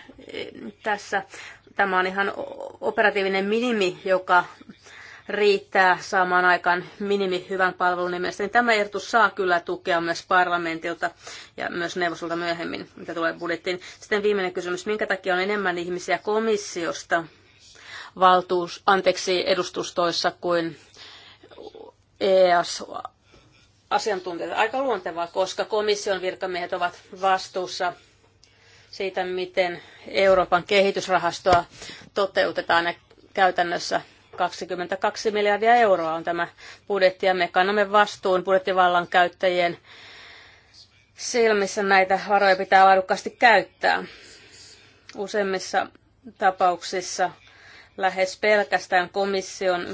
tässä tämä on ihan operatiivinen minimi, joka riittää saamaan aikaan minimi hyvän palvelun nimestä, tämä ehdotus saa kyllä tukea myös parlamentilta ja myös neuvostolta myöhemmin, mitä tulee budjettiin. Sitten viimeinen kysymys, minkä takia on enemmän ihmisiä komissiosta valtuus, anteeksi, edustustoissa kuin EAS asiantuntijoita. Aika luontevaa, koska komission virkamiehet ovat vastuussa siitä, miten Euroopan kehitysrahastoa toteutetaan ja käytännössä 22 miljardia euroa on tämä budjetti ja me kannamme vastuun budjettivallan käyttäjien silmissä näitä varoja pitää laadukkaasti käyttää. Useimmissa tapauksissa lähes pelkästään komission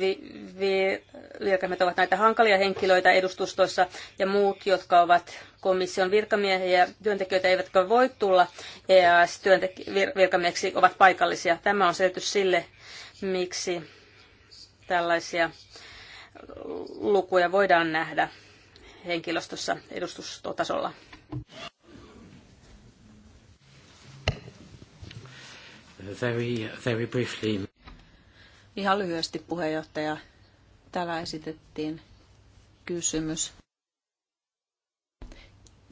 vi- vi- virkamiehet ovat näitä hankalia henkilöitä edustustoissa ja muut, jotka ovat komission virkamiehiä ja työntekijöitä, eivätkä voi tulla EAS-virkamieheksi, ovat paikallisia. Tämä on selitys sille, miksi tällaisia lukuja voidaan nähdä henkilöstössä edustustotasolla. Very, very briefly. Ihan lyhyesti puheenjohtaja. Täällä esitettiin kysymys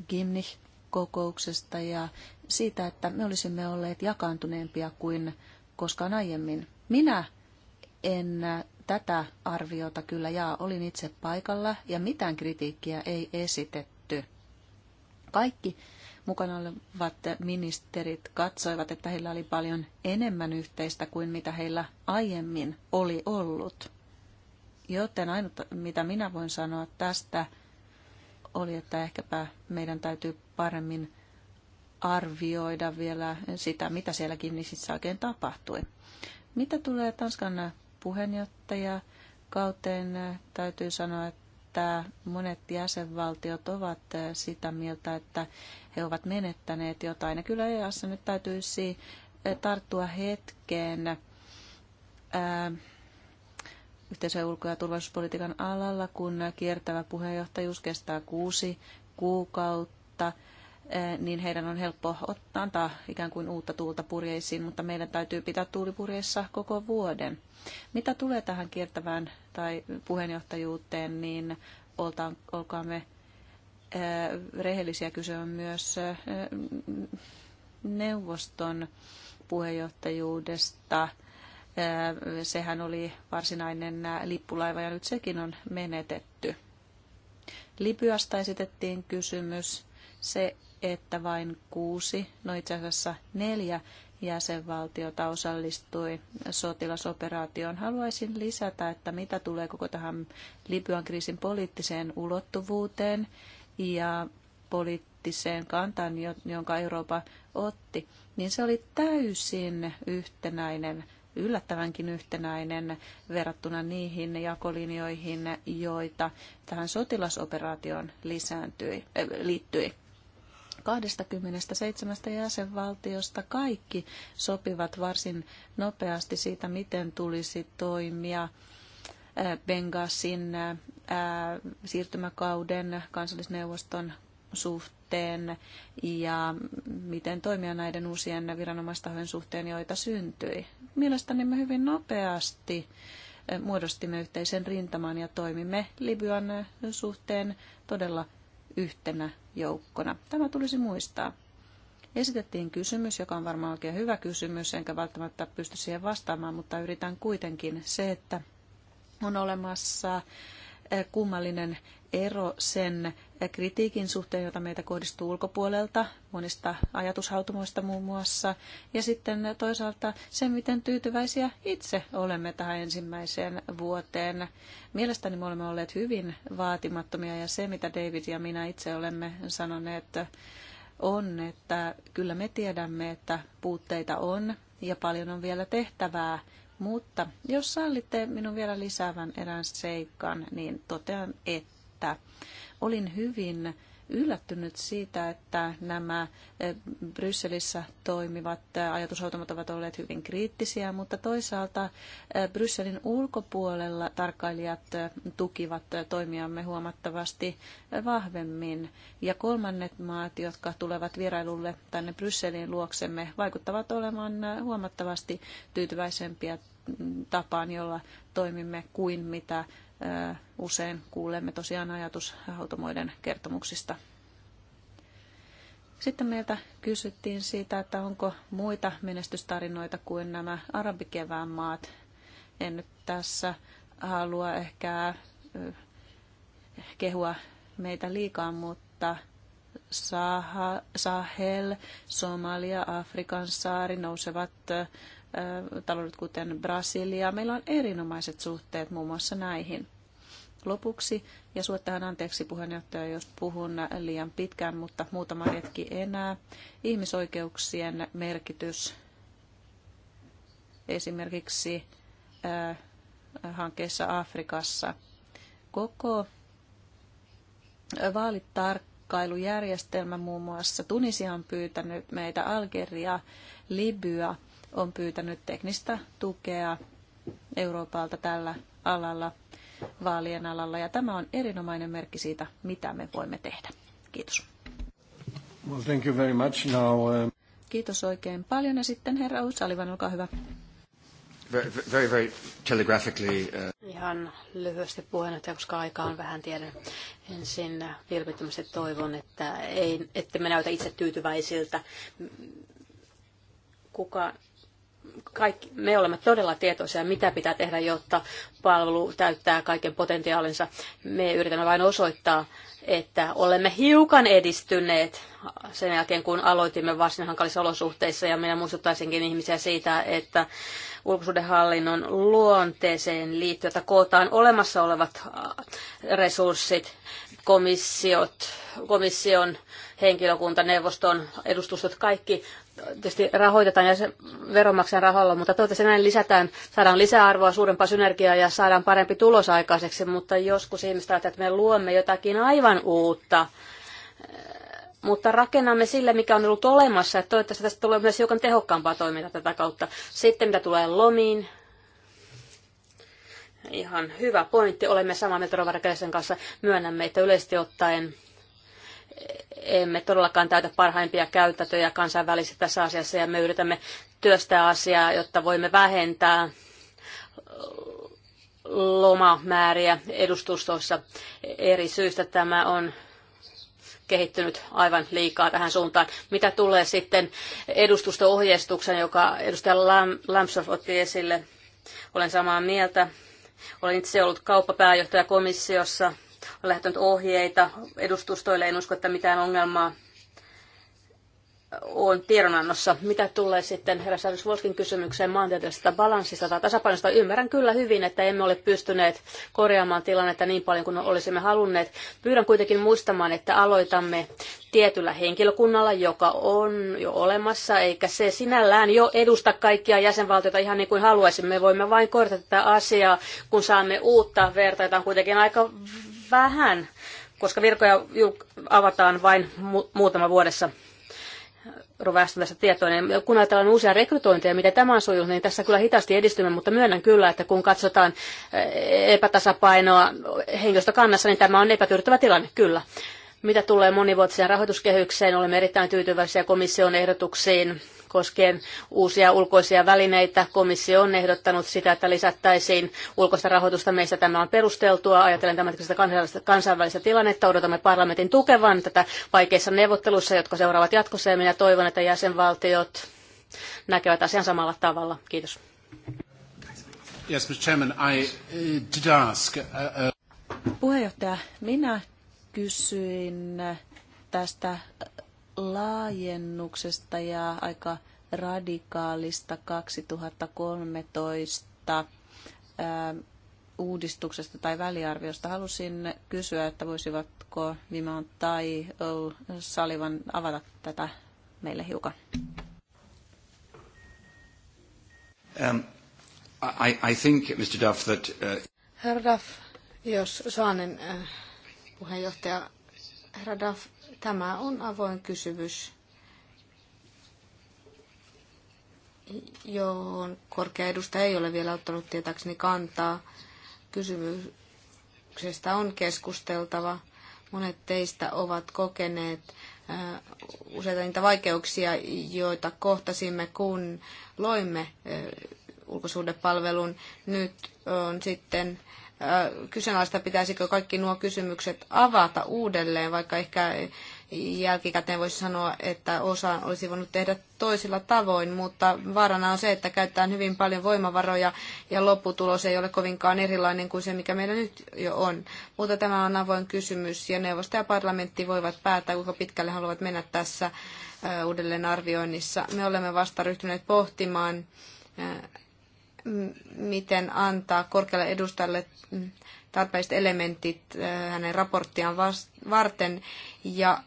Gimnich-kokouksesta ja siitä, että me olisimme olleet jakaantuneempia kuin koskaan aiemmin. Minä en tätä arviota kyllä jaa. Olin itse paikalla ja mitään kritiikkiä ei esitetty. Kaikki mukana olevat ministerit katsoivat, että heillä oli paljon enemmän yhteistä kuin mitä heillä aiemmin oli ollut. Joten ainut, mitä minä voin sanoa tästä, oli, että ehkäpä meidän täytyy paremmin arvioida vielä sitä, mitä siellä Kimnisissä oikein tapahtui. Mitä tulee Tanskan puheenjohtajakauteen, täytyy sanoa, että että monet jäsenvaltiot ovat eh, sitä mieltä, että he ovat menettäneet jotain. Ja kyllä EAS nyt täytyisi eh, tarttua hetkeen eh, yhteisön ulko- ja turvallisuuspolitiikan alalla, kun kiertävä puheenjohtajuus kestää kuusi kuukautta – Eh, niin heidän on helppo ottaa, antaa ikään kuin uutta tuulta purjeisiin, mutta meidän täytyy pitää tuulipurjeissa koko vuoden. Mitä tulee tähän kiertävään tai puheenjohtajuuteen, niin oltaan, olkaamme eh, rehellisiä kysyä myös eh, neuvoston puheenjohtajuudesta. Sehän oli varsinainen lippulaiva ja nyt sekin on menetetty. Libyasta esitettiin kysymys. Se että vain kuusi, no itse asiassa neljä jäsenvaltiota osallistui sotilasoperaatioon. Haluaisin lisätä, että mitä tulee koko tähän Libyan kriisin poliittiseen ulottuvuuteen ja poliittiseen kantaan, jonka Eurooppa otti, niin se oli täysin yhtenäinen yllättävänkin yhtenäinen verrattuna niihin jakolinjoihin, joita tähän sotilasoperaatioon lisääntyi, äh, liittyi. 27 jäsenvaltiosta kaikki sopivat varsin nopeasti siitä, miten tulisi toimia äh, Bengasin äh, siirtymäkauden kansallisneuvoston suhteen ja miten toimia näiden uusien viranomaistahojen suhteen, joita syntyi. Mielestäni me hyvin nopeasti äh, muodostimme yhteisen rintaman ja toimimme Libyan suhteen todella yhtenä joukkona. Tämä tulisi muistaa. Esitettiin kysymys, joka on varmaan oikein hyvä kysymys, enkä välttämättä pysty siihen vastaamaan, mutta yritän kuitenkin se, että on olemassa kummallinen ero sen kritiikin suhteen, jota meitä kohdistuu ulkopuolelta, monista ajatushautumoista muun muassa, ja sitten toisaalta sen, miten tyytyväisiä itse olemme tähän ensimmäiseen vuoteen. Mielestäni me olemme olleet hyvin vaatimattomia, ja se, mitä David ja minä itse olemme sanoneet, on, että kyllä me tiedämme, että puutteita on, ja paljon on vielä tehtävää, mutta jos sallitte minun vielä lisäävän erään seikan, niin totean, että olin hyvin yllättynyt siitä, että nämä eh, Brysselissä toimivat eh, ajatusautomat ovat olleet hyvin kriittisiä, mutta toisaalta eh, Brysselin ulkopuolella tarkkailijat tukivat toimiamme huomattavasti vahvemmin. Ja kolmannet maat, jotka tulevat vierailulle tänne Brysselin luoksemme, vaikuttavat olemaan huomattavasti tyytyväisempiä mm, tapaan, jolla toimimme kuin mitä usein kuulemme tosiaan hautomoiden kertomuksista. Sitten meiltä kysyttiin siitä, että onko muita menestystarinoita kuin nämä arabikevään maat. En nyt tässä halua ehkä kehua meitä liikaa, mutta Sahel, Somalia, Afrikan saari nousevat taloudet, kuten Brasilia. Meillä on erinomaiset suhteet muun muassa näihin. Lopuksi, ja suottahan anteeksi puheenjohtaja, jos puhun liian pitkään, mutta muutama hetki enää. Ihmisoikeuksien merkitys esimerkiksi hankkeessa Afrikassa. Koko vaalitarkkailujärjestelmä muun muassa Tunisia on pyytänyt meitä, Algeria, Libya – on pyytänyt teknistä tukea Euroopalta tällä alalla, vaalien alalla, ja tämä on erinomainen merkki siitä, mitä me voimme tehdä. Kiitos. Well, thank you very much. Now, uh... Kiitos oikein paljon, ja sitten herra Utsalivan, olkaa hyvä. Very, very, very Uh... Ihan lyhyesti puheenjohtaja, koska aika on vähän tiedän. Ensin vilpittömästi toivon, että ei, ette me näytä itse tyytyväisiltä. Kuka kaikki, me olemme todella tietoisia, mitä pitää tehdä, jotta palvelu täyttää kaiken potentiaalinsa. Me yritämme vain osoittaa, että olemme hiukan edistyneet sen jälkeen, kun aloitimme varsin hankalissa olosuhteissa, ja minä muistuttaisinkin ihmisiä siitä, että ulkosuhdehallinnon luonteeseen liittyen, että kootaan olemassa olevat äh, resurssit, komissiot, komission henkilökunta, neuvoston edustustot, kaikki tietysti rahoitetaan ja se veronmaksajan rahalla, mutta toivottavasti näin lisätään, saadaan lisäarvoa, suurempaa synergiaa ja saadaan parempi tulos aikaiseksi, mutta joskus ihmiset ajattelee, että me luomme jotakin aivan uutta, mutta rakennamme sille, mikä on ollut olemassa, että toivottavasti tästä tulee myös hiukan tehokkaampaa toimintaa tätä kautta. Sitten mitä tulee lomiin, ihan hyvä pointti, olemme samaa mieltä kanssa, myönnämme, että yleisesti ottaen emme todellakaan täytä parhaimpia käytäntöjä kansainvälisesti tässä asiassa ja me yritämme työstää asiaa, jotta voimme vähentää lomamääriä edustustoissa eri syistä. Tämä on kehittynyt aivan liikaa tähän suuntaan. Mitä tulee sitten edustusto-ohjeistuksen, joka edustaja Lam, otti esille, olen samaa mieltä. Olen itse ollut kauppapääjohtaja komissiossa on lähettänyt ohjeita edustustoille, en usko, että mitään ongelmaa on tiedonannossa. Mitä tulee sitten herra Sarjusvolskin kysymykseen maantieteellisestä balanssista tai tasapainosta, ymmärrän kyllä hyvin, että emme ole pystyneet korjaamaan tilannetta niin paljon kuin olisimme halunneet. Pyydän kuitenkin muistamaan, että aloitamme tietyllä henkilökunnalla, joka on jo olemassa, eikä se sinällään jo edusta kaikkia jäsenvaltioita ihan niin kuin haluaisimme. Me voimme vain korjata tätä asiaa, kun saamme uutta verta, jota on kuitenkin aika vähän, koska virkoja avataan vain mu- muutama vuodessa. Roväestön tässä tietoinen. Kun ajatellaan uusia rekrytointeja, miten tämä on sujunut, niin tässä kyllä hitaasti edistymme, mutta myönnän kyllä, että kun katsotaan eh, epätasapainoa henkilöstökannassa, niin tämä on epätyydyttävä tilanne, kyllä. Mitä tulee monivuotiseen rahoituskehykseen, olemme erittäin tyytyväisiä komission ehdotuksiin koskien uusia ulkoisia välineitä. Komissio on ehdottanut sitä, että lisättäisiin ulkoista rahoitusta. Meistä tämä on perusteltua. Ajatellen tämän kansainvälistä, kansainvälistä tilannetta. Odotamme parlamentin tukevan tätä vaikeissa neuvotteluissa, jotka seuraavat jatkossa. Ja minä toivon, että jäsenvaltiot näkevät asian samalla tavalla. Kiitos. Yes, Mr. Chairman, I uh, did ask, uh, uh... Puheenjohtaja, minä kysyin tästä laajennuksesta ja aika radikaalista 2013 uudistuksesta tai väliarviosta. Halusin kysyä, että voisivatko Viman tai Salivan avata tätä meille hiukan. Um, I, I think, Mr. Duff, that, uh... Herra Duff, jos niin, uh, puheenjohtaja, herra Duff, Tämä on avoin kysymys, johon korkea edustaja ei ole vielä ottanut tietääkseni kantaa. Kysymyksestä on keskusteltava. Monet teistä ovat kokeneet äh, useita niitä vaikeuksia, joita kohtasimme, kun loimme äh, ulkosuhdepalvelun. Nyt on sitten kyseenalaista, pitäisikö kaikki nuo kysymykset avata uudelleen, vaikka ehkä jälkikäteen voisi sanoa, että osa olisi voinut tehdä toisilla tavoin, mutta vaarana on se, että käytetään hyvin paljon voimavaroja ja lopputulos ei ole kovinkaan erilainen kuin se, mikä meillä nyt jo on. Mutta tämä on avoin kysymys ja neuvosto ja parlamentti voivat päättää, kuinka pitkälle haluavat mennä tässä uudelleen arvioinnissa. Me olemme vasta ryhtyneet pohtimaan miten antaa korkealle edustajalle tarpeelliset elementit äh, hänen raporttiaan varten. Ja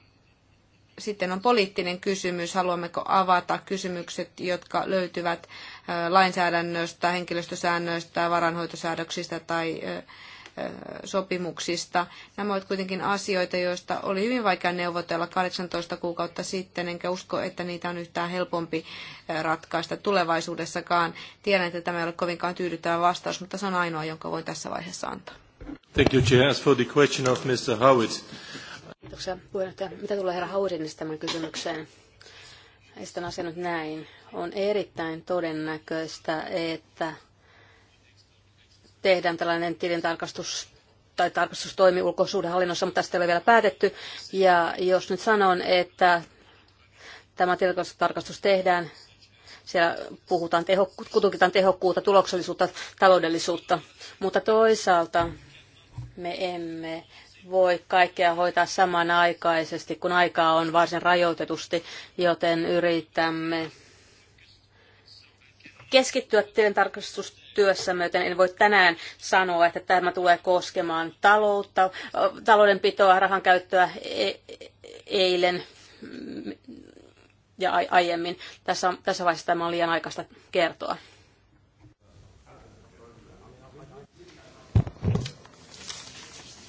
sitten on poliittinen kysymys, haluammeko avata kysymykset, jotka löytyvät äh, lainsäädännöstä, henkilöstösäännöistä, varanhoitosäädöksistä tai äh, sopimuksista. Nämä ovat kuitenkin asioita, joista oli hyvin vaikea neuvotella 18 kuukautta sitten, enkä usko, että niitä on yhtään helpompi ratkaista tulevaisuudessakaan. Tiedän, että tämä ei ole kovinkaan tyydyttävä vastaus, mutta se on ainoa, jonka voin tässä vaiheessa antaa. Thank you, Chair. As for the question of Mr. Howitt. Kiitoksia puheenjohtaja. Mitä tulee herra Howardin tämän kysymykseen? Esitän asian nyt näin. On erittäin todennäköistä, että tehdään tällainen tilintarkastus tai tarkastustoimi ulkosuhdehallinnossa, mutta tästä ei ole vielä päätetty. Ja jos nyt sanon, että tämä tilintarkastus tehdään, siellä puhutaan tehokku, tehokkuutta, tuloksellisuutta, taloudellisuutta, mutta toisaalta me emme voi kaikkea hoitaa samanaikaisesti, kun aikaa on varsin rajoitetusti, joten yritämme keskittyä tilintarkastus työssämme, joten en voi tänään sanoa, että tämä tulee koskemaan taloutta, taloudenpitoa, rahan käyttöä e- eilen ja aiemmin. Tässä, tässä vaiheessa tämä on liian aikaista kertoa.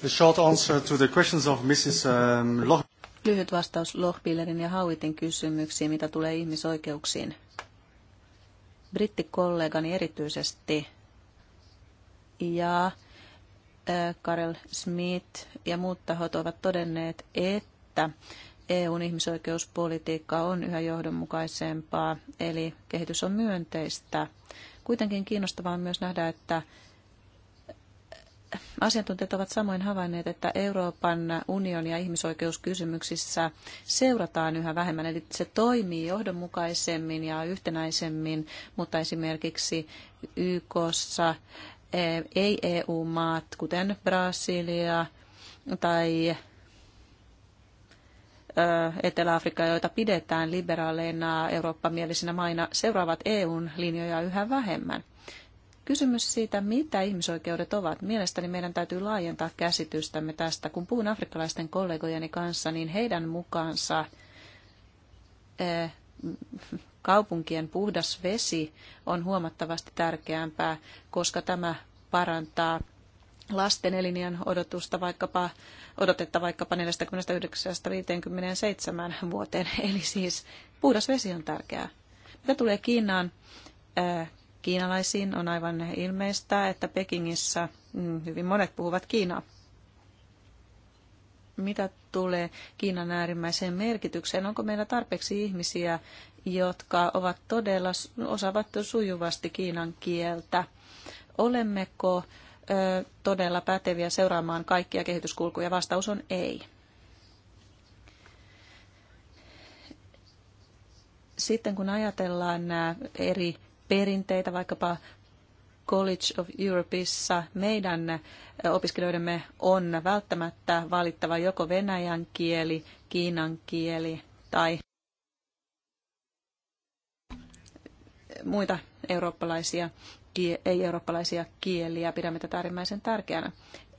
The short answer to the questions of Mrs. Um, Loh- Lyhyt vastaus Lohpillerin ja Hauitin kysymyksiin, mitä tulee ihmisoikeuksiin brittikollegani erityisesti ja Karel Smith ja muut tahot ovat todenneet, että EUn ihmisoikeuspolitiikka on yhä johdonmukaisempaa, eli kehitys on myönteistä. Kuitenkin kiinnostavaa on myös nähdä, että asiantuntijat ovat samoin havainneet, että Euroopan ja ihmisoikeuskysymyksissä seurataan yhä vähemmän. Eli se toimii johdonmukaisemmin ja yhtenäisemmin, mutta esimerkiksi YKssa e, ei EU-maat, kuten Brasilia tai Etelä-Afrikka, joita pidetään liberaaleina eurooppa maina, seuraavat EUn linjoja yhä vähemmän. Kysymys siitä, mitä ihmisoikeudet ovat. Mielestäni meidän täytyy laajentaa käsitystämme tästä. Kun puhun afrikkalaisten kollegojeni kanssa, niin heidän mukaansa eh, kaupunkien puhdas vesi on huomattavasti tärkeämpää, koska tämä parantaa lasten elinjän odotusta vaikkapa, odotetta vaikkapa 49-57 vuoteen. Eli siis puhdas vesi on tärkeää. Mitä tulee Kiinaan, eh, kiinalaisiin, on aivan ilmeistä, että Pekingissä mm, hyvin monet puhuvat Kiinaa. Mitä tulee Kiinan äärimmäiseen merkitykseen? Onko meillä tarpeeksi ihmisiä, jotka ovat todella, osaavat sujuvasti Kiinan kieltä? Olemmeko ö, todella päteviä seuraamaan kaikkia kehityskulkuja? Vastaus on ei. Sitten kun ajatellaan nämä eri perinteitä, vaikkapa College of Europeissa meidän opiskelijoidemme on välttämättä valittava joko venäjän kieli, kiinan kieli tai muita eurooppalaisia, ei-eurooppalaisia kieliä. Pidämme tätä äärimmäisen tärkeänä.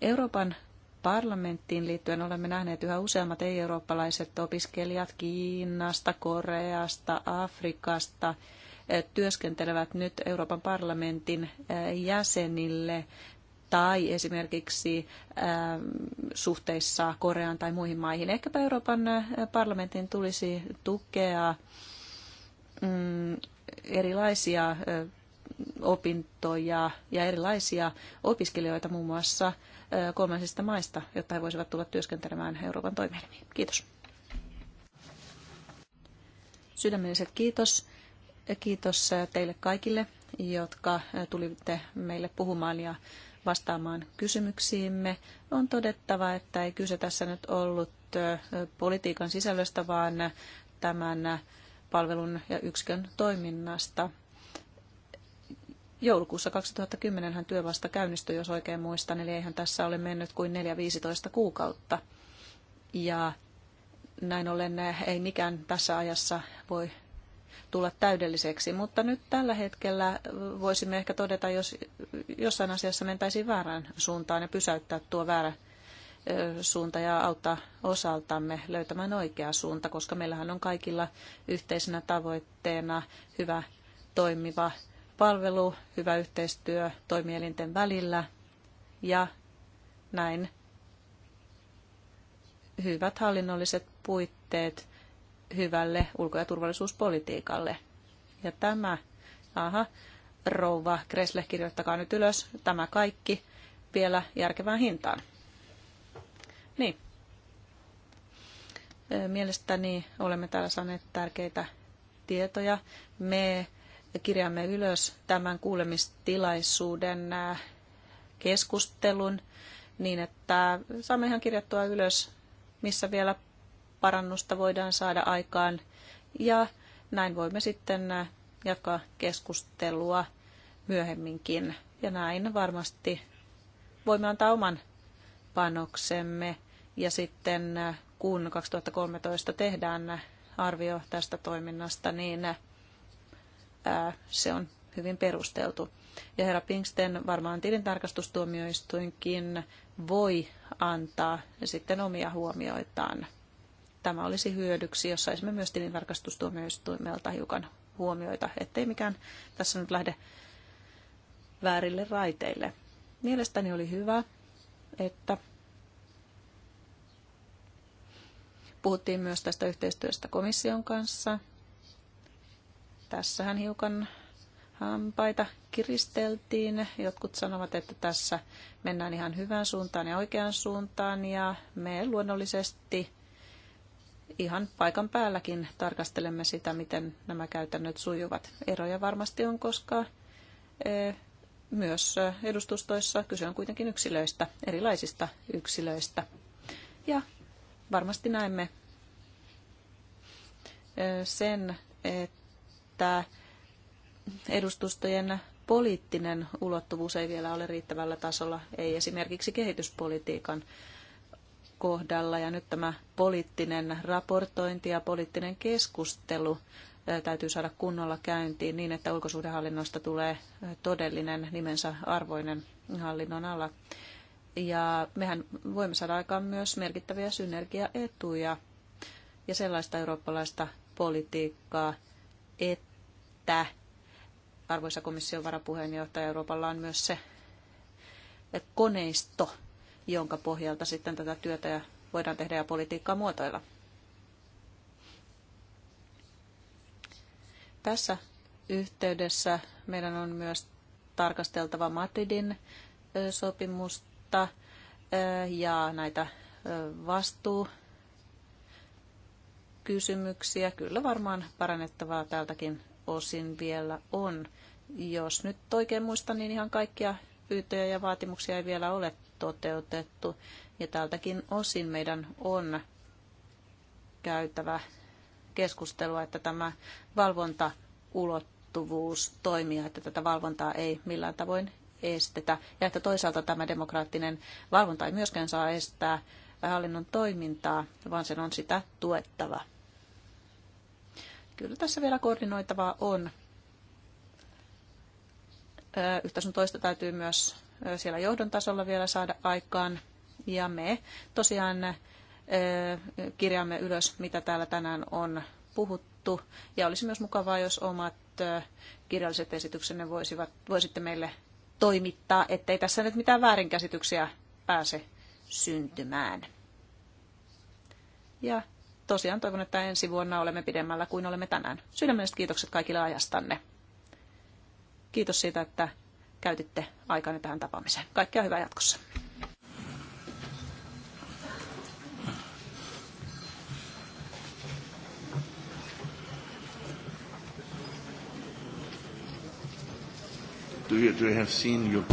Euroopan parlamenttiin liittyen olemme nähneet yhä useammat ei-eurooppalaiset opiskelijat Kiinasta, Koreasta, Afrikasta – työskentelevät nyt Euroopan parlamentin äh, jäsenille tai esimerkiksi äh, suhteissa Koreaan tai muihin maihin. Ehkäpä Euroopan äh, parlamentin tulisi tukea mm, erilaisia opintoja ja erilaisia opiskelijoita muun muassa kolmansista maista, jotta he voisivat tulla työskentelemään Euroopan toimielimiin. Kiitos. Sydämelliset kiitos. Kiitos teille kaikille, jotka tulitte meille puhumaan ja vastaamaan kysymyksiimme. On todettava, että ei kyse tässä nyt ollut politiikan sisällöstä, vaan tämän palvelun ja yksikön toiminnasta. Joulukuussa 2010 hän työ vasta käynnistyi, jos oikein muistan, eli eihän tässä ole mennyt kuin 4-15 kuukautta. Ja näin ollen ei mikään tässä ajassa voi tulla täydelliseksi, mutta nyt tällä hetkellä voisimme ehkä todeta, jos jossain asiassa mentäisiin väärään suuntaan ja pysäyttää tuo väärä suunta ja auttaa osaltamme löytämään oikea suunta, koska meillähän on kaikilla yhteisenä tavoitteena hyvä toimiva palvelu, hyvä yhteistyö toimielinten välillä ja näin hyvät hallinnolliset puitteet hyvälle ulko- ja turvallisuuspolitiikalle. Ja tämä, aha, rouva Kresle, kirjoittakaa nyt ylös tämä kaikki vielä järkevään hintaan. Niin. Mielestäni olemme täällä saaneet tärkeitä tietoja. Me kirjaamme ylös tämän kuulemistilaisuuden keskustelun niin, että saamme ihan kirjattua ylös, missä vielä parannusta voidaan saada aikaan ja näin voimme sitten äh, jatkaa keskustelua myöhemminkin. Ja näin varmasti voimme antaa oman panoksemme. Ja sitten äh, kun 2013 tehdään äh, arvio tästä toiminnasta, niin se on hyvin perusteltu. Ja herra Pinksten varmaan tilintarkastustuomioistuinkin voi antaa sitten omia huomioitaan tämä olisi hyödyksi, jos saisimme myös tilintarkastustuomioistuimelta hiukan huomioita, ettei mikään tässä nyt lähde väärille raiteille. Mielestäni oli hyvä, että puhuttiin myös tästä yhteistyöstä komission kanssa. Tässähän hiukan hampaita kiristeltiin. Jotkut sanovat, että tässä mennään ihan hyvään suuntaan ja oikeaan suuntaan ja me luonnollisesti ihan paikan päälläkin tarkastelemme sitä, miten nämä käytännöt sujuvat. Eroja varmasti on, koska e, myös e, edustustoissa kyse on kuitenkin yksilöistä, erilaisista yksilöistä. Ja varmasti näemme e, sen, että edustustojen poliittinen ulottuvuus ei vielä ole riittävällä tasolla, ei esimerkiksi kehityspolitiikan kohdalla ja nyt tämä poliittinen raportointi ja poliittinen keskustelu täytyy saada kunnolla käyntiin niin, että ulkosuhdehallinnosta tulee todellinen nimensä arvoinen hallinnon ala. Ja mehän voimme saada aikaan myös merkittäviä synergiaetuja ja sellaista eurooppalaista politiikkaa, että arvoisa komission varapuheenjohtaja Euroopalla on myös se koneisto, jonka pohjalta sitten tätä työtä voidaan tehdä ja politiikkaa muotoilla. Tässä yhteydessä meidän on myös tarkasteltava Madridin sopimusta ja näitä vastuukysymyksiä. Kyllä varmaan parannettavaa tältäkin osin vielä on. Jos nyt oikein muistan, niin ihan kaikkia pyyntöjä ja vaatimuksia ei vielä ole toteutettu. Ja tältäkin osin meidän on käytävä keskustelua, että tämä valvontaulottuvuus toimii, että tätä valvontaa ei millään tavoin estetä. Ja että toisaalta tämä demokraattinen valvonta ei myöskään saa estää hallinnon toimintaa, vaan sen on sitä tuettava. Kyllä tässä vielä koordinoitavaa on. Yhtä sun toista täytyy myös siellä johdon tasolla vielä saada aikaan. Ja me tosiaan kirjaamme ylös, mitä täällä tänään on puhuttu. Ja olisi myös mukavaa, jos omat kirjalliset esityksenne voisivat, voisitte meille toimittaa, ettei tässä nyt mitään väärinkäsityksiä pääse syntymään. Ja tosiaan toivon, että ensi vuonna olemme pidemmällä kuin olemme tänään. Sydämelliset kiitokset kaikille ajastanne. Kiitos siitä, että käytitte aikanne tähän tapaamiseen. Kaikkea hyvää jatkossa. Do you, do you have seen your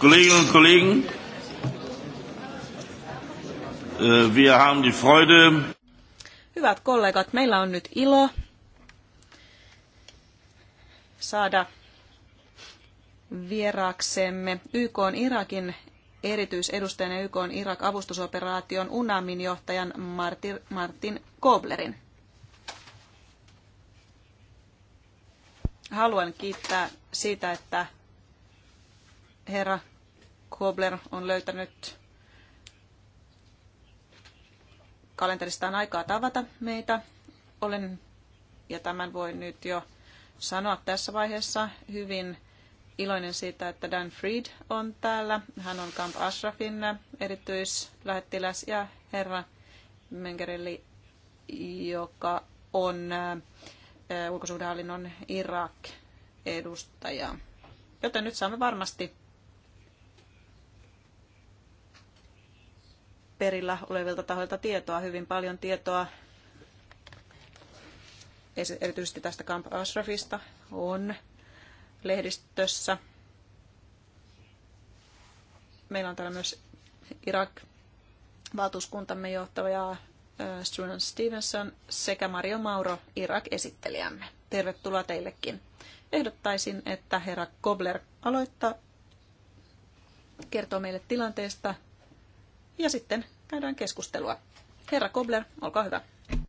Kolleginnen und Kollegen, äh, wir haben die Freude. Hyvät kollegat, meillä on nyt ilo saada vieraaksemme YK on Irakin erityisedustajan ja YK on Irak-avustusoperaation UNAMin johtajan Martin, Martin Koblerin. Haluan kiittää siitä, että herra Kobler on löytänyt kalenteristaan aikaa tavata meitä. Olen, ja tämän voin nyt jo sanoa tässä vaiheessa, hyvin iloinen siitä, että Dan Fried on täällä. Hän on Camp Ashrafin erityislähettiläs ja herra Mengerelli, joka on äh, ulkosuhdehallinnon Irak-edustaja. Joten nyt saamme varmasti perillä olevilta tahoilta tietoa, hyvin paljon tietoa erityisesti tästä Camp Ashrafista on lehdistössä. Meillä on täällä myös Irak-valtuuskuntamme johtava Strunan Stevenson sekä Mario Mauro, Irak-esittelijämme. Tervetuloa teillekin. Ehdottaisin, että herra Kobler aloittaa, kertoo meille tilanteesta ja sitten käydään keskustelua. Herra Kobler, olkaa hyvä.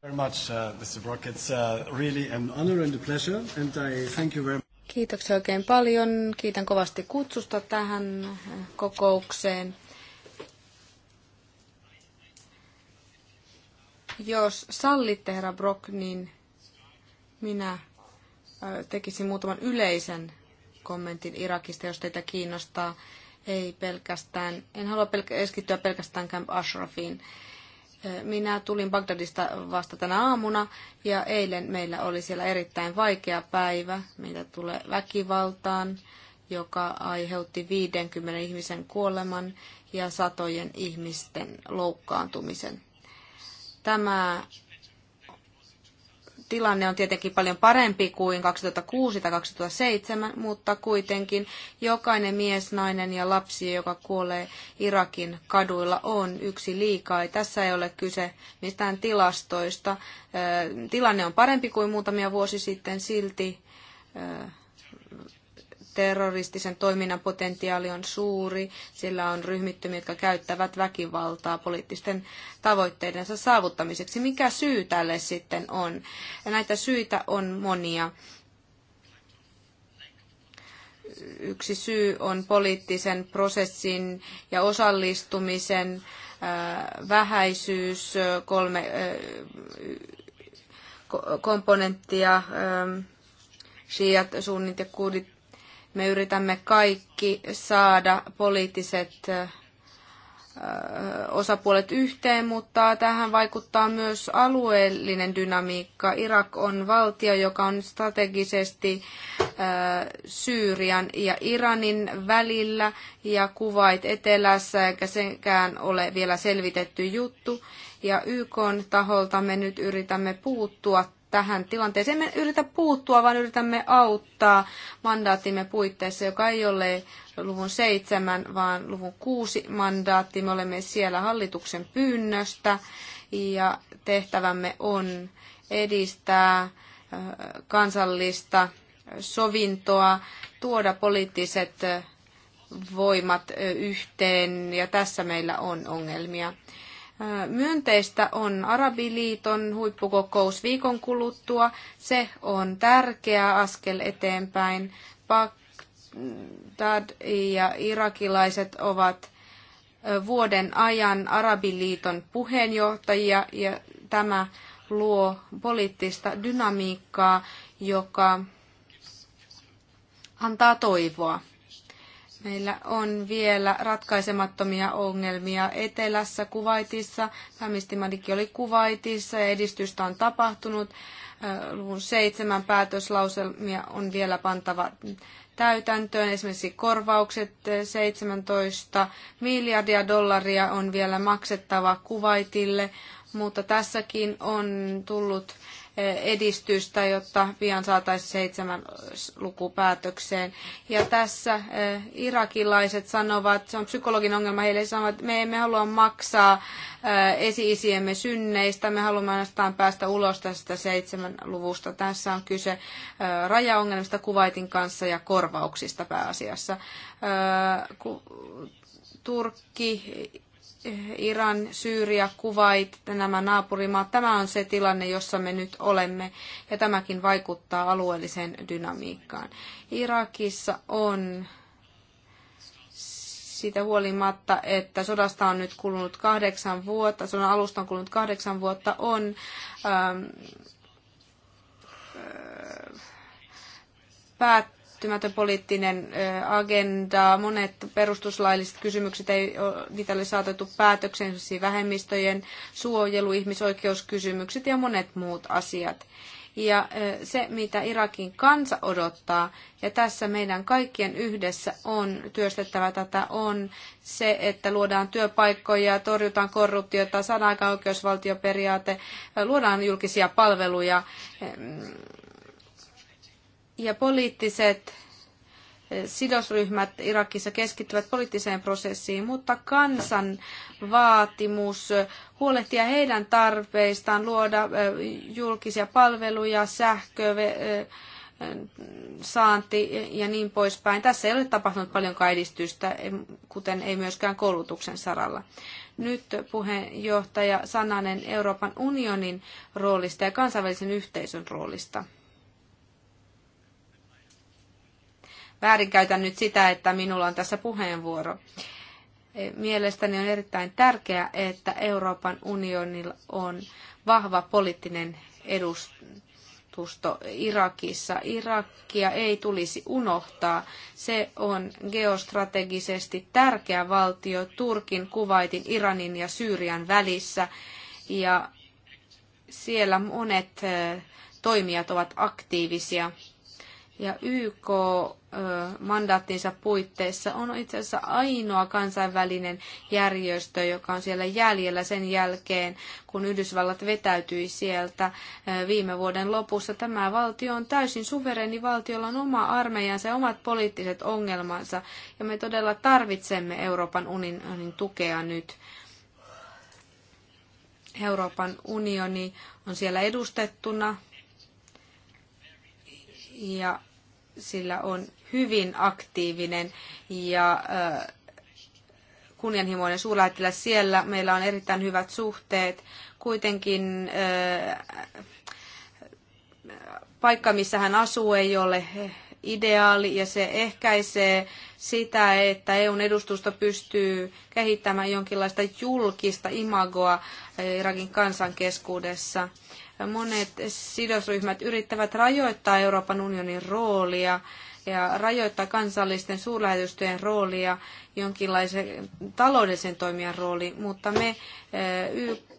Very much, uh, Mr. It's uh, really an and a pleasure, and I thank you very much. Kiitoksia oikein paljon. Kiitän kovasti kutsusta tähän kokoukseen. Jos sallitte, herra Brock, niin minä tekisin muutaman yleisen kommentin Irakista, jos teitä kiinnostaa ei pelkästään, en halua pelkä, keskittyä pelkästään Camp Ashrafiin. Minä tulin Bagdadista vasta tänä aamuna ja eilen meillä oli siellä erittäin vaikea päivä, mitä tulee väkivaltaan, joka aiheutti 50 ihmisen kuoleman ja satojen ihmisten loukkaantumisen. Tämä tilanne on tietenkin paljon parempi kuin 2006 tai 2007, mutta kuitenkin jokainen mies, nainen ja lapsi, joka kuolee Irakin kaduilla, on yksi liikaa. Tässä ei ole kyse mistään tilastoista. Tilanne on parempi kuin muutamia vuosi sitten silti terroristisen toiminnan potentiaali on suuri, sillä on ryhmittymiä, jotka käyttävät väkivaltaa poliittisten tavoitteidensa saavuttamiseksi. Mikä syy tälle sitten on? Ja näitä syitä on monia. Yksi syy on poliittisen prosessin ja osallistumisen äh, vähäisyys, äh, kolme äh, komponenttia, ähm, shiat, sunnit ja kurdit me yritämme kaikki saada poliittiset osapuolet yhteen, mutta tähän vaikuttaa myös alueellinen dynamiikka. Irak on valtio, joka on strategisesti Syyrian ja Iranin välillä ja kuvait etelässä, eikä senkään ole vielä selvitetty juttu. Ja YK taholta me nyt yritämme puuttua tähän tilanteeseen. Me yritä puuttua, vaan yritämme auttaa mandaattimme puitteissa, joka ei ole luvun seitsemän, vaan luvun kuusi mandaatti. Me olemme siellä hallituksen pyynnöstä ja tehtävämme on edistää kansallista sovintoa, tuoda poliittiset voimat yhteen ja tässä meillä on ongelmia. Myönteistä on Arabiliiton huippukokous viikon kuluttua. Se on tärkeä askel eteenpäin. Bagdad ja irakilaiset ovat vuoden ajan Arabiliiton puheenjohtajia ja tämä luo poliittista dynamiikkaa, joka antaa toivoa. Meillä on vielä ratkaisemattomia ongelmia etelässä Kuvaitissa. Pääministeri oli Kuvaitissa ja edistystä on tapahtunut. Luvun seitsemän päätöslauselmia on vielä pantava täytäntöön. Esimerkiksi korvaukset 17 miljardia dollaria on vielä maksettava Kuvaitille, mutta tässäkin on tullut edistystä, jotta pian saataisiin seitsemän lukupäätökseen. Ja tässä eh, irakilaiset sanovat, se on psykologin ongelma, heille sanovat, että me emme halua maksaa eh, esi-isiemme synneistä, me haluamme ainoastaan päästä ulos tästä seitsemän luvusta. Tässä on kyse eh, rajaongelmista Kuvaitin kanssa ja korvauksista pääasiassa. Turkki Iran, Syyria, Kuwait, nämä naapurimaat. Tämä on se tilanne, jossa me nyt olemme, ja tämäkin vaikuttaa alueelliseen dynamiikkaan. Irakissa on siitä huolimatta, että sodasta on nyt kulunut kahdeksan vuotta, sodan alusta on kulunut kahdeksan vuotta, on ähm, äh, päät, päättymätön poliittinen agenda. Monet perustuslailliset kysymykset, ei, niitä oli saatettu päätökseen, vähemmistöjen suojelu, ihmisoikeuskysymykset ja monet muut asiat. Ja se, mitä Irakin kansa odottaa, ja tässä meidän kaikkien yhdessä on työstettävä tätä, on se, että luodaan työpaikkoja, torjutaan korruptiota, saadaan aikaan oikeusvaltioperiaate, luodaan julkisia palveluja ja poliittiset eh, sidosryhmät Irakissa keskittyvät poliittiseen prosessiin, mutta kansan vaatimus huolehtia heidän tarpeistaan luoda eh, julkisia palveluja, sähkö, eh, saanti ja niin poispäin. Tässä ei ole tapahtunut paljon edistystä, kuten ei myöskään koulutuksen saralla. Nyt puheenjohtaja Sananen Euroopan unionin roolista ja kansainvälisen yhteisön roolista. väärinkäytän nyt sitä, että minulla on tässä puheenvuoro. E, mielestäni on erittäin tärkeää, että Euroopan unionilla on vahva poliittinen edustusto Irakissa. Irakia ei tulisi unohtaa. Se on geostrategisesti tärkeä valtio Turkin, Kuwaitin, Iranin ja Syyrian välissä. Ja siellä monet e, toimijat ovat aktiivisia ja YK mandaattinsa puitteissa on itse asiassa ainoa kansainvälinen järjestö, joka on siellä jäljellä sen jälkeen, kun Yhdysvallat vetäytyi sieltä viime vuoden lopussa. Tämä valtio on täysin suvereni valtiolla on oma armeijansa ja omat poliittiset ongelmansa, ja me todella tarvitsemme Euroopan unionin tukea nyt. Euroopan unioni on siellä edustettuna, ja sillä on hyvin aktiivinen ja äh, kunnianhimoinen suurlähettiläs siellä. Meillä on erittäin hyvät suhteet. Kuitenkin äh, paikka, missä hän asuu, ei ole eh, ideaali ja se ehkäisee sitä, että EUn edustusta pystyy kehittämään jonkinlaista julkista imagoa äh, Irakin kansan keskuudessa. Monet sidosryhmät yrittävät rajoittaa Euroopan unionin roolia ja rajoittaa kansallisten suurlähetystöjen roolia jonkinlaisen taloudellisen toimijan rooli, mutta me eh, YK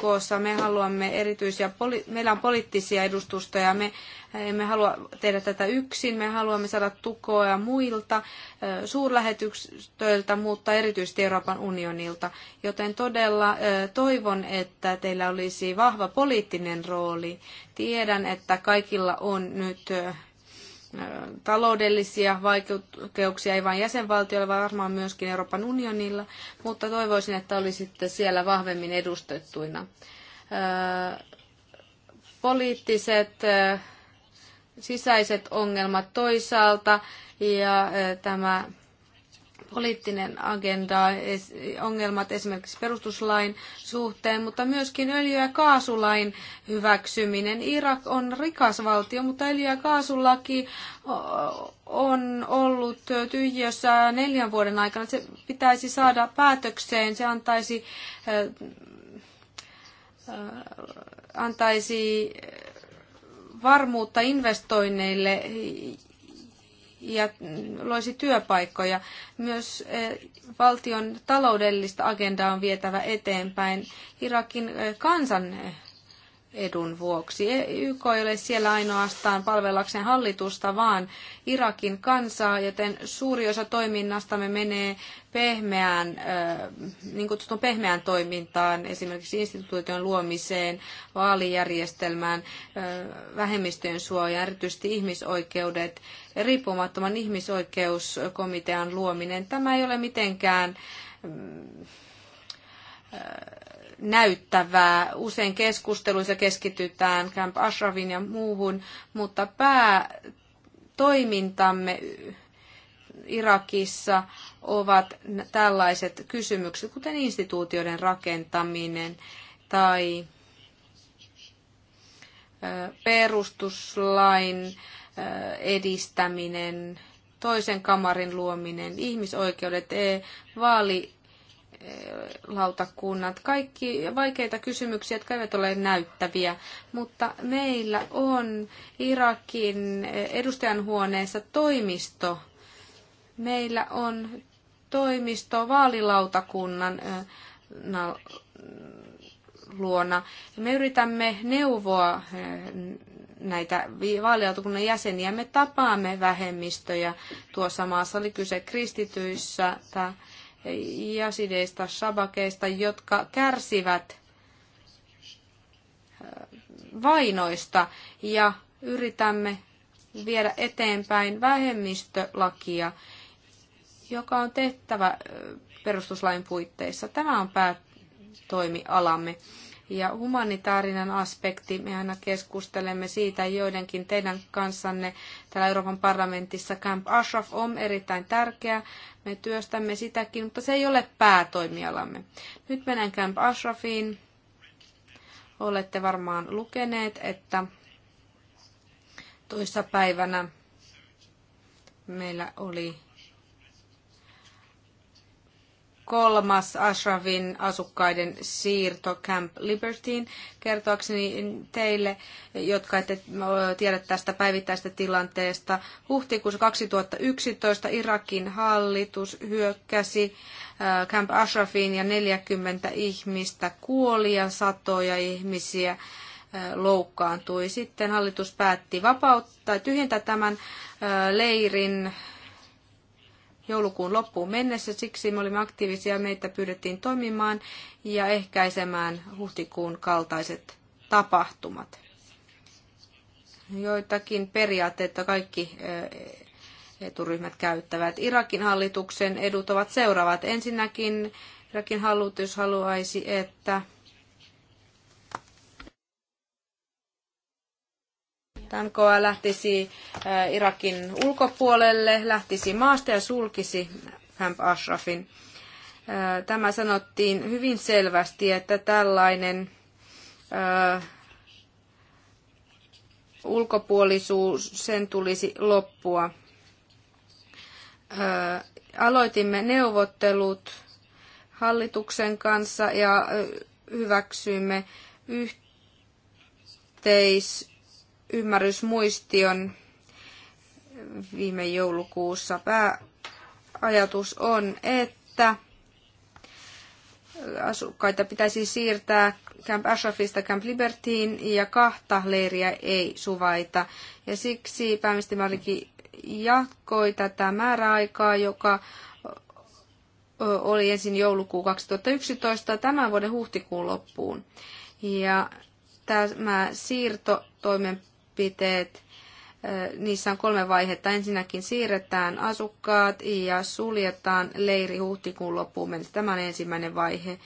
koossa. me haluamme erityisiä, meillä on poliittisia edustustoja, me emme eh, halua tehdä tätä yksin, me haluamme saada tukoa muilta eh, suurlähetystöiltä, mutta erityisesti Euroopan unionilta. Joten todella eh, toivon, että teillä olisi vahva poliittinen rooli. Tiedän, että kaikilla on nyt taloudellisia vaikeuksia, ei vain jäsenvaltioilla, vaan varmaan myöskin Euroopan unionilla, mutta toivoisin, että olisitte siellä vahvemmin edustettuina. Poliittiset sisäiset ongelmat toisaalta ja tämä poliittinen agenda, ongelmat esimerkiksi perustuslain suhteen, mutta myöskin öljy- ja kaasulain hyväksyminen. Irak on rikas valtio, mutta öljy- ja kaasulaki on ollut tyhjössä neljän vuoden aikana. Se pitäisi saada päätökseen, se antaisi, antaisi varmuutta investoinneille ja loisi työpaikkoja. Myös eh, valtion taloudellista agendaa on vietävä eteenpäin. Irakin eh, kansan eh, edun vuoksi. E, YK ei ole siellä ainoastaan palvellakseen hallitusta, vaan Irakin kansaa, joten suuri osa toiminnastamme menee pehmeään, niin kutsutun pehmeään toimintaan, esimerkiksi instituution luomiseen, vaalijärjestelmään, vähemmistöjen suojaan, erityisesti ihmisoikeudet, riippumattoman ihmisoikeuskomitean luominen. Tämä ei ole mitenkään mm, näyttävää. Usein keskusteluissa keskitytään Camp Ashrafin ja muuhun, mutta päätoimintamme Irakissa ovat tällaiset kysymykset, kuten instituutioiden rakentaminen tai perustuslain edistäminen, toisen kamarin luominen, ihmisoikeudet, e-, vaali lautakunnat. Kaikki vaikeita kysymyksiä, jotka eivät ole näyttäviä, mutta meillä on Irakin edustajanhuoneessa toimisto. Meillä on toimisto vaalilautakunnan luona. Me yritämme neuvoa näitä vaalilautakunnan jäseniä. Me tapaamme vähemmistöjä tuossa maassa. Oli kyse kristityissä jasideista, shabakeista, jotka kärsivät äh, vainoista ja yritämme viedä eteenpäin vähemmistölakia, joka on tehtävä äh, perustuslain puitteissa. Tämä on päätoimialamme. Ja humanitaarinen aspekti, me aina keskustelemme siitä joidenkin teidän kanssanne täällä Euroopan parlamentissa. Camp Ashraf on erittäin tärkeä, me työstämme sitäkin, mutta se ei ole päätoimialamme. Nyt menen Camp Ashrafiin. Olette varmaan lukeneet, että toissa päivänä meillä oli kolmas Ashrafin asukkaiden siirto Camp Libertyin. Kertoakseni teille, jotka ette tiedä tästä päivittäistä tilanteesta, huhtikuussa 2011 Irakin hallitus hyökkäsi Camp Ashrafiin ja 40 ihmistä kuoli ja satoja ihmisiä loukkaantui. Sitten hallitus päätti vapauttaa, tyhjentää tämän leirin joulukuun loppuun mennessä. Siksi me olimme aktiivisia, meitä pyydettiin toimimaan ja ehkäisemään huhtikuun kaltaiset tapahtumat. Joitakin periaatteita kaikki eturyhmät käyttävät. Irakin hallituksen edut ovat seuraavat. Ensinnäkin Irakin hallitus haluaisi, että Tankoa lähtisi äh, Irakin ulkopuolelle, lähtisi maasta ja sulkisi Camp Ashrafin. Äh, tämä sanottiin hyvin selvästi, että tällainen äh, ulkopuolisuus, sen tulisi loppua. Aloitimme neuvottelut hallituksen kanssa ja hyväksyimme yhteis ymmärrysmuistion viime joulukuussa. Pääajatus on, että asukkaita pitäisi siirtää Camp Ashrafista Camp Libertyin ja kahta leiriä ei suvaita. Ja siksi pääministeri jatkoi tätä määräaikaa, joka oli ensin joulukuu 2011 tämän vuoden huhtikuun loppuun. Ja tämä siirto toimen toimenpiteet, niissä on kolme vaihetta. Ensinnäkin siirretään asukkaat ja suljetaan leiri huhtikuun loppuun mennessä. Tämä on ensimmäinen vaihe.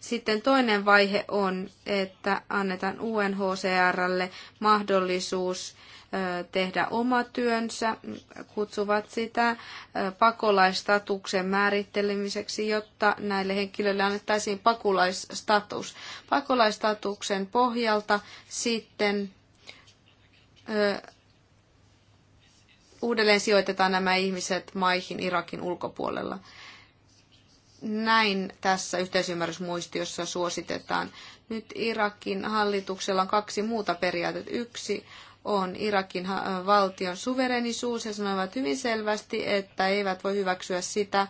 Sitten toinen vaihe on, että annetaan UNHCRlle mahdollisuus tehdä oma työnsä, kutsuvat sitä pakolaistatuksen määrittelemiseksi, jotta näille henkilöille annettaisiin pakolaistatus. Pakolaistatuksen pohjalta sitten uudelleen sijoitetaan nämä ihmiset maihin Irakin ulkopuolella. Näin tässä yhteisymmärrysmuistiossa suositetaan. Nyt Irakin hallituksella on kaksi muuta periaatetta. Yksi on Irakin valtion suverenisuus ja sanovat hyvin selvästi, että eivät voi hyväksyä sitä,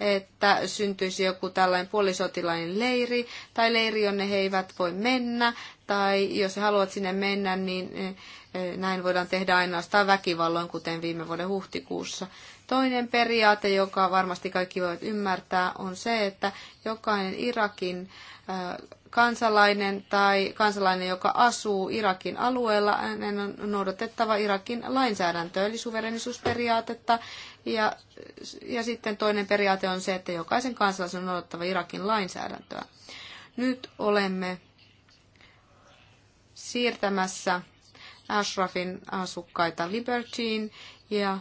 että syntyisi joku tällainen puolisotilainen leiri tai leiri, jonne he eivät voi mennä tai jos haluat sinne mennä, niin eh, eh, näin voidaan tehdä ainoastaan väkivalloin, kuten viime vuoden huhtikuussa. Toinen periaate, joka varmasti kaikki voivat ymmärtää, on se, että jokainen Irakin eh, kansalainen tai kansalainen, joka asuu Irakin alueella, hänen on noudatettava Irakin lainsäädäntöä, eli suverenisuusperiaatetta. Ja, ja sitten toinen periaate on se, että jokaisen kansalaisen on noudattava Irakin lainsäädäntöä. Nyt olemme siirtämässä Ashrafin asukkaita Libertyin ja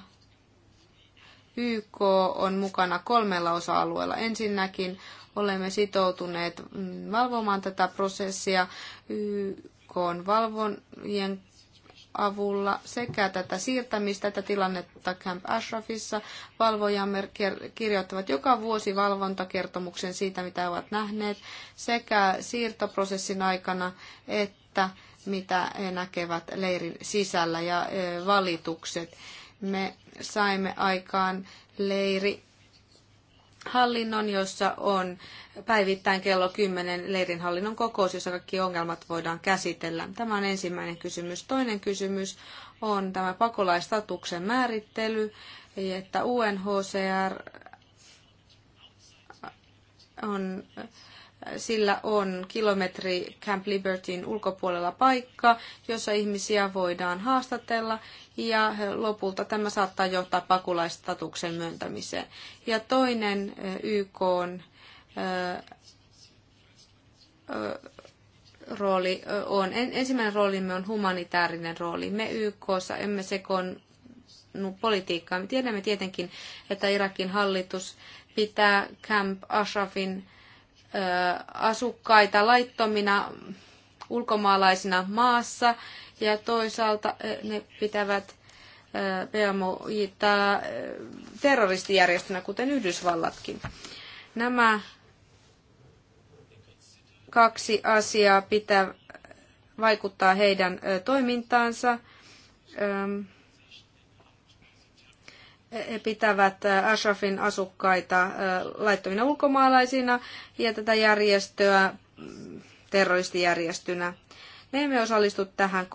YK on mukana kolmella osa-alueella. Ensinnäkin olemme sitoutuneet valvomaan tätä prosessia YK on valvojien avulla sekä tätä siirtämistä, tätä tilannetta Camp Ashrafissa. Valvojamme kirjoittavat joka vuosi valvontakertomuksen siitä, mitä ovat nähneet sekä siirtoprosessin aikana että mitä he näkevät leirin sisällä ja valitukset. Me saimme aikaan leiri hallinnon, jossa on päivittäin kello 10 leirinhallinnon kokous, jossa kaikki ongelmat voidaan käsitellä. Tämä on ensimmäinen kysymys. Toinen kysymys on tämä pakolaistatuksen määrittely, että UNHCR on sillä on kilometri Camp Libertyn ulkopuolella paikka, jossa ihmisiä voidaan haastatella ja lopulta tämä saattaa johtaa pakulaistatuksen myöntämiseen. Ja toinen YK on, rooli on, ensimmäinen roolimme on humanitaarinen rooli. Me YKssa emme sekoon politiikkaa. Me tiedämme tietenkin, että Irakin hallitus pitää Camp Ashrafin asukkaita laittomina ulkomaalaisina maassa ja toisaalta ne pitävät PMOita terroristijärjestönä, kuten Yhdysvallatkin. Nämä kaksi asiaa pitää vaikuttaa heidän toimintaansa pitävät Ashrafin asukkaita laittomina ulkomaalaisina ja tätä järjestöä mm, terroristijärjestönä. Me emme osallistu tähän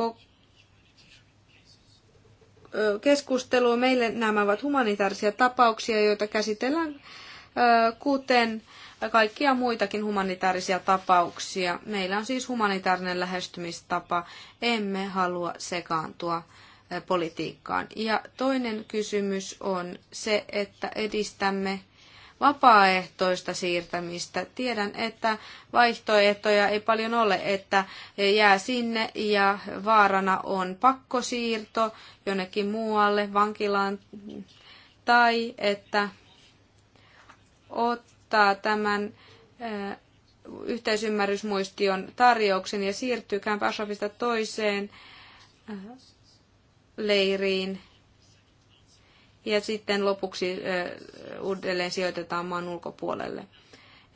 keskusteluun. Meille nämä ovat humanitaarisia tapauksia, joita käsitellään kuten kaikkia muitakin humanitaarisia tapauksia. Meillä on siis humanitaarinen lähestymistapa. Emme halua sekaantua politiikkaan. Ja toinen kysymys on se, että edistämme vapaaehtoista siirtämistä. Tiedän, että vaihtoehtoja ei paljon ole, että jää sinne ja vaarana on pakkosiirto jonnekin muualle, vankilaan, tai että ottaa tämän yhteisymmärrysmuistion tarjouksen ja siirtyy Ashrafista toiseen leiriin ja sitten lopuksi uudelleen sijoitetaan maan ulkopuolelle.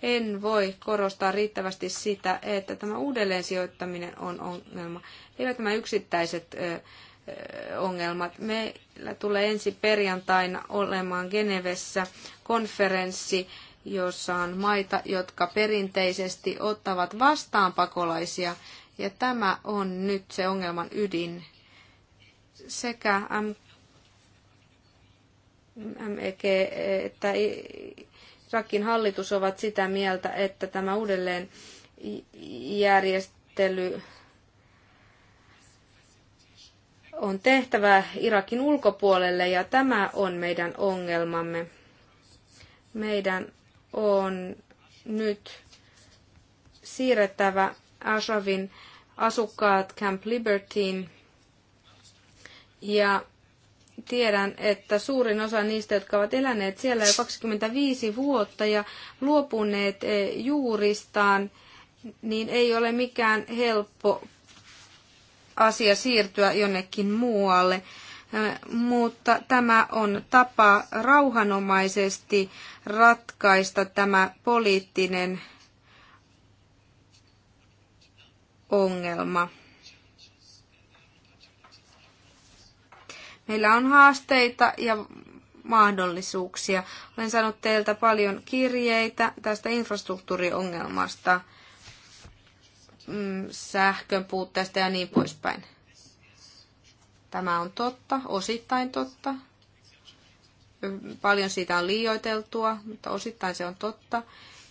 En voi korostaa riittävästi sitä, että tämä uudelleen sijoittaminen on ongelma. Eivät tämä yksittäiset ongelmat. Meillä tulee ensi perjantaina olemaan Genevessä konferenssi, jossa on maita, jotka perinteisesti ottavat vastaan pakolaisia. Ja tämä on nyt se ongelman ydin sekä MEG että Irakin hallitus ovat sitä mieltä, että tämä uudelleen järjestely on tehtävä Irakin ulkopuolelle ja tämä on meidän ongelmamme. Meidän on nyt siirrettävä Ashrafin asukkaat Camp Libertyin ja tiedän, että suurin osa niistä, jotka ovat eläneet siellä jo 25 vuotta ja luopuneet eh, juuristaan, niin ei ole mikään helppo asia siirtyä jonnekin muualle. Eh, mutta tämä on tapa rauhanomaisesti ratkaista tämä poliittinen ongelma. Meillä on haasteita ja mahdollisuuksia. Olen saanut teiltä paljon kirjeitä tästä infrastruktuuriongelmasta, mm, sähkön puutteesta ja niin poispäin. Tämä on totta, osittain totta. Paljon siitä on liioiteltua, mutta osittain se on totta.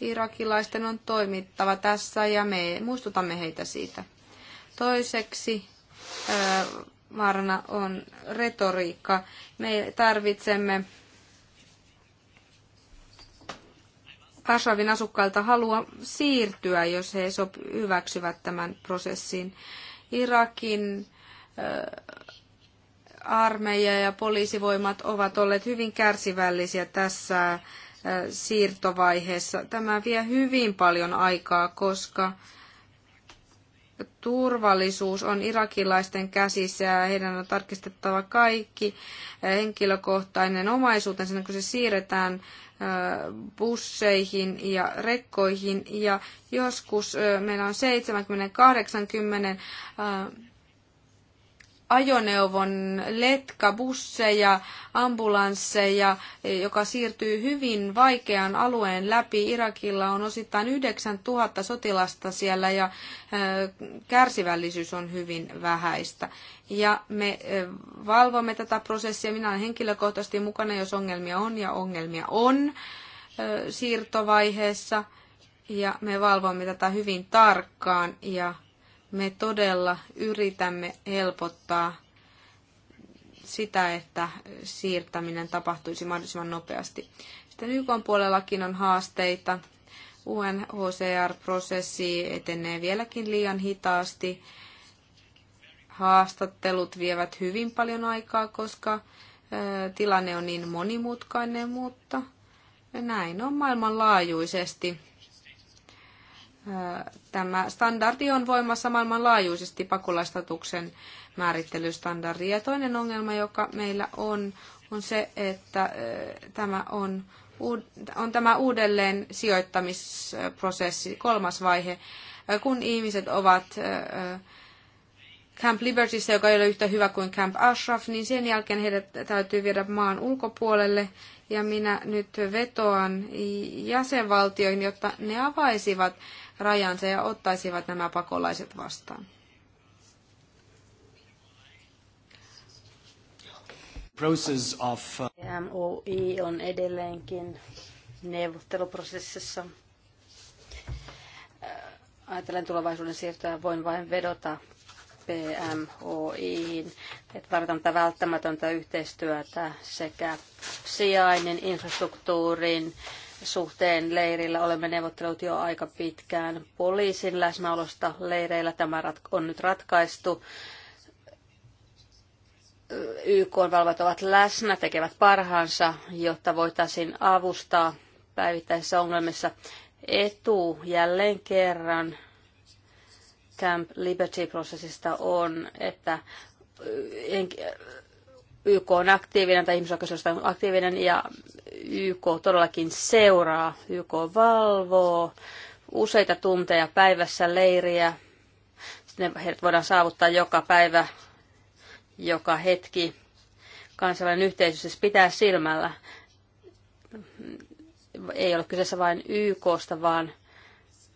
Irakilaisten on toimittava tässä ja me muistutamme heitä siitä. Toiseksi vaarana on retoriikka. Me tarvitsemme Ashavin asukkailta halua siirtyä, jos he hyväksyvät tämän prosessin. Irakin armeija ja poliisivoimat ovat olleet hyvin kärsivällisiä tässä siirtovaiheessa. Tämä vie hyvin paljon aikaa, koska turvallisuus on irakilaisten käsissä ja heidän on tarkistettava kaikki henkilökohtainen omaisuutensa, kun se siirretään busseihin ja rekkoihin. Ja joskus meillä on 70-80 ajoneuvon busseja, ambulansseja, joka siirtyy hyvin vaikean alueen läpi. Irakilla on osittain 9000 sotilasta siellä ja kärsivällisyys on hyvin vähäistä. Ja me valvomme tätä prosessia. Minä olen henkilökohtaisesti mukana, jos ongelmia on ja ongelmia on siirtovaiheessa. Ja me valvomme tätä hyvin tarkkaan ja me todella yritämme helpottaa sitä, että siirtäminen tapahtuisi mahdollisimman nopeasti. Sitten YK puolellakin on haasteita. UNHCR-prosessi etenee vieläkin liian hitaasti. Haastattelut vievät hyvin paljon aikaa, koska tilanne on niin monimutkainen, mutta näin on maailmanlaajuisesti Tämä standardi on voimassa maailmanlaajuisesti pakolaistatuksen määrittelystandardi. Ja toinen ongelma, joka meillä on, on se, että tämä on, on tämä uudelleen sijoittamisprosessi, kolmas vaihe, kun ihmiset ovat Camp Libertyssä, joka ei ole yhtä hyvä kuin Camp Ashraf, niin sen jälkeen heidät täytyy viedä maan ulkopuolelle. Ja minä nyt vetoan jäsenvaltioihin, jotta ne avaisivat rajansa ja ottaisivat nämä pakolaiset vastaan. Process of... Uh, MOI on edelleenkin neuvotteluprosessissa. Äh, ajatellen tulevaisuuden siirtoja voin vain vedota PMOIin, että varten tätä välttämätöntä yhteistyötä sekä sijainnin, infrastruktuurin, suhteen leirillä olemme neuvottelut jo aika pitkään poliisin läsnäolosta leireillä. Tämä on nyt ratkaistu. YK-valvot ovat läsnä, tekevät parhaansa, jotta voitaisiin avustaa päivittäisissä ongelmissa. Etu jälleen kerran Camp Liberty-prosessista on, että YK on aktiivinen tai ihmisoikeusjärjestö on aktiivinen ja YK todellakin seuraa, YK valvoo useita tunteja päivässä leiriä. Sitten heidät voidaan saavuttaa joka päivä, joka hetki. Kansainvälinen yhteisö siis pitää silmällä. Ei ole kyseessä vain YKsta, vaan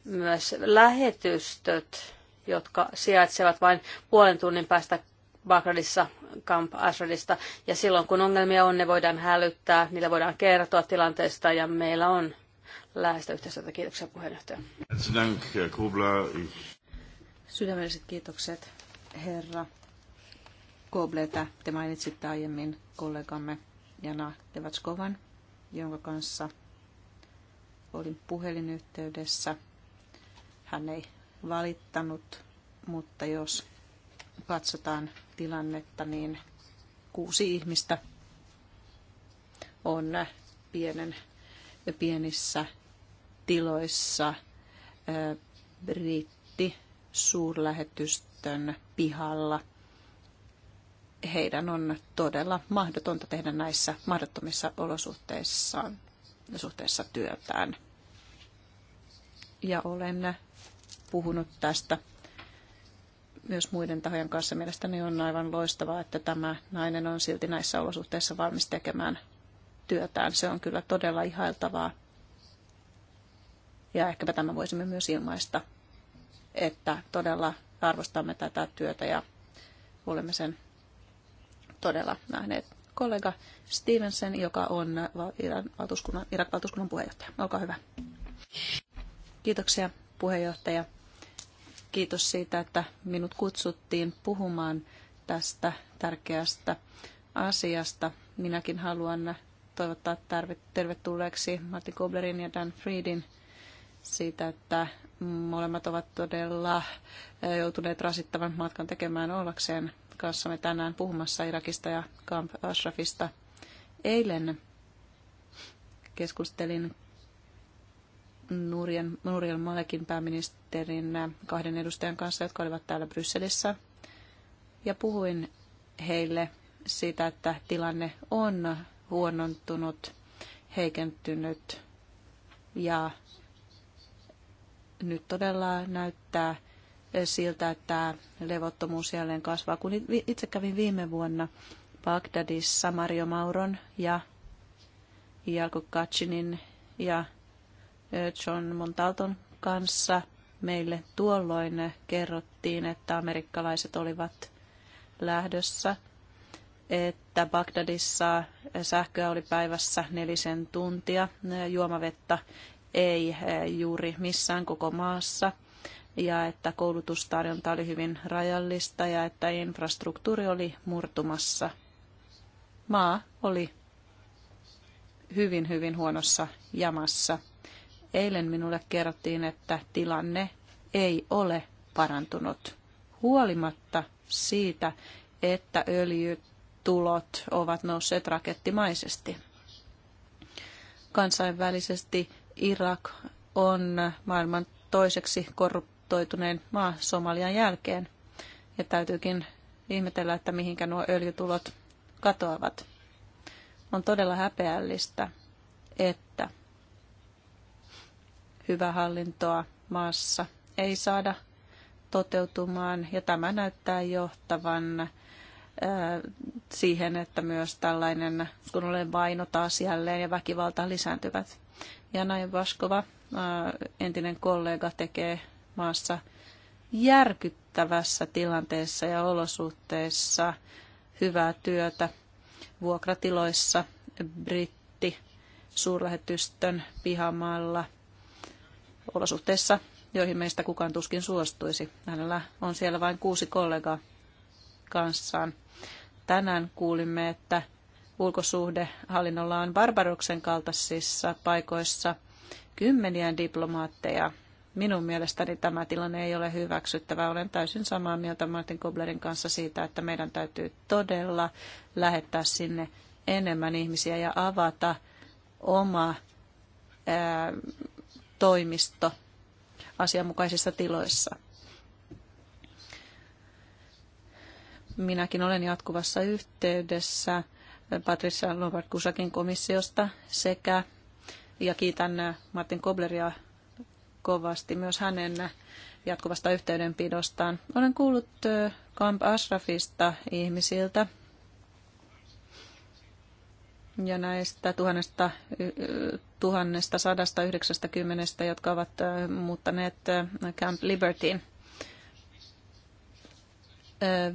myös lähetystöt, jotka sijaitsevat vain puolen tunnin päästä Bagdadissa, Camp Ashradista. Ja silloin kun ongelmia on, ne voidaan hälyttää, niillä voidaan kertoa tilanteesta ja meillä on läheistä yhteistyötä. Kiitoksia puheenjohtaja. Sydämelliset kiitokset, herra Kobleta. Te mainitsitte aiemmin kollegamme Jana Devatskovan, jonka kanssa olin puhelinyhteydessä. Hän ei valittanut, mutta jos katsotaan tilannetta, niin kuusi ihmistä on pienen, pienissä tiloissa britti suurlähetystön pihalla. Heidän on todella mahdotonta tehdä näissä mahdottomissa olosuhteissa suhteessa työtään. Ja olen puhunut tästä myös muiden tahojen kanssa. Mielestäni on aivan loistavaa, että tämä nainen on silti näissä olosuhteissa valmis tekemään työtään. Se on kyllä todella ihailtavaa. Ja ehkäpä tämä voisimme myös ilmaista, että todella arvostamme tätä työtä ja olemme sen todella nähneet. Kollega Stevenson, joka on Irak-valtuuskunnan puheenjohtaja. Olkaa hyvä. Kiitoksia puheenjohtaja kiitos siitä, että minut kutsuttiin puhumaan tästä tärkeästä asiasta. Minäkin haluan toivottaa tervetulleeksi Martin Koblerin ja Dan Friedin siitä, että molemmat ovat todella joutuneet rasittavan matkan tekemään ollakseen kanssamme tänään puhumassa Irakista ja Camp Ashrafista. Eilen keskustelin Nurien, Nurien Malekin pääministerin äh, kahden edustajan kanssa, jotka olivat täällä Brysselissä. Ja puhuin heille siitä, että tilanne on huonontunut, heikentynyt ja nyt todella näyttää äh, siltä, että levottomuus jälleen kasvaa. Kun itse kävin viime vuonna Bagdadissa Mario Mauron ja Jalko Kacinin ja John Montalton kanssa meille tuolloin kerrottiin, että amerikkalaiset olivat lähdössä, että Bagdadissa sähköä oli päivässä nelisen tuntia, juomavettä ei juuri missään koko maassa ja että koulutustarjonta oli hyvin rajallista ja että infrastruktuuri oli murtumassa. Maa oli hyvin, hyvin huonossa jamassa. Eilen minulle kerrottiin, että tilanne ei ole parantunut huolimatta siitä, että öljytulot ovat nousseet rakettimaisesti. Kansainvälisesti Irak on maailman toiseksi korruptoituneen maa Somalian jälkeen. Ja täytyykin ihmetellä, että mihinkä nuo öljytulot katoavat. On todella häpeällistä, että hyvä hallintoa maassa ei saada toteutumaan ja tämä näyttää johtavan siihen, että myös tällainen olen vaino taas jälleen ja väkivalta lisääntyvät. Jana Vaskova, entinen kollega, tekee maassa järkyttävässä tilanteessa ja olosuhteissa hyvää työtä vuokratiloissa britti suurlähetystön pihamaalla – olosuhteissa, joihin meistä kukaan tuskin suostuisi. Hänellä on siellä vain kuusi kollegaa kanssaan. Tänään kuulimme, että hallinnolla on Barbaroksen kaltaisissa paikoissa kymmeniä diplomaatteja. Minun mielestäni tämä tilanne ei ole hyväksyttävä. Olen täysin samaa mieltä Martin Koblerin kanssa siitä, että meidän täytyy todella lähettää sinne enemmän ihmisiä ja avata oma ää, toimisto asianmukaisissa tiloissa. Minäkin olen jatkuvassa yhteydessä Patricia Lombard-Kusakin komissiosta sekä ja kiitän Martin Kobleria kovasti myös hänen jatkuvasta yhteydenpidostaan. Olen kuullut Camp Ashrafista ihmisiltä, ja näistä tuhannesta, tuhannesta sadasta yhdeksästäkymmenestä, jotka ovat muuttaneet Camp Libertyin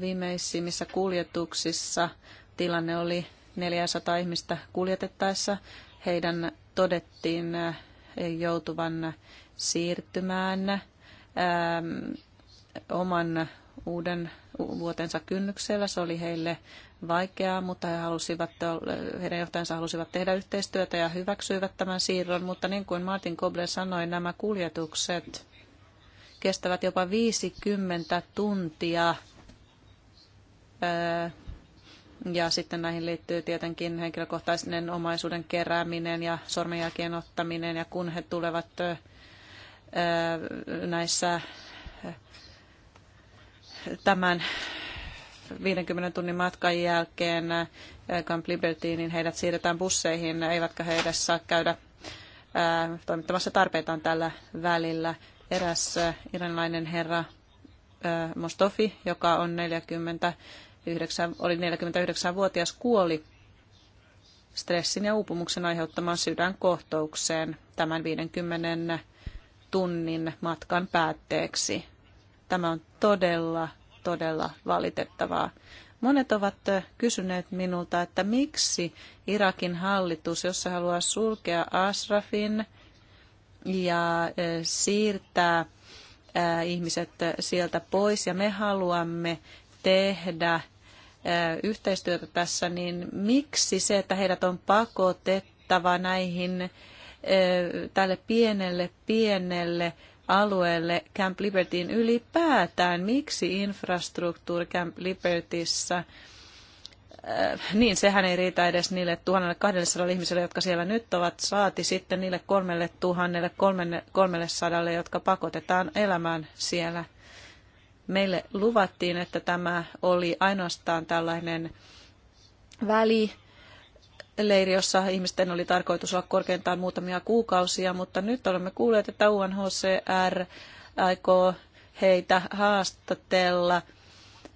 viimeisimmissä kuljetuksissa tilanne oli 400 ihmistä kuljetettaessa. Heidän todettiin joutuvan siirtymään oman uuden vuotensa kynnyksellä. Se oli heille vaikeaa, mutta he halusivat, heidän johtajansa halusivat tehdä yhteistyötä ja hyväksyivät tämän siirron, mutta niin kuin Martin Koble sanoi, nämä kuljetukset kestävät jopa 50 tuntia ja sitten näihin liittyy tietenkin henkilökohtaisen omaisuuden kerääminen ja sormenjälkien ottaminen. Ja kun he tulevat näissä tämän 50 tunnin matkan jälkeen äh, Camp Liberty, niin heidät siirretään busseihin, eivätkä he edes saa käydä äh, toimittamassa tarpeitaan tällä välillä. Eräs äh, iranilainen herra Mostofi, joka on 49, oli 49-vuotias, kuoli stressin ja uupumuksen aiheuttamaan sydänkohtaukseen tämän 50 tunnin matkan päätteeksi. Tämä on todella todella valitettavaa. Monet ovat kysyneet minulta, että miksi Irakin hallitus, jossa haluaa sulkea Asrafin ja siirtää ihmiset sieltä pois, ja me haluamme tehdä yhteistyötä tässä, niin miksi se, että heidät on pakotettava näihin tälle pienelle pienelle alueelle Camp Libertyin ylipäätään? Miksi infrastruktuuri Camp Libertyssä äh, niin sehän ei riitä edes niille 1200 ihmiselle, jotka siellä nyt ovat, saati sitten niille 3300, jotka pakotetaan elämään siellä. Meille luvattiin, että tämä oli ainoastaan tällainen väli leiri, jossa ihmisten oli tarkoitus olla korkeintaan muutamia kuukausia, mutta nyt olemme kuulleet, että UNHCR aikoo heitä haastatella.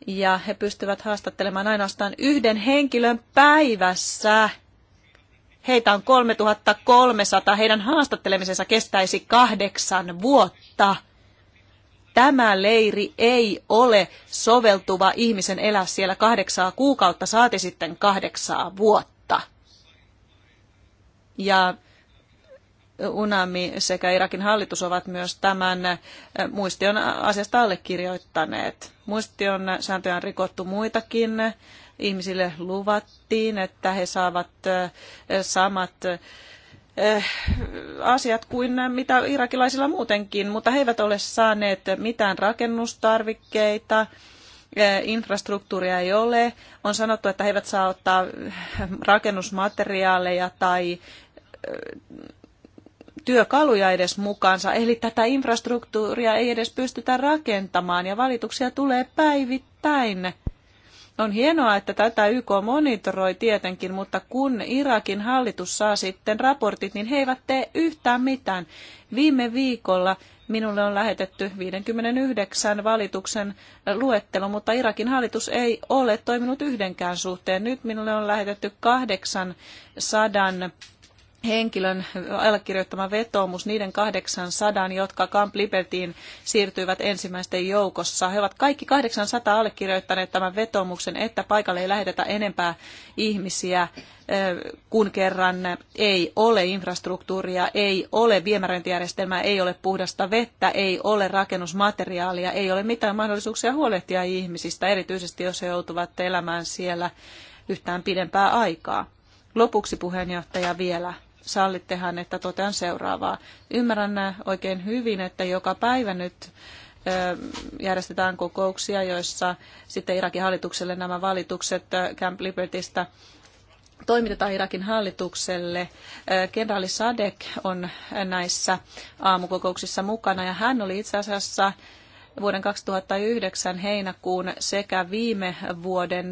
Ja he pystyvät haastattelemaan ainoastaan yhden henkilön päivässä. Heitä on 3300. Heidän haastattelemisensa kestäisi kahdeksan vuotta. Tämä leiri ei ole soveltuva ihmisen elää siellä kahdeksaa kuukautta, saati sitten kahdeksaa vuotta ja UNAMI sekä Irakin hallitus ovat myös tämän eh, muistion asiasta allekirjoittaneet. Muistion sääntöjä on rikottu muitakin. Ihmisille luvattiin, että he saavat eh, samat eh, asiat kuin mitä irakilaisilla muutenkin, mutta he eivät ole saaneet mitään rakennustarvikkeita, infrastruktuuria ei ole. On sanottu, että he eivät saa ottaa rakennusmateriaaleja tai työkaluja edes mukaansa, eli tätä infrastruktuuria ei edes pystytä rakentamaan ja valituksia tulee päivittäin. On hienoa, että tätä YK monitoroi tietenkin, mutta kun Irakin hallitus saa sitten raportit, niin he eivät tee yhtään mitään. Viime viikolla minulle on lähetetty 59 valituksen luettelo, mutta Irakin hallitus ei ole toiminut yhdenkään suhteen. Nyt minulle on lähetetty 800 henkilön allekirjoittama vetoomus niiden 800, jotka Camp Libertiin siirtyivät ensimmäisten joukossa. He ovat kaikki 800 allekirjoittaneet tämän vetoomuksen, että paikalle ei lähetetä enempää ihmisiä, kun kerran ei ole infrastruktuuria, ei ole viemäröintijärjestelmää, ei ole puhdasta vettä, ei ole rakennusmateriaalia, ei ole mitään mahdollisuuksia huolehtia ihmisistä, erityisesti jos he joutuvat elämään siellä yhtään pidempää aikaa. Lopuksi puheenjohtaja vielä sallittehan, että totean seuraavaa. Ymmärrän oikein hyvin, että joka päivä nyt järjestetään kokouksia, joissa sitten Irakin hallitukselle nämä valitukset Camp Libertystä toimitetaan Irakin hallitukselle. Kenraali Sadek on näissä aamukokouksissa mukana ja hän oli itse asiassa vuoden 2009 heinäkuun sekä viime vuoden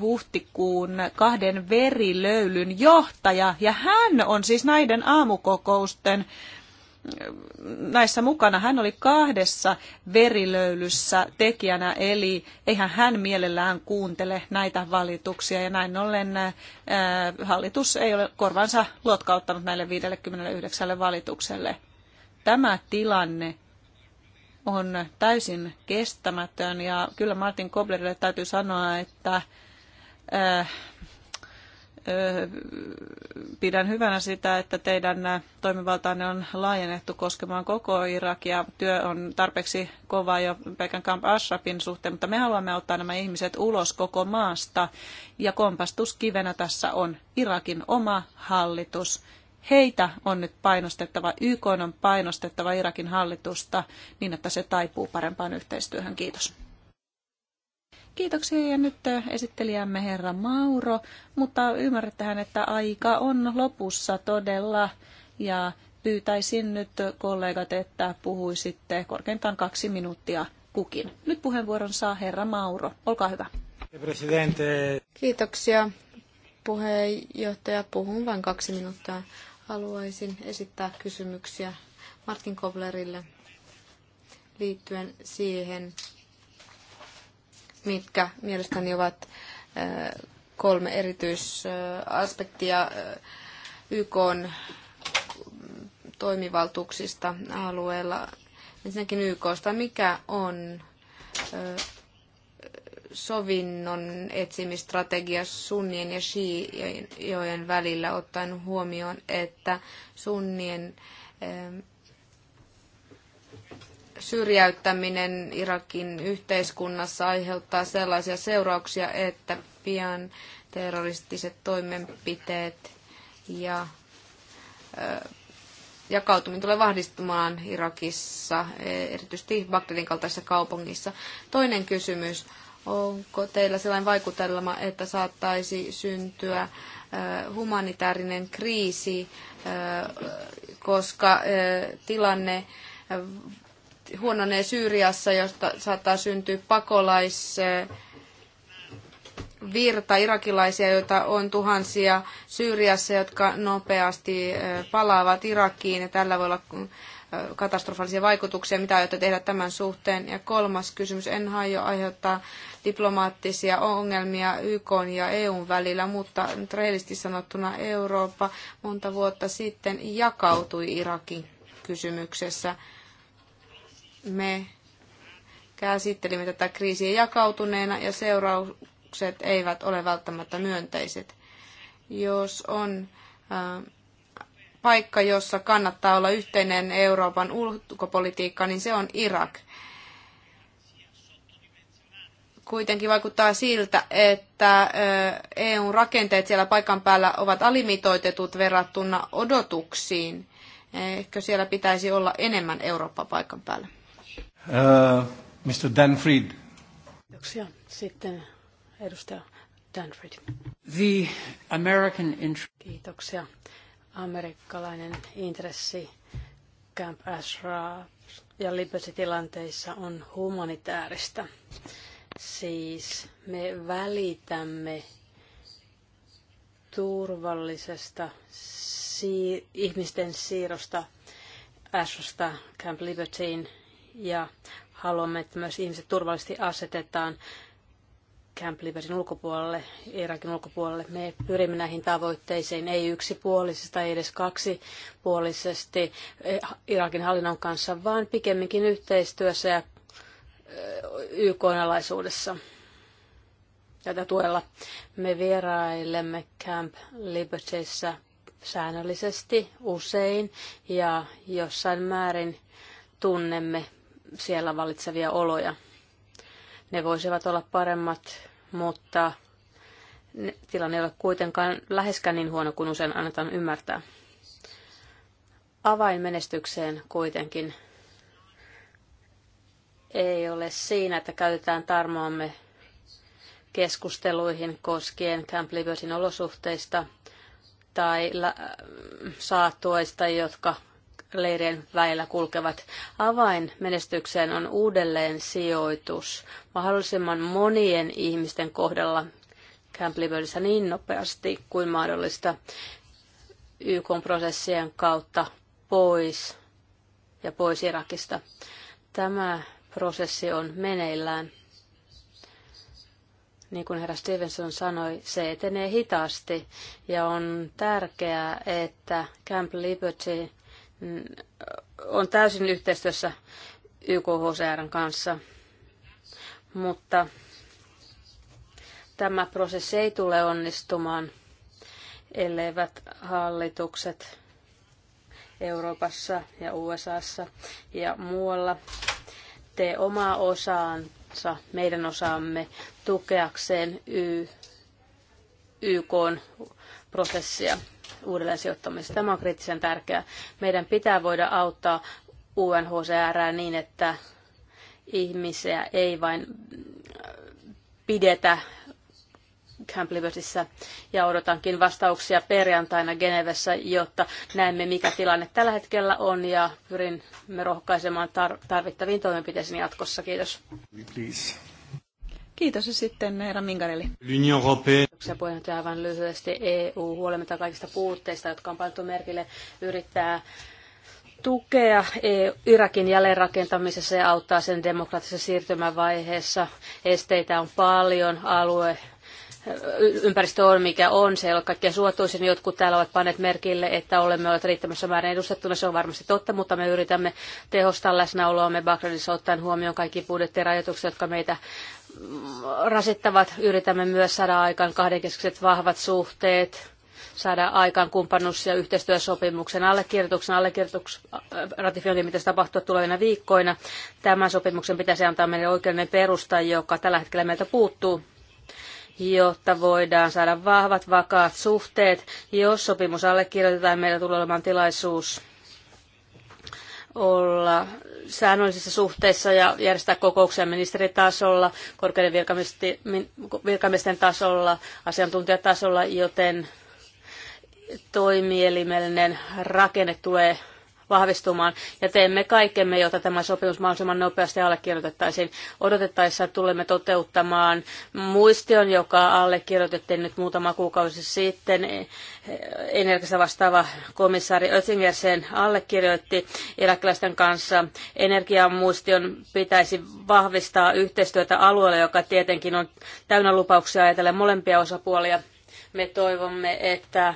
huhtikuun kahden verilöylyn johtaja. Ja hän on siis näiden aamukokousten näissä mukana. Hän oli kahdessa verilöylyssä tekijänä, eli eihän hän mielellään kuuntele näitä valituksia. Ja näin ollen ää, äh, hallitus ei ole korvansa lotkauttanut näille 59 valitukselle. Tämä tilanne on täysin kestämätön. Ja kyllä Martin Koblerille täytyy sanoa, että äh, äh, pidän hyvänä sitä, että teidän toimivaltaanne on laajennettu koskemaan koko Irakia. Työ on tarpeeksi kova jo pelkän Camp Ashrafin suhteen, mutta me haluamme ottaa nämä ihmiset ulos koko maasta. Ja kompastuskivenä tässä on Irakin oma hallitus Heitä on nyt painostettava, YK on painostettava Irakin hallitusta niin, että se taipuu parempaan yhteistyöhön. Kiitos. Kiitoksia ja nyt äh, esittelijämme herra Mauro, mutta ymmärrettähän, että aika on lopussa todella ja pyytäisin nyt kollegat, että puhuisitte korkeintaan kaksi minuuttia kukin. Nyt puheenvuoron saa herra Mauro. Olkaa hyvä. Presidente. Kiitoksia puheenjohtaja. Puhun vain kaksi minuuttia. Haluaisin esittää kysymyksiä Martin Koblerille liittyen siihen, mitkä mielestäni ovat kolme erityisaspektia YK toimivaltuuksista alueella. Ensinnäkin YKsta, mikä on sovinnon etsimistrategia sunnien ja shiojen välillä ottaen huomioon, että sunnien syrjäyttäminen Irakin yhteiskunnassa aiheuttaa sellaisia seurauksia, että pian terroristiset toimenpiteet ja jakautuminen tulee vahvistumaan Irakissa, e, erityisesti Bagdadin kaltaisessa kaupungissa. Toinen kysymys Onko teillä sellainen vaikutelma, että saattaisi syntyä humanitaarinen kriisi, koska tilanne huononee Syyriassa, josta saattaa syntyä pakolaisvirta virta irakilaisia, joita on tuhansia Syyriassa, jotka nopeasti palaavat Irakiin. Ja tällä voi olla katastrofaalisia vaikutuksia, mitä aiotte tehdä tämän suhteen. Ja kolmas kysymys, en aio aiheuttaa diplomaattisia ongelmia YK ja EUn välillä, mutta nyt rehellisesti sanottuna Eurooppa monta vuotta sitten jakautui Irakin kysymyksessä. Me käsittelimme tätä kriisiä jakautuneena ja seuraukset eivät ole välttämättä myönteiset. Jos on äh, paikka, jossa kannattaa olla yhteinen Euroopan ulkopolitiikka, niin se on Irak. Kuitenkin vaikuttaa siltä, että EUn rakenteet siellä paikan päällä ovat alimitoitetut verrattuna odotuksiin. Ehkä siellä pitäisi olla enemmän Eurooppa paikan päällä. Uh, Mr. Danfried. Kiitoksia. Sitten edustaja Danfried. The American interest. Kiitoksia amerikkalainen intressi Camp Ashraf ja Liberty-tilanteissa on humanitaarista. Siis me välitämme turvallisesta siir- ihmisten siirrosta Ashrasta Camp Libertyin ja haluamme, että myös ihmiset turvallisesti asetetaan Camp Liberin ulkopuolelle, Irakin ulkopuolelle. Me pyrimme näihin tavoitteisiin, ei yksipuolisesti tai edes kaksipuolisesti eh, Irakin hallinnon kanssa, vaan pikemminkin yhteistyössä ja eh, YK-alaisuudessa. Tätä tuella me vierailemme Camp Libertyssä säännöllisesti, usein ja jossain määrin tunnemme siellä vallitsevia oloja. Ne voisivat olla paremmat, mutta tilanne ei ole kuitenkaan läheskään niin huono kuin usein annetaan ymmärtää. Avain menestykseen kuitenkin ei ole siinä, että käytetään tarmoamme keskusteluihin koskien Camp Libersin olosuhteista tai la- saattuista, jotka leirien väillä kulkevat. Avain menestykseen on uudelleen sijoitus mahdollisimman monien ihmisten kohdalla Camp Libertyssä niin nopeasti kuin mahdollista YK-prosessien kautta pois ja pois Irakista. Tämä prosessi on meneillään. Niin kuin herra Stevenson sanoi, se etenee hitaasti ja on tärkeää, että Camp Liberty Mm, on täysin yhteistyössä YKHCRn kanssa, mutta tämä prosessi ei tule onnistumaan, elleivät hallitukset Euroopassa ja USAssa ja muualla tee omaa osaansa, meidän osaamme, tukeakseen YK:n YK prosessia uudelleen sijoittamista. Tämä on kriittisen tärkeää. Meidän pitää voida auttaa UNHCR niin, että ihmisiä ei vain äh, pidetä Camp Libertyssä ja odotankin vastauksia perjantaina Genevessä, jotta näemme mikä tilanne tällä hetkellä on ja pyrimme rohkaisemaan tarvittaviin toimenpiteisiin jatkossa. Kiitos. Please. Kiitos ja sitten Meera Minkareli. Kiitoksia puheenjohtaja aivan lyhyesti. EU huolimatta kaikista puutteista, jotka on pantu merkille, yrittää tukea e Irakin jälleenrakentamisessa ja auttaa sen demokraattisessa siirtymävaiheessa. Esteitä on paljon, alue ympäristö on mikä on, se ei ole kaikkein suotuisin. Jotkut täällä ovat panneet merkille, että olemme olleet riittämässä määrin edustettuna, se on varmasti totta, mutta me yritämme tehostaa läsnäoloamme Bagdadissa ottaen huomioon kaikki budjettirajoitukset, jotka meitä rasittavat. Yritämme myös saada aikaan kahdenkeskiset vahvat suhteet, saada aikaan kumppanuus- ja yhteistyösopimuksen allekirjoituksen, allekirjoituksen äh, ratifiointi, mitä tapahtuu tulevina viikkoina. Tämän sopimuksen pitäisi antaa meille oikeudellinen perusta, joka tällä hetkellä meiltä puuttuu jotta voidaan saada vahvat, vakaat suhteet. Jos sopimus allekirjoitetaan, meillä tulee olemaan tilaisuus olla säännöllisissä suhteissa ja järjestää kokouksia ministeritasolla, korkeiden virkamiesten tasolla, asiantuntijatasolla, joten toimielimellinen rakenne tulee vahvistumaan ja teemme kaikkemme, jotta tämä sopimus mahdollisimman nopeasti allekirjoitettaisiin. Odotettaessa tulemme toteuttamaan muistion, joka allekirjoitettiin nyt muutama kuukausi sitten. Energiasta vastaava komissaari Oettinger sen allekirjoitti eläkeläisten kanssa. Energiamuistion pitäisi vahvistaa yhteistyötä alueella, joka tietenkin on täynnä lupauksia ajatellen molempia osapuolia. Me toivomme, että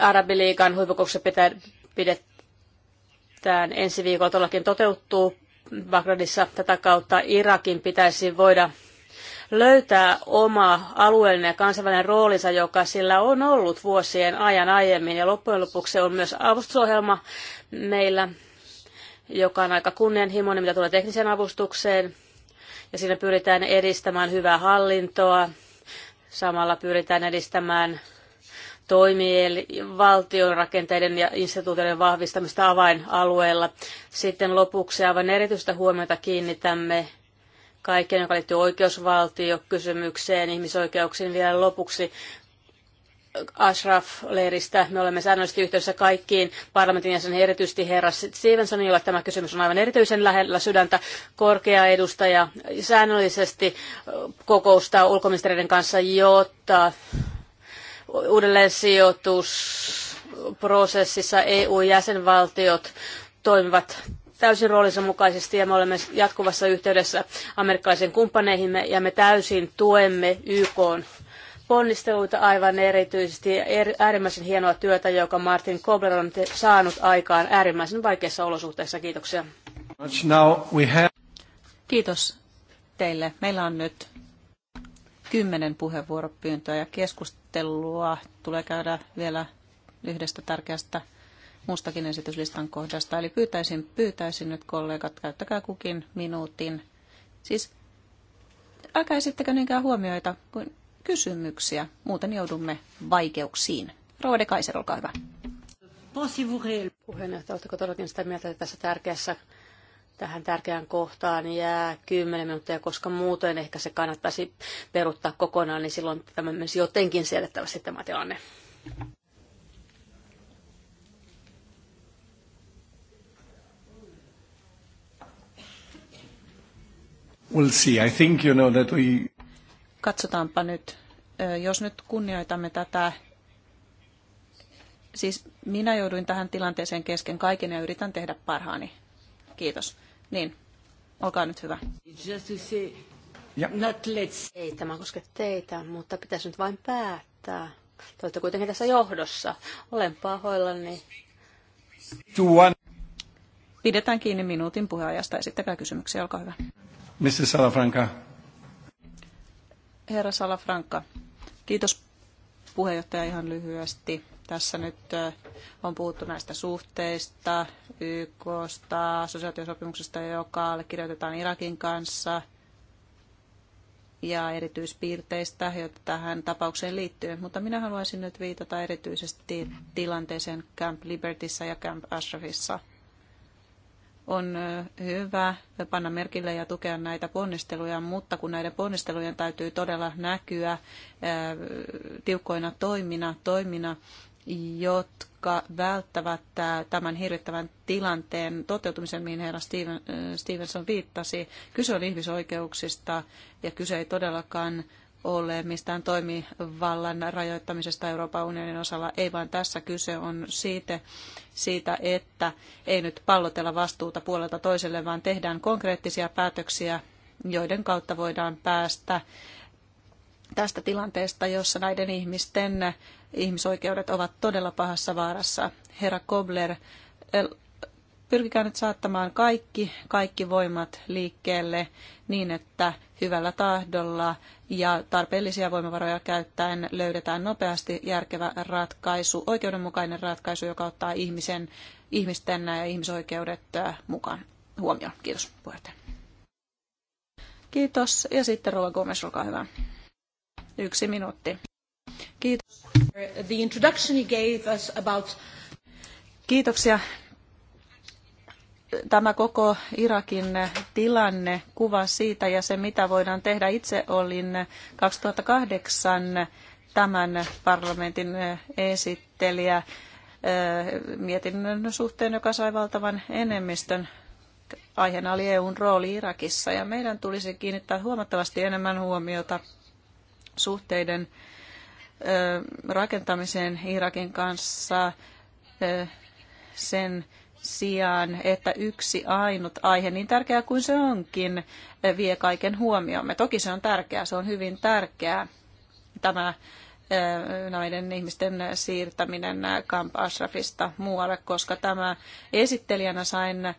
Arabiliikan huippukokouksessa pitää pidet, mitään. Ensi viikolla todellakin toteutuu Bagdadissa tätä kautta Irakin pitäisi voida löytää oma alueellinen ja kansainvälinen roolinsa, joka sillä on ollut vuosien ajan aiemmin. Ja loppujen lopuksi se on myös avustusohjelma meillä, joka on aika kunnianhimoinen, mitä tulee tekniseen avustukseen. Ja siinä pyritään edistämään hyvää hallintoa. Samalla pyritään edistämään toimii valtion rakenteiden ja instituutioiden vahvistamista avainalueella. Sitten lopuksi aivan erityistä huomiota kiinnitämme kaiken, joka liittyy oikeusvaltiokysymykseen, ihmisoikeuksiin. Vielä lopuksi Ashraf-leiristä. Me olemme säännöllisesti yhteydessä kaikkiin parlamentin jäseniin, erityisesti herra Stevenson, jolla tämä kysymys on aivan erityisen lähellä sydäntä. Korkea edustaja säännöllisesti kokoustaa ulkoministeriöiden kanssa, jotta uudelleen sijoitusprosessissa EU-jäsenvaltiot toimivat täysin roolinsa mukaisesti ja me olemme jatkuvassa yhteydessä amerikkalaisiin kumppaneihimme ja me täysin tuemme YK ponnisteluita aivan erityisesti ja äärimmäisen hienoa työtä, joka Martin Kobler on saanut aikaan äärimmäisen vaikeissa olosuhteissa. Kiitoksia. Kiitos teille. Meillä on nyt kymmenen puheenvuoropyyntöä ja keskustelua tulee käydä vielä yhdestä tärkeästä muustakin esityslistan kohdasta. Eli pyytäisin, pyytäisin nyt kollegat, käyttäkää kukin minuutin. Siis älkää esittekö niinkään huomioita kuin kysymyksiä, muuten joudumme vaikeuksiin. Rode Kaiser, olkaa hyvä. Puheenjohtaja, oletteko todellakin sitä mieltä, että tässä tärkeässä tähän tärkeään kohtaan jää 10 minuuttia, koska muutoin ehkä se kannattaisi peruttaa kokonaan, niin silloin tämä myös jotenkin siedettävästi tämä tilanne. We'll see. I think, you know, that we... Katsotaanpa nyt, jos nyt kunnioitamme tätä Siis minä jouduin tähän tilanteeseen kesken kaiken ja yritän tehdä parhaani. Kiitos. Niin, olkaa nyt hyvä. Ja. Not let's. Ei tämä koske teitä, mutta pitäisi nyt vain päättää. Te olette kuitenkin tässä johdossa. Olen pahoillani. Pidetään kiinni minuutin puheajasta. Esittäkää kysymyksiä, olkaa hyvä. Mr. Salafranca. Herra Salafranca, kiitos puheenjohtaja ihan lyhyesti. Tässä nyt on puhuttu näistä suhteista, YKsta, sosiaatiosopimuksesta, joka allekirjoitetaan Irakin kanssa ja erityispiirteistä, joita tähän tapaukseen liittyy. Mutta minä haluaisin nyt viitata erityisesti tilanteeseen Camp Libertyssä ja Camp Ashrafissa. On hyvä panna merkille ja tukea näitä ponnisteluja, mutta kun näiden ponnistelujen täytyy todella näkyä tiukkoina toimina, toimina, jotka välttävät tämän hirvittävän tilanteen toteutumisen, mihin herra Steven, äh, Stevenson viittasi. Kyse on ihmisoikeuksista ja kyse ei todellakaan ole mistään toimivallan rajoittamisesta Euroopan unionin osalla. Ei vaan tässä kyse on siitä, siitä, että ei nyt pallotella vastuuta puolelta toiselle, vaan tehdään konkreettisia päätöksiä, joiden kautta voidaan päästä tästä tilanteesta, jossa näiden ihmisten ihmisoikeudet ovat todella pahassa vaarassa. Herra Kobler, pyrkikää nyt saattamaan kaikki, kaikki voimat liikkeelle niin, että hyvällä tahdolla ja tarpeellisia voimavaroja käyttäen löydetään nopeasti järkevä ratkaisu, oikeudenmukainen ratkaisu, joka ottaa ihmisen, ihmisten ja ihmisoikeudet mukaan huomioon. Kiitos puheenjohtaja. Kiitos ja sitten Rova Gomes, olkaa hyvä. Yksi minuutti. Kiitos. The introduction he gave us about... Kiitoksia. Tämä koko Irakin tilanne, kuva siitä ja se mitä voidaan tehdä. Itse olin 2008 tämän parlamentin eh, esittelijä eh, mietinnön suhteen, joka sai valtavan enemmistön. Aiheena oli EUn rooli Irakissa ja meidän tulisi kiinnittää huomattavasti enemmän huomiota suhteiden rakentamiseen Irakin kanssa sen sijaan, että yksi ainut aihe, niin tärkeä kuin se onkin, vie kaiken huomiomme. Toki se on tärkeää, se on hyvin tärkeää, tämä näiden ihmisten siirtäminen Camp Ashrafista muualle, koska tämä esittelijänä sain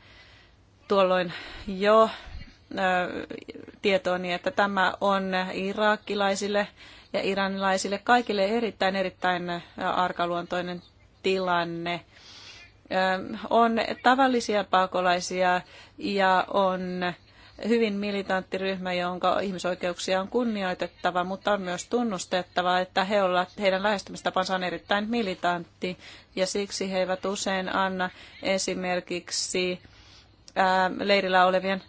tuolloin jo tietooni, niin, että tämä on irakilaisille ja iranilaisille kaikille erittäin erittäin arkaluontoinen tilanne. On tavallisia pakolaisia ja on hyvin militanttiryhmä, jonka ihmisoikeuksia on kunnioitettava, mutta on myös tunnustettava, että he ovat, heidän lähestymistapansa on erittäin militantti ja siksi he eivät usein anna esimerkiksi leirillä olevien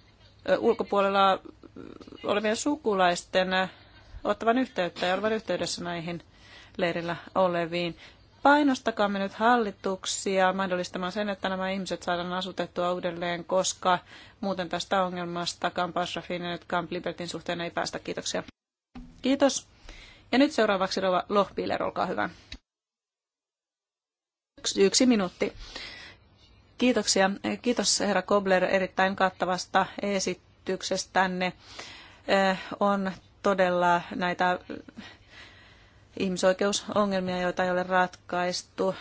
ulkopuolella olevien sukulaisten ottavan yhteyttä ja olevan yhteydessä näihin leirillä oleviin. me nyt hallituksia mahdollistamaan sen, että nämä ihmiset saadaan asutettua uudelleen, koska muuten tästä ongelmasta Camp Ashrafin ja Camp Libertin suhteen ei päästä. Kiitoksia. Kiitos. Ja nyt seuraavaksi Lohpiiler, olkaa hyvä. Yksi, yksi minuutti. Kiitoksia. Kiitos herra Kobler erittäin kattavasta esityksestänne. Eh, on todella näitä eh, ihmisoikeusongelmia, joita ei ole ratkaistu. Eh,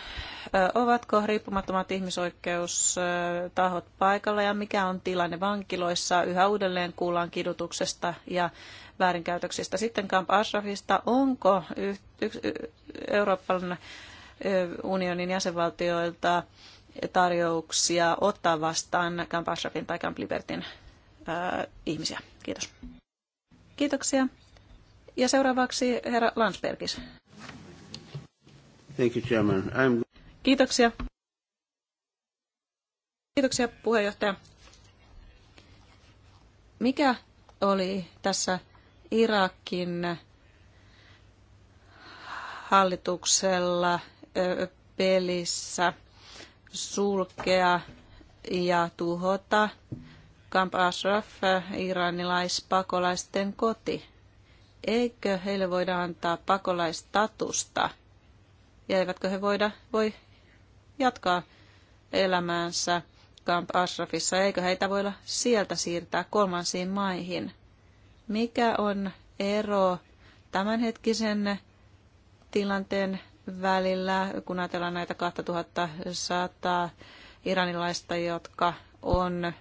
ovatko riippumattomat ihmisoikeustahot paikalla ja mikä on tilanne vankiloissa? Yhä uudelleen kuullaan kidutuksesta ja väärinkäytöksistä. Sitten Camp Ashrafista, onko Euroopan unionin jäsenvaltioilta tarjouksia ottaa vastaan Camp Ashrafin tai Camp Libertin ää, ihmisiä. Kiitos. Kiitoksia. Ja seuraavaksi herra Landsbergis. Thank you, Chairman. I'm... Kiitoksia. Kiitoksia puheenjohtaja. Mikä oli tässä Irakin hallituksella pelissä? sulkea ja tuhota Camp Ashraf, iranilaispakolaisten koti. Eikö heille voida antaa pakolaistatusta? Ja eivätkö he voida, voi jatkaa elämäänsä Camp Ashrafissa? Eikö heitä voida sieltä siirtää kolmansiin maihin? Mikä on ero tämänhetkisen tilanteen välillä, kun ajatellaan näitä 2100 iranilaista, jotka on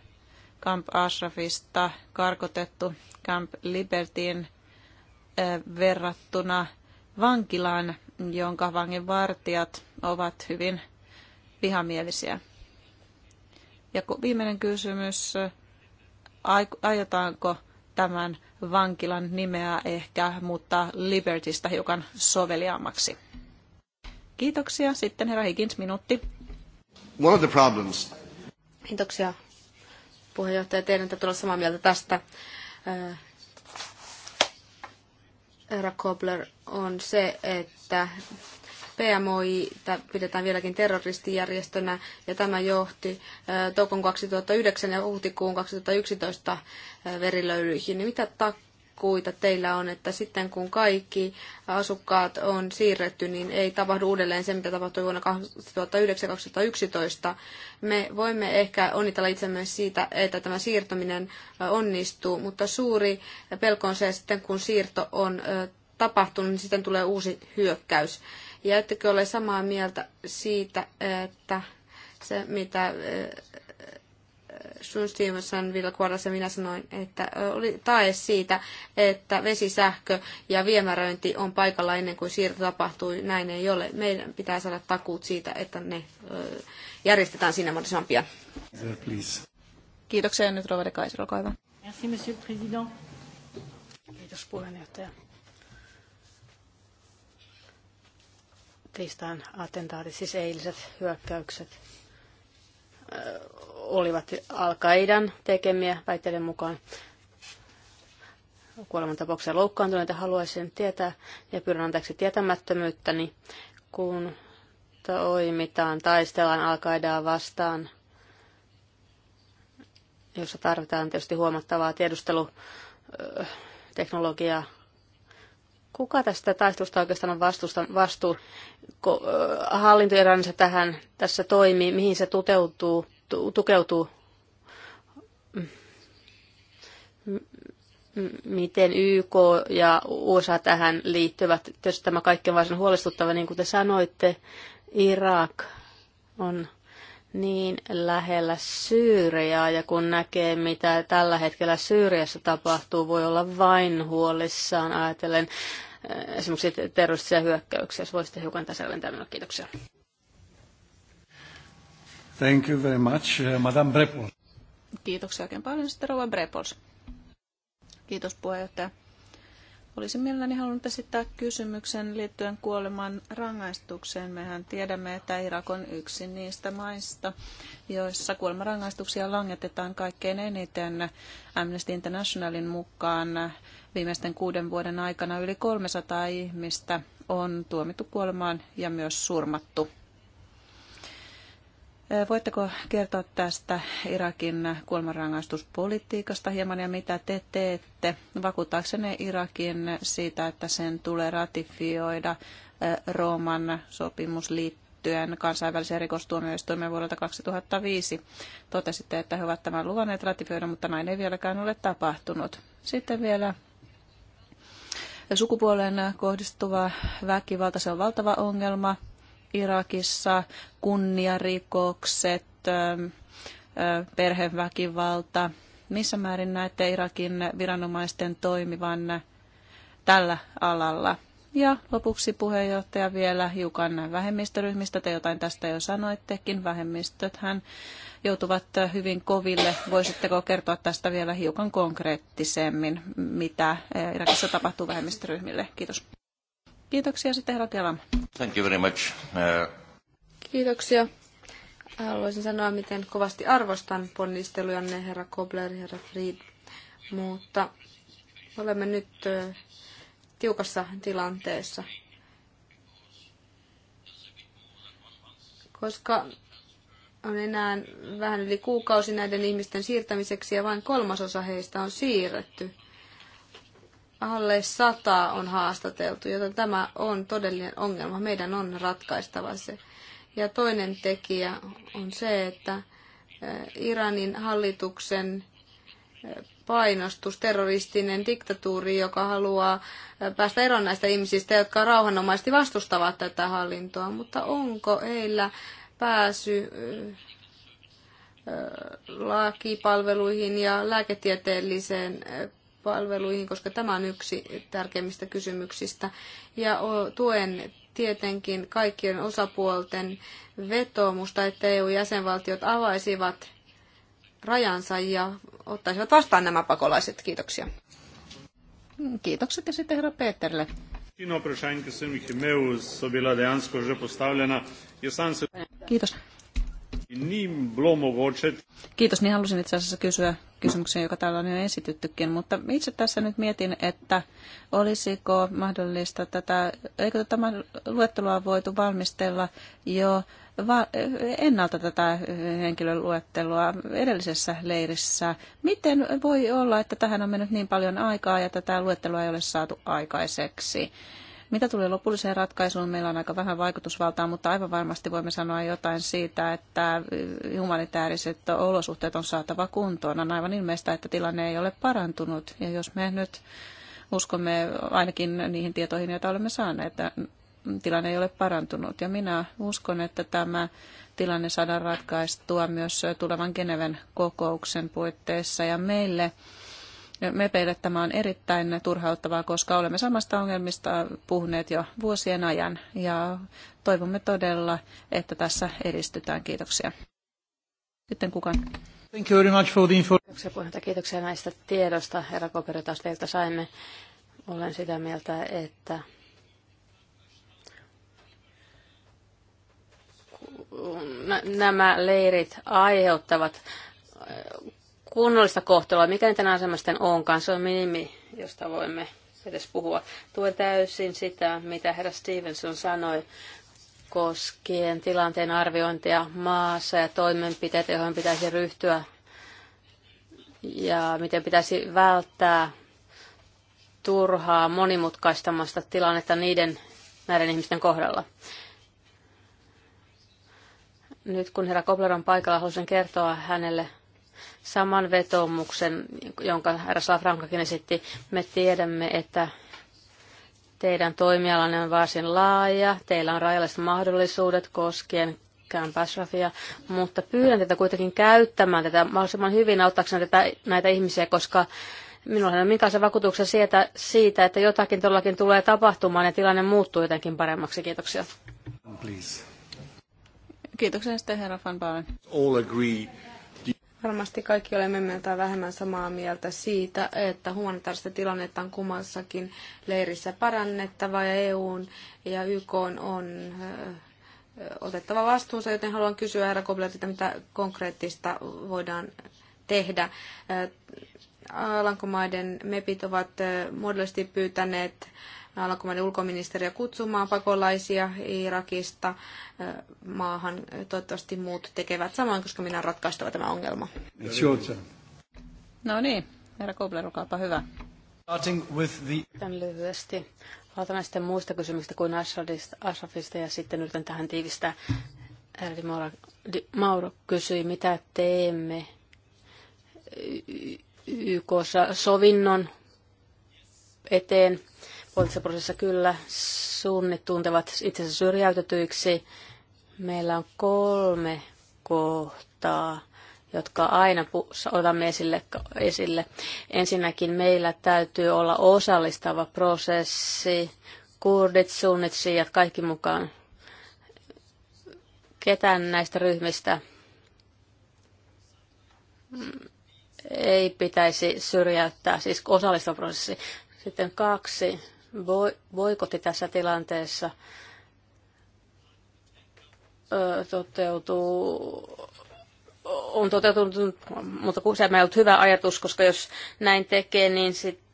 Camp Ashrafista karkotettu Camp Libertyin verrattuna vankilaan, jonka vanginvartijat ovat hyvin vihamielisiä. Ja viimeinen kysymys, aiotaanko tämän vankilan nimeä ehkä muuttaa Libertista hiukan soveliaammaksi? Kiitoksia. Sitten herra Higgins, minuutti. One of the problems. Kiitoksia puheenjohtaja. Teidän täytyy olla samaa mieltä tästä. Äh, herra Kobler on se, että PMOI pidetään vieläkin terroristijärjestönä ja tämä johti äh, toukon 2009 ja huhtikuun 2011 äh, verilöylyihin. Mitä takia? takuita teillä on, että sitten kun kaikki asukkaat on siirretty, niin ei tapahdu uudelleen se, mitä tapahtui vuonna 2009-2011. Me voimme ehkä onnitella itsemme siitä, että tämä siirtominen onnistuu, mutta suuri pelko on se, että sitten kun siirto on tapahtunut, niin sitten tulee uusi hyökkäys. Ja ettekö ole samaa mieltä siitä, että se mitä Sean Stevenson kuorassa minä sanoin, että oli tae siitä, että vesisähkö ja viemäröinti on paikalla ennen kuin siirto tapahtui. Näin ei ole. Meidän pitää saada takuut siitä, että ne järjestetään sinne mahdollisimman pian. Please. Kiitoksia nyt Rovede Kaisel, olkaa hyvä. Merci, monsieur président. Kiitos puheenjohtaja. Tiistain attentaatit, siis eiliset hyökkäykset olivat Al-Qaidan tekemiä väitteiden mukaan kuolemantapauksia loukkaantuneita haluaisin tietää ja pyydän anteeksi tietämättömyyttäni, kun toimitaan, taistellaan alkaidaa vastaan, jossa tarvitaan tietysti huomattavaa tiedusteluteknologiaa Kuka tästä taistelusta oikeastaan on vastuustan, vastuu? Äh, Hallinto tähän tässä toimii, mihin se tuteutuu, tu, tukeutuu? miten YK ja USA tähän liittyvät. Tietysti tämä kaikki on varsin huolestuttava, niin kuin te sanoitte, Irak on niin lähellä Syyriaa ja kun näkee, mitä tällä hetkellä Syyriassa tapahtuu, voi olla vain huolissaan ajatellen eh, esimerkiksi terroristisia hyökkäyksiä. Jos voisitte hiukan täsmentää minua. Kiitoksia. Thank you very much, eh, Madame Brepols. Kiitoksia oikein paljon, sitten Rova Brepols. Kiitos puheenjohtaja. Olisin mielelläni halunnut esittää kysymyksen liittyen kuoleman rangaistukseen. Mehän tiedämme, että Irak on yksi niistä maista, joissa kuolemanrangaistuksia langetetaan kaikkein eniten. Amnesty Internationalin mukaan viimeisten kuuden vuoden aikana yli 300 ihmistä on tuomittu kuolemaan ja myös surmattu. Voitteko kertoa tästä Irakin kuolemanrangaistuspolitiikasta hieman ja mitä te teette vakuuttaaksenne Irakin siitä, että sen tulee ratifioida Rooman sopimus liittyen kansainväliseen rikostuomioistuimeen vuodelta 2005. Totesitte, että he ovat tämän luvanneet ratifioida, mutta näin ei vieläkään ole tapahtunut. Sitten vielä sukupuoleen kohdistuva väkivalta, se on valtava ongelma Irakissa, kunniarikokset, perheväkivalta. Missä määrin näette Irakin viranomaisten toimivan tällä alalla? Ja lopuksi puheenjohtaja vielä hiukan vähemmistöryhmistä. Te jotain tästä jo sanoittekin. Vähemmistöthän joutuvat hyvin koville. Voisitteko kertoa tästä vielä hiukan konkreettisemmin, mitä Irakissa tapahtuu vähemmistöryhmille? Kiitos. Kiitoksia sitten herra Kelama. Thank you very much. Uh... Kiitoksia. Haluaisin sanoa, miten kovasti arvostan ponnistelujanne, herra Kobler, herra Fried. Mutta olemme nyt tiukassa tilanteessa. Koska on enää vähän yli kuukausi näiden ihmisten siirtämiseksi ja vain kolmasosa heistä on siirretty alle sata on haastateltu, joten tämä on todellinen ongelma. Meidän on ratkaistava se. Ja toinen tekijä on se, että eh, Iranin hallituksen eh, painostus, terroristinen diktatuuri, joka haluaa eh, päästä eroon näistä ihmisistä, jotka rauhanomaisesti vastustavat tätä hallintoa. Mutta onko heillä pääsy lakipalveluihin ja lääketieteelliseen palveluihin, koska tämä on yksi tärkeimmistä kysymyksistä. Ja tuen tietenkin kaikkien osapuolten vetoomusta, että EU-jäsenvaltiot avaisivat rajansa ja ottaisivat vastaan nämä pakolaiset. Kiitoksia. Kiitokset ja sitten herra Peterille. Kiitos. Niin, Kiitos, niin halusin itse asiassa kysyä kysymyksen, joka täällä on jo esityttykin, mutta itse tässä nyt mietin, että olisiko mahdollista tätä, eikö tätä luettelua voitu valmistella jo va- ennalta tätä henkilöluettelua edellisessä leirissä. Miten voi olla, että tähän on mennyt niin paljon aikaa ja tätä luettelua ei ole saatu aikaiseksi? Mitä tulee lopulliseen ratkaisuun, meillä on aika vähän vaikutusvaltaa, mutta aivan varmasti voimme sanoa jotain siitä, että humanitaariset olosuhteet on saatava kuntoon. On aivan ilmeistä, että tilanne ei ole parantunut. Ja jos me nyt uskomme ainakin niihin tietoihin, joita olemme saaneet, että tilanne ei ole parantunut. Ja minä uskon, että tämä tilanne saadaan ratkaistua myös tulevan Geneven kokouksen puitteissa. Ja meille mepeille tämä on erittäin turhauttavaa, koska olemme samasta ongelmista puhuneet jo vuosien ajan ja toivomme todella, että tässä edistytään. Kiitoksia. Sitten kukaan. Thank you very much for the Kiitoksia Kiitoksia näistä tiedosta, herra Koperi, taas teiltä saimme. Olen sitä mieltä, että nämä leirit aiheuttavat kunnollista kohtelua, mikä niiden asemasten onkaan, se on minimi, josta voimme edes puhua. Tuen täysin sitä, mitä herra Stevenson sanoi koskien tilanteen arviointia maassa ja toimenpiteitä, joihin pitäisi ryhtyä ja miten pitäisi välttää turhaa monimutkaistamasta tilannetta niiden näiden ihmisten kohdalla. Nyt kun herra Kobler on paikalla, haluaisin kertoa hänelle – saman vetoomuksen, jonka herra Salafrankakin esitti. Me tiedämme, että teidän toimialanne on varsin laaja, teillä on rajalliset mahdollisuudet koskien Camp mutta pyydän teitä kuitenkin käyttämään tätä mahdollisimman hyvin auttaakseni tätä, näitä ihmisiä, koska minulla ei ole minkäänlaisia vakuutuksia siitä, siitä, että jotakin todellakin tulee tapahtumaan ja tilanne muuttuu jotenkin paremmaksi. Kiitoksia. Please. Kiitoksia sitten herra Van Baalen. All agree Varmasti kaikki olemme mieltä vähemmän samaa mieltä siitä, että humanitaarista tilannetta on kummassakin leirissä parannettava ja EUn ja YK on otettava vastuunsa, joten haluan kysyä herra Koblerilta, mitä konkreettista voidaan tehdä. Alankomaiden mepit ovat muodollisesti pyytäneet Alankomaiden ulkoministeriä kutsumaan pakolaisia Irakista maahan. Toivottavasti muut tekevät samoin, koska minä on ratkaistava tämä ongelma. No niin, herra Kobler, olkaapa hyvä. Tämän lyhyesti. Aloitan sitten muista kysymyksistä kuin Ashrafista ja sitten yritän tähän tiivistää. Eli Mauro kysyi, mitä teemme yk sovinnon eteen poliittisessa prosessissa kyllä sunnit tuntevat itsensä syrjäytetyiksi. Meillä on kolme kohtaa, jotka aina otamme esille, esille. Ensinnäkin meillä täytyy olla osallistava prosessi, kurdit, sunnit, siijat, kaikki mukaan. Ketään näistä ryhmistä ei pitäisi syrjäyttää, siis osallistava prosessi. Sitten kaksi, voiko te tässä tilanteessa toteutuu on toteutunut, mutta se ei ollut hyvä ajatus, koska jos näin tekee, niin sitten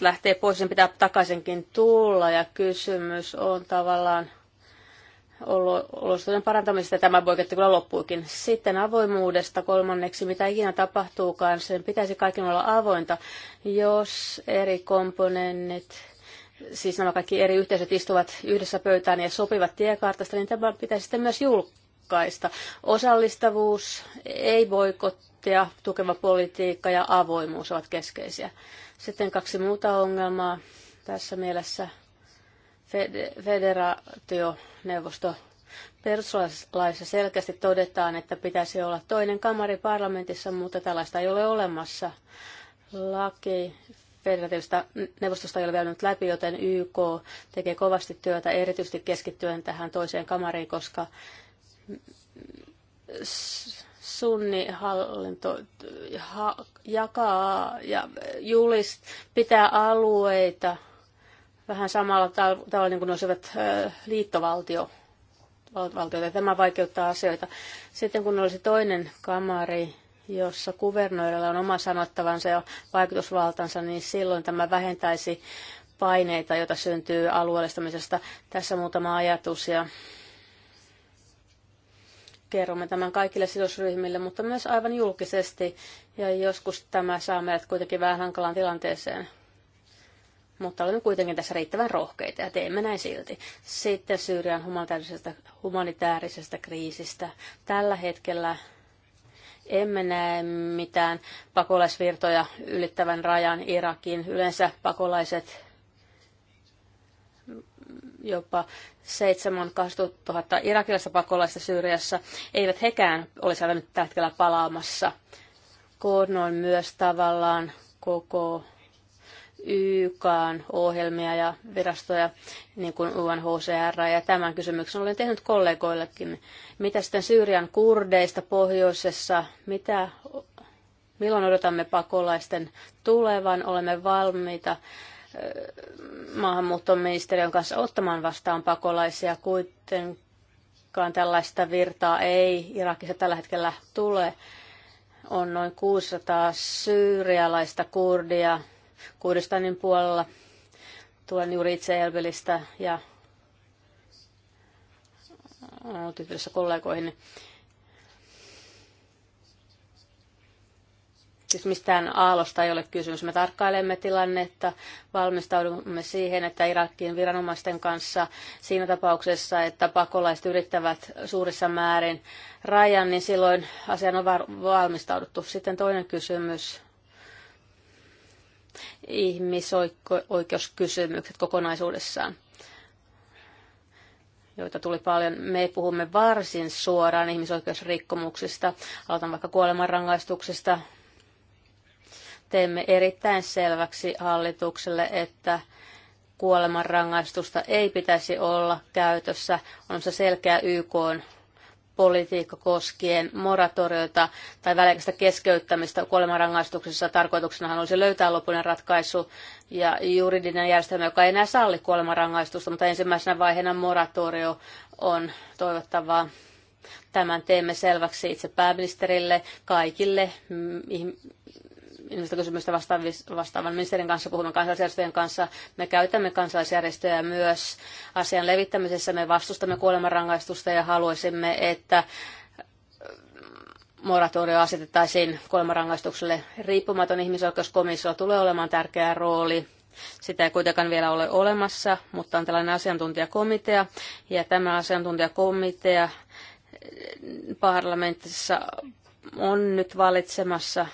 lähtee pois, sen pitää takaisinkin tulla. Ja kysymys on tavallaan olosuhteiden parantamisesta. Tämä poiketti kyllä loppuikin. Sitten avoimuudesta kolmanneksi, mitä ikinä tapahtuukaan, sen pitäisi kaiken olla avointa, jos eri komponentit siis nämä kaikki eri yhteisöt istuvat yhdessä pöytään ja sopivat tiekartasta, niin tämä pitäisi sitten myös julkaista. Osallistavuus, ei boikottia, tukeva politiikka ja avoimuus ovat keskeisiä. Sitten kaksi muuta ongelmaa tässä mielessä. Federaationeuvosto perustuslaissa selkeästi todetaan, että pitäisi olla toinen kamari parlamentissa, mutta tällaista ei ole olemassa. Laki federatiivista neuvostosta ei ole vielä nyt läpi, joten YK tekee kovasti työtä, erityisesti keskittyen tähän toiseen kamariin, koska sunnihallinto jakaa ja julist, pitää alueita vähän samalla tavalla niin kuin ne olisivat liittovaltio. Valtioita. Tämä vaikeuttaa asioita. Sitten kun olisi toinen kamari, jossa kuvernöörillä on oma sanottavansa ja vaikutusvaltansa, niin silloin tämä vähentäisi paineita, joita syntyy alueellistamisesta. Tässä muutama ajatus ja kerromme tämän kaikille sidosryhmille, mutta myös aivan julkisesti. Ja joskus tämä saa meidät kuitenkin vähän hankalaan tilanteeseen. Mutta olemme kuitenkin tässä riittävän rohkeita ja teemme näin silti. Sitten Syyrian humanitaarisesta, humanitaarisesta kriisistä. Tällä hetkellä emme näe mitään pakolaisvirtoja ylittävän rajan Irakiin. Yleensä pakolaiset jopa 7 000 irakilaista pakolaista Syyriassa, eivät hekään olisi aivan nyt tällä hetkellä palaamassa. Koordinoin myös tavallaan koko YKn ohjelmia ja virastoja, niin kuin UNHCR, ja tämän kysymyksen olen tehnyt kollegoillekin. Mitä sitten Syyrian kurdeista pohjoisessa, mitä, milloin odotamme pakolaisten tulevan, olemme valmiita maahanmuuttoministeriön kanssa ottamaan vastaan pakolaisia, kuitenkaan tällaista virtaa ei Irakissa tällä hetkellä tule. On noin 600 syyrialaista kurdia, Kurdistanin puolella. Tulen juuri itse Elbilistä ja ollut äh, kollegoihin. Siis mistään aalosta ei ole kysymys. Me tarkkailemme tilannetta, valmistaudumme siihen, että Irakin viranomaisten kanssa siinä tapauksessa, että pakolaiset yrittävät suurissa määrin rajan, niin silloin asian on valmistauduttu. Sitten toinen kysymys ihmisoikeuskysymykset kokonaisuudessaan joita tuli paljon. Me puhumme varsin suoraan ihmisoikeusrikkomuksista, aloitan vaikka kuolemanrangaistuksesta. Teemme erittäin selväksi hallitukselle, että kuolemanrangaistusta ei pitäisi olla käytössä. On se selkeä YK politiikka koskien moratorioita tai väliaikaista keskeyttämistä kuolemanrangaistuksessa. Tarkoituksenahan olisi löytää lopullinen ratkaisu ja juridinen järjestelmä, joka ei enää salli kuolemanrangaistusta, mutta ensimmäisenä vaiheena moratorio on toivottavaa. Tämän teemme selväksi itse pääministerille, kaikille mm, minusta kysymystä vastaavan ministerin kanssa, puhumme kansalaisjärjestöjen kanssa. Me käytämme kansalaisjärjestöjä myös asian levittämisessä. Me vastustamme kuolemanrangaistusta ja haluaisimme, että moratorio asetettaisiin kuolemanrangaistukselle. Riippumaton ihmisoikeuskomissio tulee olemaan tärkeä rooli. Sitä ei kuitenkaan vielä ole olemassa, mutta on tällainen asiantuntijakomitea. Ja tämä asiantuntijakomitea eh, parlamentissa on nyt valitsemassa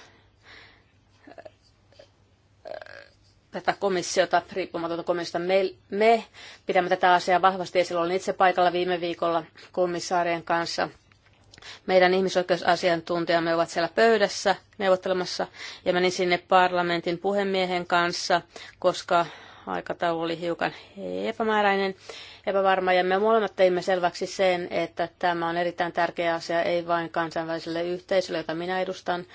tätä komissiota, riippumatonta komissiota. Me, me pidämme tätä asiaa vahvasti esillä. Olin itse paikalla viime viikolla komissaarien kanssa. Meidän ihmisoikeusasiantuntijamme ovat siellä pöydässä neuvottelemassa ja menin sinne parlamentin puhemiehen kanssa, koska aikataulu oli hiukan epämääräinen, epävarma. Ja me molemmat teimme selväksi sen, että tämä on erittäin tärkeä asia, ei vain kansainväliselle yhteisölle, jota minä edustan,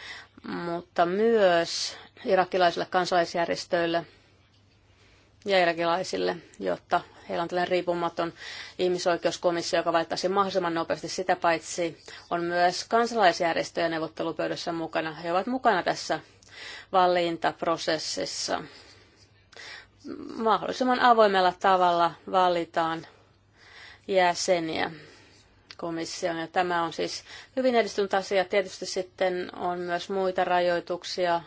mutta myös irakilaisille kansalaisjärjestöille ja irakilaisille, jotta heillä on tällainen riippumaton ihmisoikeuskomissio, joka valittaisi mahdollisimman nopeasti. Sitä paitsi on myös kansalaisjärjestöjä neuvottelupöydässä mukana. He ovat mukana tässä valintaprosessissa. Mahdollisimman avoimella tavalla valitaan jäseniä komission. Ja tämä on siis hyvin edistynyt asia. Tietysti sitten on myös muita rajoituksia,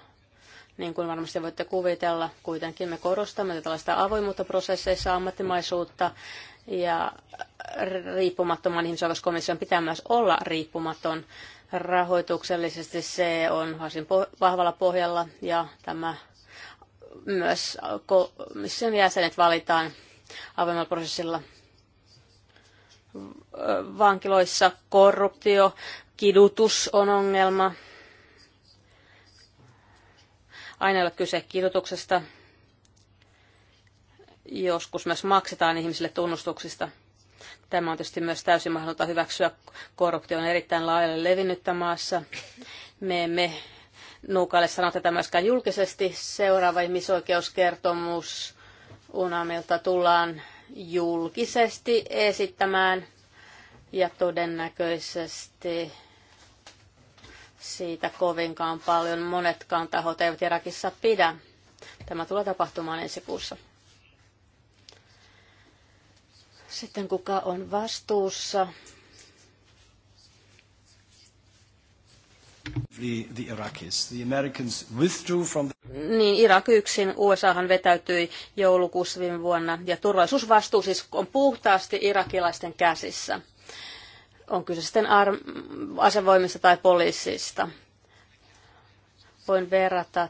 niin kuin varmasti voitte kuvitella. Kuitenkin me korostamme tällaista avoimuutta prosesseissa, ammattimaisuutta ja riippumattoman ihmisoikeuskomission pitää myös olla riippumaton rahoituksellisesti. Se on varsin vahvalla pohjalla ja tämä myös komission jäsenet valitaan avoimella prosessilla vankiloissa korruptio, kidutus on ongelma. Aina ei ole kyse kidutuksesta. Joskus myös maksetaan ihmisille tunnustuksista. Tämä on tietysti myös täysin mahdollista hyväksyä. Korruptio on erittäin laajalle levinnyttä maassa. Me emme nuukalle sano tätä myöskään julkisesti. Seuraava ihmisoikeuskertomus UNAMilta tullaan julkisesti esittämään ja todennäköisesti siitä kovinkaan paljon monetkaan tahot eivät Irakissa pidä. Tämä tulee tapahtumaan ensi kuussa. Sitten kuka on vastuussa the, the Iraqis. The Americans withdrew from the... Niin, Irak yksin. USAhan vetäytyi joulukuussa viime vuonna. Ja turvallisuusvastuu siis on puhtaasti irakilaisten käsissä. On kyse sitten ar- asevoimista tai poliisista. Voin verrata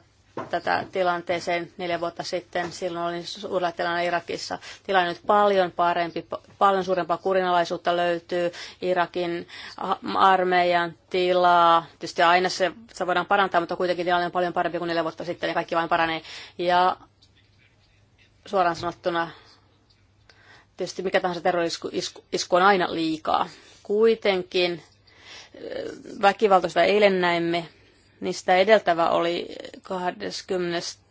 tätä tilanteeseen neljä vuotta sitten. Silloin oli suurella tilanne Irakissa. Tilanne nyt paljon parempi, paljon suurempaa kurinalaisuutta löytyy. Irakin armeijan tilaa. Tietysti aina se, se voidaan parantaa, mutta kuitenkin tilanne on paljon parempi kuin neljä vuotta sitten ja kaikki vain paranee. Ja suoraan sanottuna tietysti mikä tahansa terrorisku on aina liikaa. Kuitenkin väkivaltaista eilen näimme sitä edeltävä oli 22.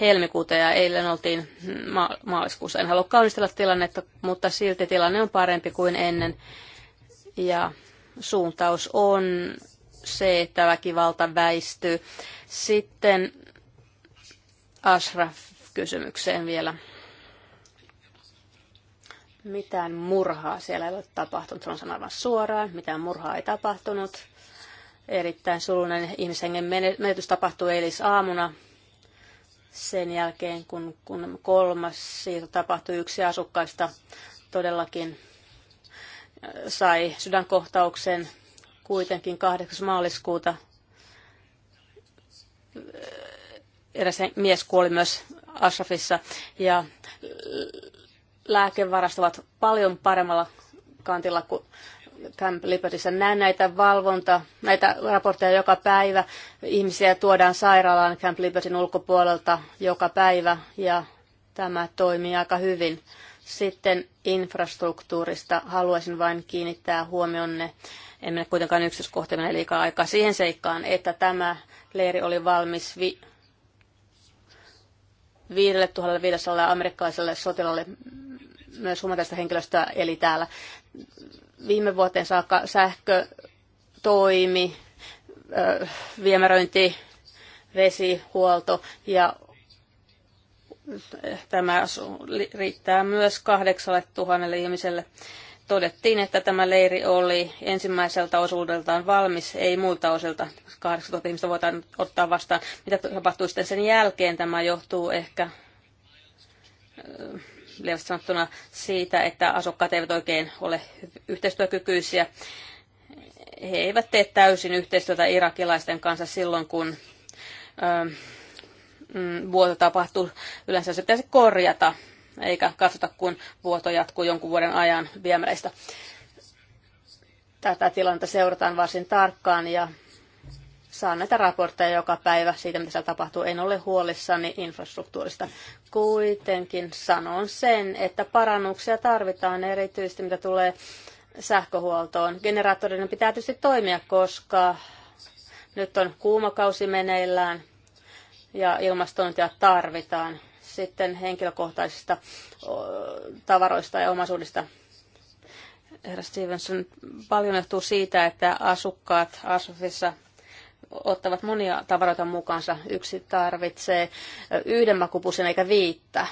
helmikuuta ja eilen oltiin ma- maaliskuussa. En halua kaunistella tilannetta, mutta silti tilanne on parempi kuin ennen. Ja suuntaus on se, että väkivalta väistyy. Sitten Ashraf-kysymykseen vielä. Mitään murhaa siellä ei ole tapahtunut, se on sanava suoraan. Mitään murhaa ei tapahtunut Erittäin surullinen ihmishengen menetys tapahtui eilis aamuna sen jälkeen, kun, kun kolmas siirto tapahtui, yksi asukkaista todellakin äh, sai sydänkohtauksen kuitenkin 8. maaliskuuta. Äh, eräs mies kuoli myös Ashrafissa ja lääkevarastot ovat paljon paremmalla kantilla kuin Camp Libertyssä näe näitä valvonta, näitä raportteja joka päivä. Ihmisiä tuodaan sairaalaan Camp Libertyn ulkopuolelta joka päivä ja tämä toimii aika hyvin. Sitten infrastruktuurista haluaisin vain kiinnittää huomionne, en mene kuitenkaan yksityiskohtiin mene liikaa aikaa, siihen seikkaan, että tämä leiri oli valmis vi- 5500 amerikkalaiselle sotilalle myös humanitaarista henkilöstöä eli täällä viime vuoteen saakka sähkö toimi, viemäröinti, vesihuolto ja tämä riittää myös 8000 ihmiselle. Todettiin, että tämä leiri oli ensimmäiseltä osuudeltaan valmis, ei muilta osilta. 8000 ihmistä voidaan ottaa vastaan. Mitä tapahtui sitten sen jälkeen? Tämä johtuu ehkä lievästi sanottuna siitä, että asukkaat eivät oikein ole yhteistyökykyisiä. He eivät tee täysin yhteistyötä irakilaisten kanssa silloin, kun ö, mm, vuoto tapahtuu. Yleensä se pitäisi korjata, eikä katsota, kun vuoto jatkuu jonkun vuoden ajan viemäreistä. Tätä tilannetta seurataan varsin tarkkaan ja saan näitä raportteja joka päivä siitä, mitä siellä tapahtuu. En ole huolissani infrastruktuurista. Kuitenkin sanon sen, että parannuksia tarvitaan erityisesti, mitä tulee sähköhuoltoon. Generaattorinen pitää tietysti toimia, koska nyt on kuumakausi meneillään ja ilmastointia tarvitaan. Sitten henkilökohtaisista tavaroista ja omaisuudesta herra Stevenson, paljon johtuu siitä, että asukkaat Asufissa ottavat monia tavaroita mukaansa. Yksi tarvitsee yhden makupusin eikä viittä.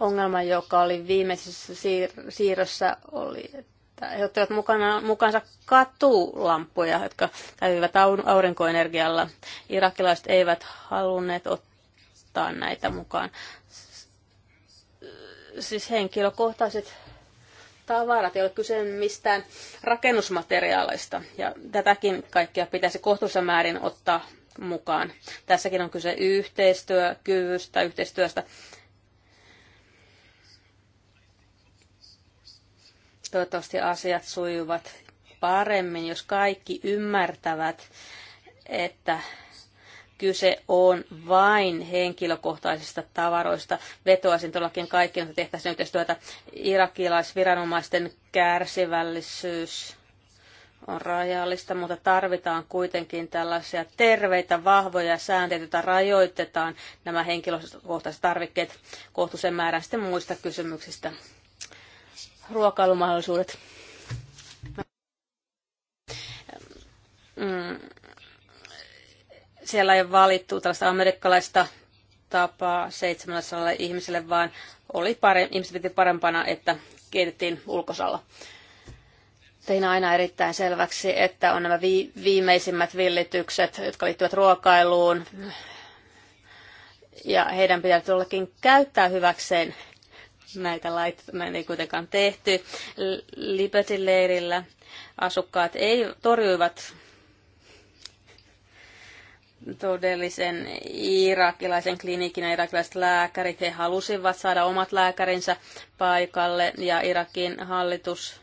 Ongelma, joka oli viimeisessä siir- siirrossa, oli, että he ottivat mukana, mukaansa katulampuja, jotka kävivät aurinkoenergialla. Irakilaiset eivät halunneet ottaa näitä mukaan. Siis henkilökohtaiset tavarat, ei ole kyse mistään rakennusmateriaaleista. Ja tätäkin kaikkea pitäisi kohtuullisessa määrin ottaa mukaan. Tässäkin on kyse yhteistyökyvystä, yhteistyöstä. Toivottavasti asiat sujuvat paremmin, jos kaikki ymmärtävät, että kyse on vain henkilökohtaisista tavaroista. Vetoaisin todellakin kaikki, että tehtäisiin yhteistyötä. Irakilaisviranomaisten kärsivällisyys on rajallista, mutta tarvitaan kuitenkin tällaisia terveitä, vahvoja sääntöjä, joita rajoitetaan nämä henkilökohtaiset tarvikkeet kohtuullisen määrän sitten muista kysymyksistä. Ruokailumahdollisuudet. Mm siellä ei valittu tällaista amerikkalaista tapaa 700 ihmiselle, vaan oli pare, ihmiset piti parempana, että keitettiin ulkosalla. Tein aina erittäin selväksi, että on nämä vi- viimeisimmät villitykset, jotka liittyvät ruokailuun, ja heidän pitää tullakin käyttää hyväkseen näitä laitteita, näin ei kuitenkaan tehty. Liberty-leirillä asukkaat ei torjuivat todellisen irakilaisen klinikin ja irakilaiset lääkärit. He halusivat saada omat lääkärinsä paikalle ja Irakin hallitus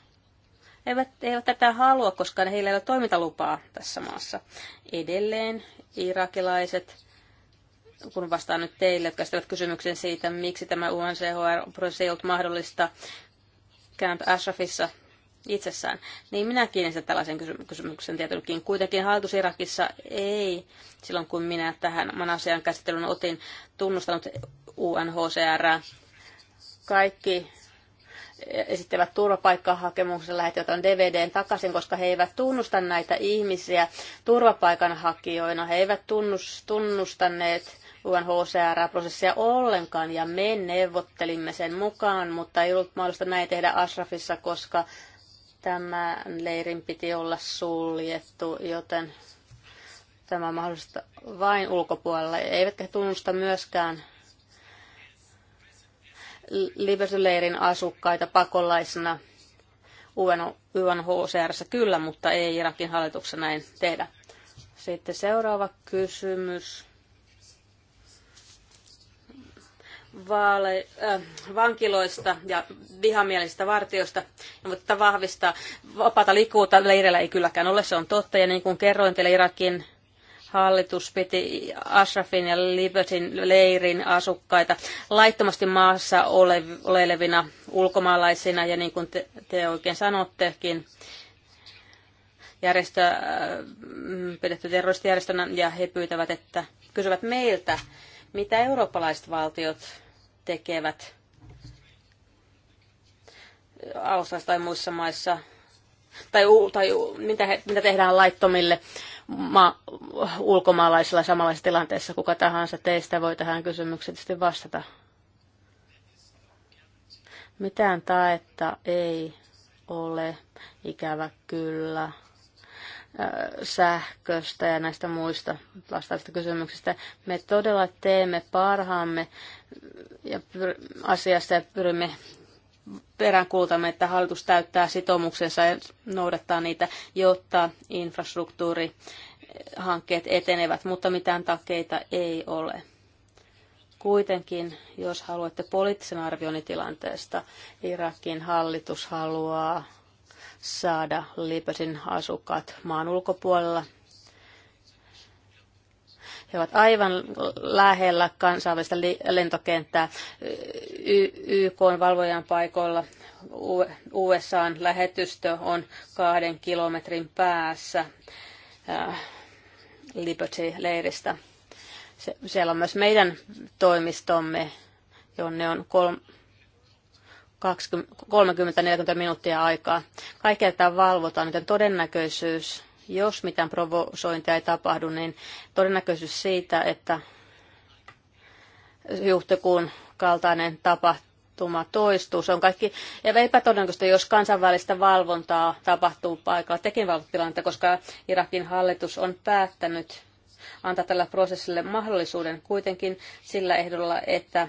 eivät, eivät tätä halua, koska heillä ei ole toimintalupaa tässä maassa. Edelleen irakilaiset, kun vastaan nyt teille, jotka esittävät kysymyksen siitä, miksi tämä UNCHR-prosessi ei ollut mahdollista Camp Ashrafissa itsessään, niin minä kiinnitän tällaisen kysymyksen tietenkin. Kuitenkin hallitus Irakissa ei, silloin kun minä tähän manasian käsittelyn otin, tunnustanut UNHCR. Kaikki esittävät turvapaikkahakemuksen lähettivät on DVDn takaisin, koska he eivät tunnusta näitä ihmisiä turvapaikanhakijoina. He eivät tunnus, tunnustaneet UNHCR-prosessia ollenkaan ja me neuvottelimme sen mukaan, mutta ei ollut mahdollista näin tehdä Ashrafissa, koska Tämän leirin piti olla suljettu, joten tämä on mahdollista vain ulkopuolella. Eivätkä tunnusta myöskään liberty asukkaita pakolaisina UNHCR, kyllä, mutta ei Irakin hallituksessa näin tehdä. Sitten seuraava kysymys. vaale, äh, vankiloista ja vihamielistä vartiosta, mutta vahvistaa vapaata liikkuvuutta leireillä ei kylläkään ole, se on totta. Ja niin kuin kerroin teille Irakin hallitus piti Ashrafin ja Libertin leirin asukkaita laittomasti maassa ole, olevina ulkomaalaisina ja niin kuin te, te oikein sanottekin, järjestö, äh, pidetty terroristijärjestönä ja he pyytävät, että kysyvät meiltä, mitä eurooppalaiset valtiot tekevät Australiassa tai muissa maissa, tai, tai mitä, he, mitä tehdään laittomille ma- ulkomaalaisilla samanlaisessa tilanteessa, kuka tahansa teistä voi tähän kysymykseen tietysti vastata. Mitään taetta ei ole, ikävä kyllä sähköstä ja näistä muista vastaavista kysymyksistä. Me todella teemme parhaamme ja pyr- asiassa ja pyrimme peräänkuultamme, että hallitus täyttää sitoumuksensa ja noudattaa niitä, jotta infrastruktuurihankkeet etenevät, mutta mitään takeita ei ole. Kuitenkin, jos haluatte poliittisen arvioinnin tilanteesta, Irakin hallitus haluaa saada Liipesin asukkaat maan ulkopuolella. He ovat aivan lähellä kansainvälistä lentokenttää YK valvojan paikoilla. USAn lähetystö on kahden kilometrin päässä äh, Liberty-leiristä. siellä on myös meidän toimistomme, jonne on kolme 30-40 minuuttia aikaa. Kaikkea tätä valvotaan, joten todennäköisyys, jos mitään provosointia ei tapahdu, niin todennäköisyys siitä, että huhtikuun kaltainen tapahtuma toistuu. Se on kaikki epätodennäköistä, jos kansainvälistä valvontaa tapahtuu paikalla tekin koska Irakin hallitus on päättänyt antaa tällä prosessille mahdollisuuden kuitenkin sillä ehdolla, että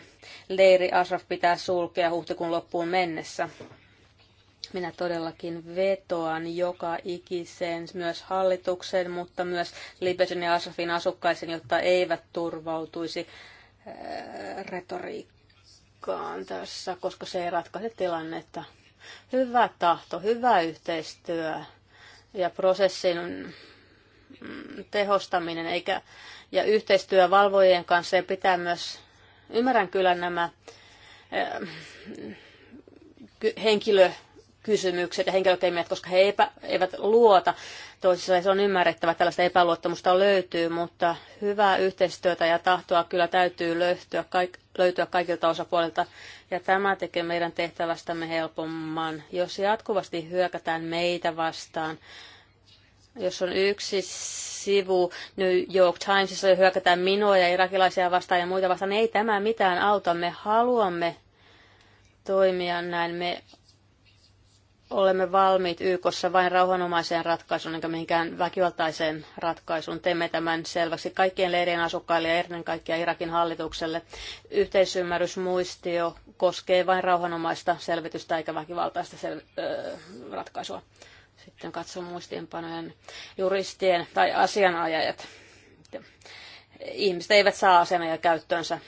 leiri Asraf pitää sulkea huhtikuun loppuun mennessä. Minä todellakin vetoan joka ikiseen, myös hallitukseen, mutta myös Libesen ja Asrafin asukkaisiin, jotta eivät turvautuisi äh, retoriikkaan tässä, koska se ei ratkaise tilannetta. Hyvä tahto, hyvä yhteistyö ja prosessin tehostaminen eikä, ja yhteistyö valvojien kanssa ja pitää myös, ymmärrän kyllä nämä eh, henkilö kysymykset ja henkilökemiat, koska he epä, eivät luota toisissa. Se on ymmärrettävä, että tällaista epäluottamusta löytyy, mutta hyvää yhteistyötä ja tahtoa kyllä täytyy löytyä, kaik, löytyä kaikilta osapuolilta. Ja tämä tekee meidän tehtävästämme helpomman. Jos jatkuvasti hyökätään meitä vastaan, jos on yksi sivu New York Timesissa, jossa hyökätään minua ja irakilaisia vastaan ja muita vastaan, niin ei tämä mitään auta. Me haluamme toimia näin. Me olemme valmiit YKssa vain rauhanomaiseen ratkaisuun eikä mihinkään väkivaltaiseen ratkaisuun. Teemme tämän selväksi kaikkien leirien asukkaille ja ennen kaikkea Irakin hallitukselle. Yhteisymmärrysmuistio koskee vain rauhanomaista selvitystä eikä väkivaltaista sel- öö, ratkaisua. Sitten katson muistiinpanojen juristien tai asianajajat. Ihmiset eivät saa asianajan käyttöönsä.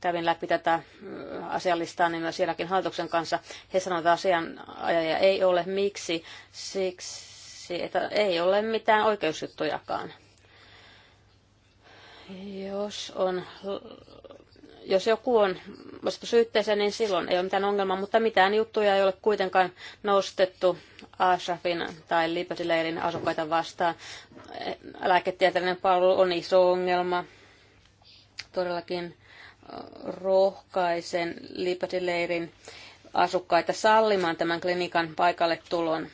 Kävin läpi tätä mm, asialistaa niin myös Irakin hallituksen kanssa. He sanoivat, että asianajaja ei ole. Miksi? Siksi, että ei ole mitään oikeusjuttujakaan. Jos on jos joku on vasta syytteessä, niin silloin ei ole mitään ongelmaa, mutta mitään juttuja ei ole kuitenkaan nostettu Ashrafin tai Liberty-leirin asukkaita vastaan. Lääketieteellinen palvelu on iso ongelma. Todellakin rohkaisen Liberty-leirin asukkaita sallimaan tämän klinikan paikalle tulon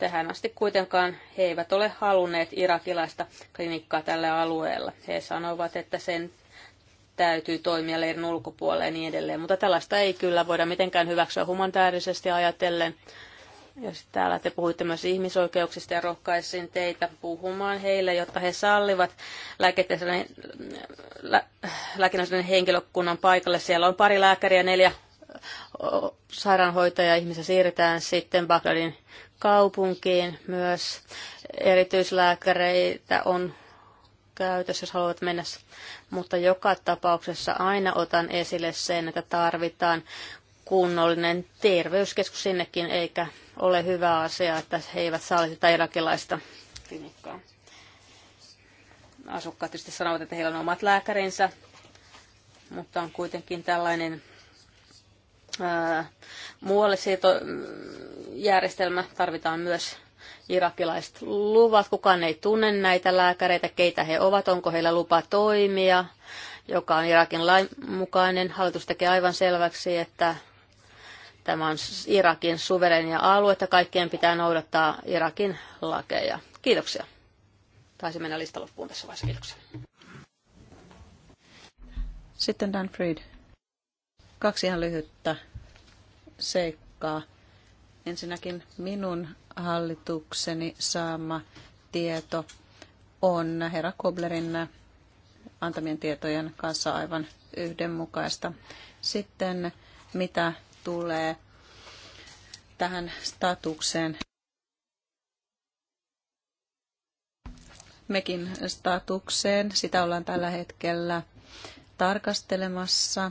Tähän asti kuitenkaan he eivät ole halunneet irakilaista klinikkaa tällä alueella. He sanovat, että sen täytyy toimia leirin ulkopuolelle ja niin edelleen. Mutta tällaista ei kyllä voida mitenkään hyväksyä humanitaarisesti ajatellen. Ja täällä te puhuitte myös ihmisoikeuksista ja rohkaisin teitä puhumaan heille, jotta he sallivat lääkinnällisen henkilökunnan paikalle. Siellä on pari lääkäriä, neljä sairaanhoitajaa, ihmisiä siirretään sitten Bagdadin kaupunkiin myös. Erityislääkäreitä on käytössä, jos haluat mennä. Mutta joka tapauksessa aina otan esille sen, että tarvitaan kunnollinen terveyskeskus sinnekin, eikä ole hyvä asia, että he eivät saa sitä irakilaista klinikkaa. Asukkaat tietysti sanovat, että heillä on omat lääkärinsä, mutta on kuitenkin tällainen Äh, muualle siirtojärjestelmä mm, tarvitaan myös irakilaiset luvat. Kukaan ei tunne näitä lääkäreitä, keitä he ovat, onko heillä lupa toimia, joka on Irakin lain mukainen. Hallitus tekee aivan selväksi, että tämä on Irakin suverenia aluetta. Kaikkien pitää noudattaa Irakin lakeja. Kiitoksia. Taisi mennä lista loppuun tässä vaiheessa. Kiitoksia. Sitten Dan Fried. Kaksi ihan lyhyttä seikkaa. Ensinnäkin minun hallitukseni saama tieto on herra Koblerin antamien tietojen kanssa aivan yhdenmukaista. Sitten mitä tulee tähän statukseen. Mekin statukseen, sitä ollaan tällä hetkellä tarkastelemassa.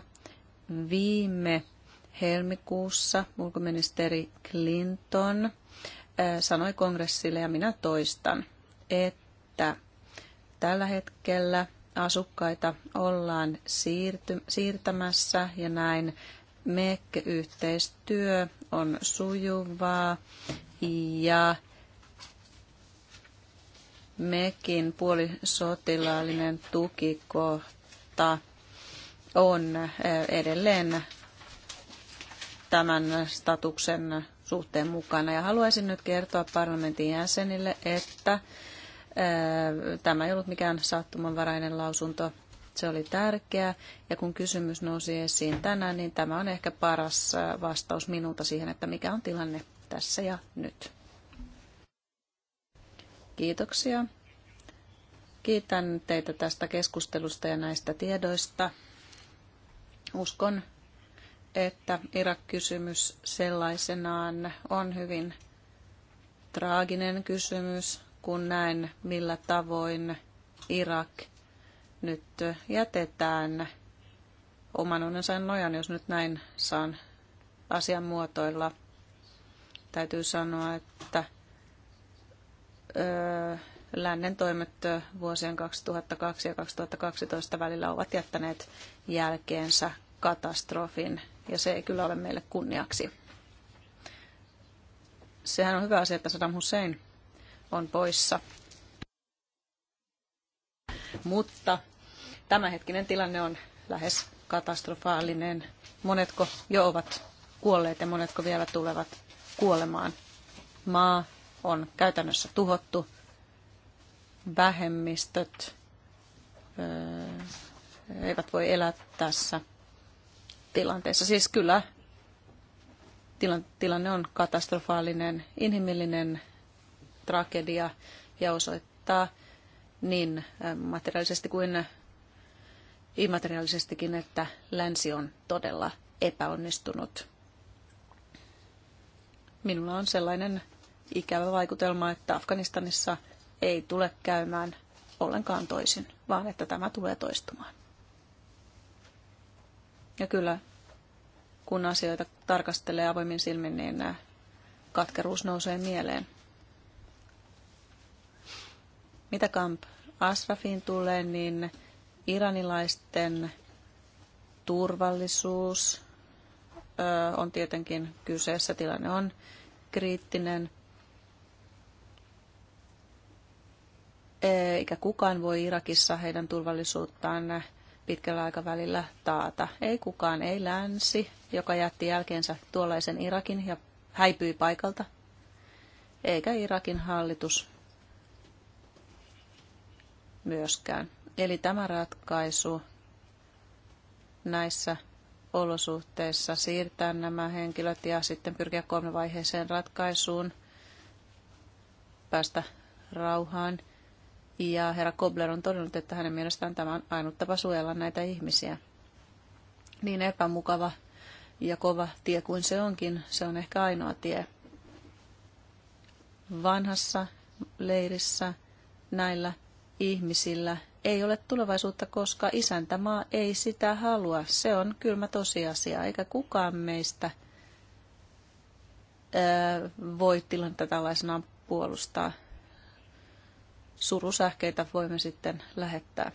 Viime helmikuussa ulkoministeri Clinton äh, sanoi kongressille, ja minä toistan, että tällä hetkellä asukkaita ollaan siirty, siirtämässä ja näin MEC-yhteistyö on sujuvaa ja MEKin puolisotilaallinen tukikohta on äh, edelleen tämän statuksen suhteen mukana. Ja haluaisin nyt kertoa parlamentin jäsenille, että äh, tämä ei ollut mikään sattumanvarainen lausunto. Se oli tärkeä ja kun kysymys nousi esiin tänään, niin tämä on ehkä paras äh, vastaus minulta siihen, että mikä on tilanne tässä ja nyt. Kiitoksia. Kiitän teitä tästä keskustelusta ja näistä tiedoista. Uskon, että Irak-kysymys sellaisenaan on hyvin traaginen kysymys, kun näen millä tavoin Irak nyt jätetään oman onnensa nojan, jos nyt näin saan asian muotoilla. Täytyy sanoa, että öö, lännen toimet vuosien 2002 ja 2012 välillä ovat jättäneet jälkeensä katastrofin ja se ei kyllä ole meille kunniaksi. Sehän on hyvä asia, että Saddam Hussein on poissa. Mutta tämänhetkinen tilanne on lähes katastrofaalinen. Monetko jo ovat kuolleet ja monetko vielä tulevat kuolemaan. Maa on käytännössä tuhottu. Vähemmistöt öö, eivät voi elää tässä tilanteessa. Siis kyllä tilanne on katastrofaalinen, inhimillinen tragedia ja osoittaa niin äh, materiaalisesti kuin immateriaalisestikin, että länsi on todella epäonnistunut. Minulla on sellainen ikävä vaikutelma, että Afganistanissa ei tule käymään ollenkaan toisin, vaan että tämä tulee toistumaan. Ja kyllä kun asioita tarkastelee avoimin silmin, niin äh, katkeruus nousee mieleen. Mitä Kamp Asrafiin tulee, niin iranilaisten turvallisuus on tietenkin kyseessä. Tilanne on kriittinen. E, eikä kukaan voi Irakissa heidän turvallisuuttaan pitkällä aikavälillä taata. Ei kukaan, ei länsi, joka jätti jälkeensä tuollaisen Irakin ja häipyi paikalta, eikä Irakin hallitus myöskään. Eli tämä ratkaisu näissä olosuhteissa siirtää nämä henkilöt ja sitten pyrkiä kolmivaiheeseen ratkaisuun, päästä rauhaan. Ja herra Kobler on todennut, että hänen mielestään tämä on ainut tapa suojella näitä ihmisiä. Niin epämukava ja kova tie kuin se onkin, se on ehkä ainoa tie. Vanhassa leirissä näillä ihmisillä ei ole tulevaisuutta, koska isäntämaa ei sitä halua. Se on kylmä tosiasia, eikä kukaan meistä ää, voi tilannetta tällaisenaan puolustaa. Surusähkeitä voimme sitten lähettää.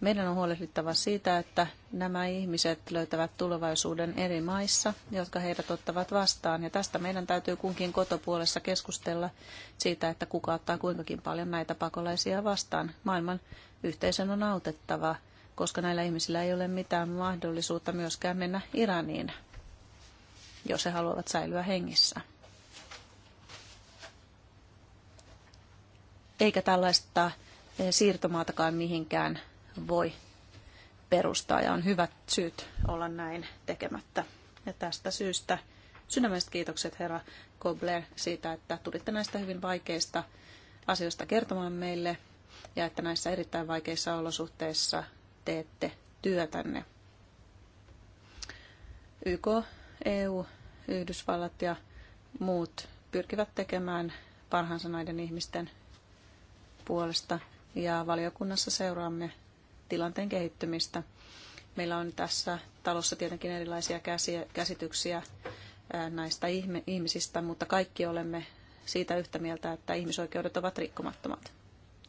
Meidän on huolehdittava siitä, että nämä ihmiset löytävät tulevaisuuden eri maissa, jotka heidät ottavat vastaan. Ja tästä meidän täytyy kunkin kotopuolessa keskustella siitä, että kuka ottaa kuinkakin paljon näitä pakolaisia vastaan. Maailman yhteisön on autettava, koska näillä ihmisillä ei ole mitään mahdollisuutta myöskään mennä Iraniin, jos he haluavat säilyä hengissä. Eikä tällaista eh, siirtomaatakaan mihinkään voi perustaa ja on hyvät syyt olla näin tekemättä. Ja tästä syystä sydämestä kiitokset herra Kobler siitä, että tulitte näistä hyvin vaikeista asioista kertomaan meille ja että näissä erittäin vaikeissa olosuhteissa teette työtänne. YK, EU, Yhdysvallat ja muut pyrkivät tekemään parhaansa näiden ihmisten puolesta ja valiokunnassa seuraamme tilanteen kehittymistä. Meillä on tässä talossa tietenkin erilaisia käsityksiä näistä ihmisistä, mutta kaikki olemme siitä yhtä mieltä, että ihmisoikeudet ovat rikkomattomat.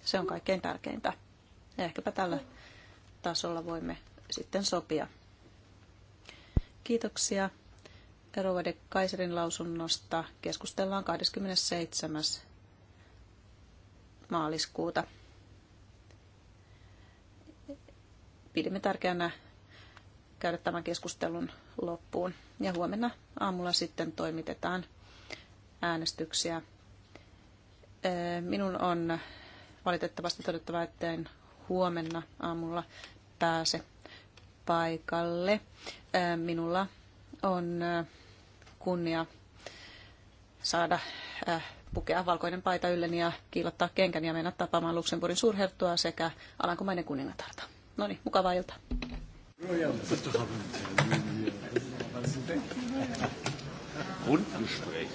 Se on kaikkein tärkeintä. Ja ehkäpä tällä tasolla voimme sitten sopia. Kiitoksia Rovade Kaiserin lausunnosta. Keskustellaan 27. maaliskuuta. pidimme tärkeänä käydä tämän keskustelun loppuun. Ja huomenna aamulla sitten toimitetaan äänestyksiä. Minun on valitettavasti todettava, että en huomenna aamulla pääse paikalle. Minulla on kunnia saada pukea valkoinen paita ylleni ja kiilottaa kenkäni ja mennä tapaamaan Luxemburgin suurherttua sekä Alankomainen kuningatarta. No niin, mukavaa iltaa. Grundgespräch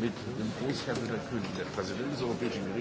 mit dem Großherrn der König, der Präsident des Europäischen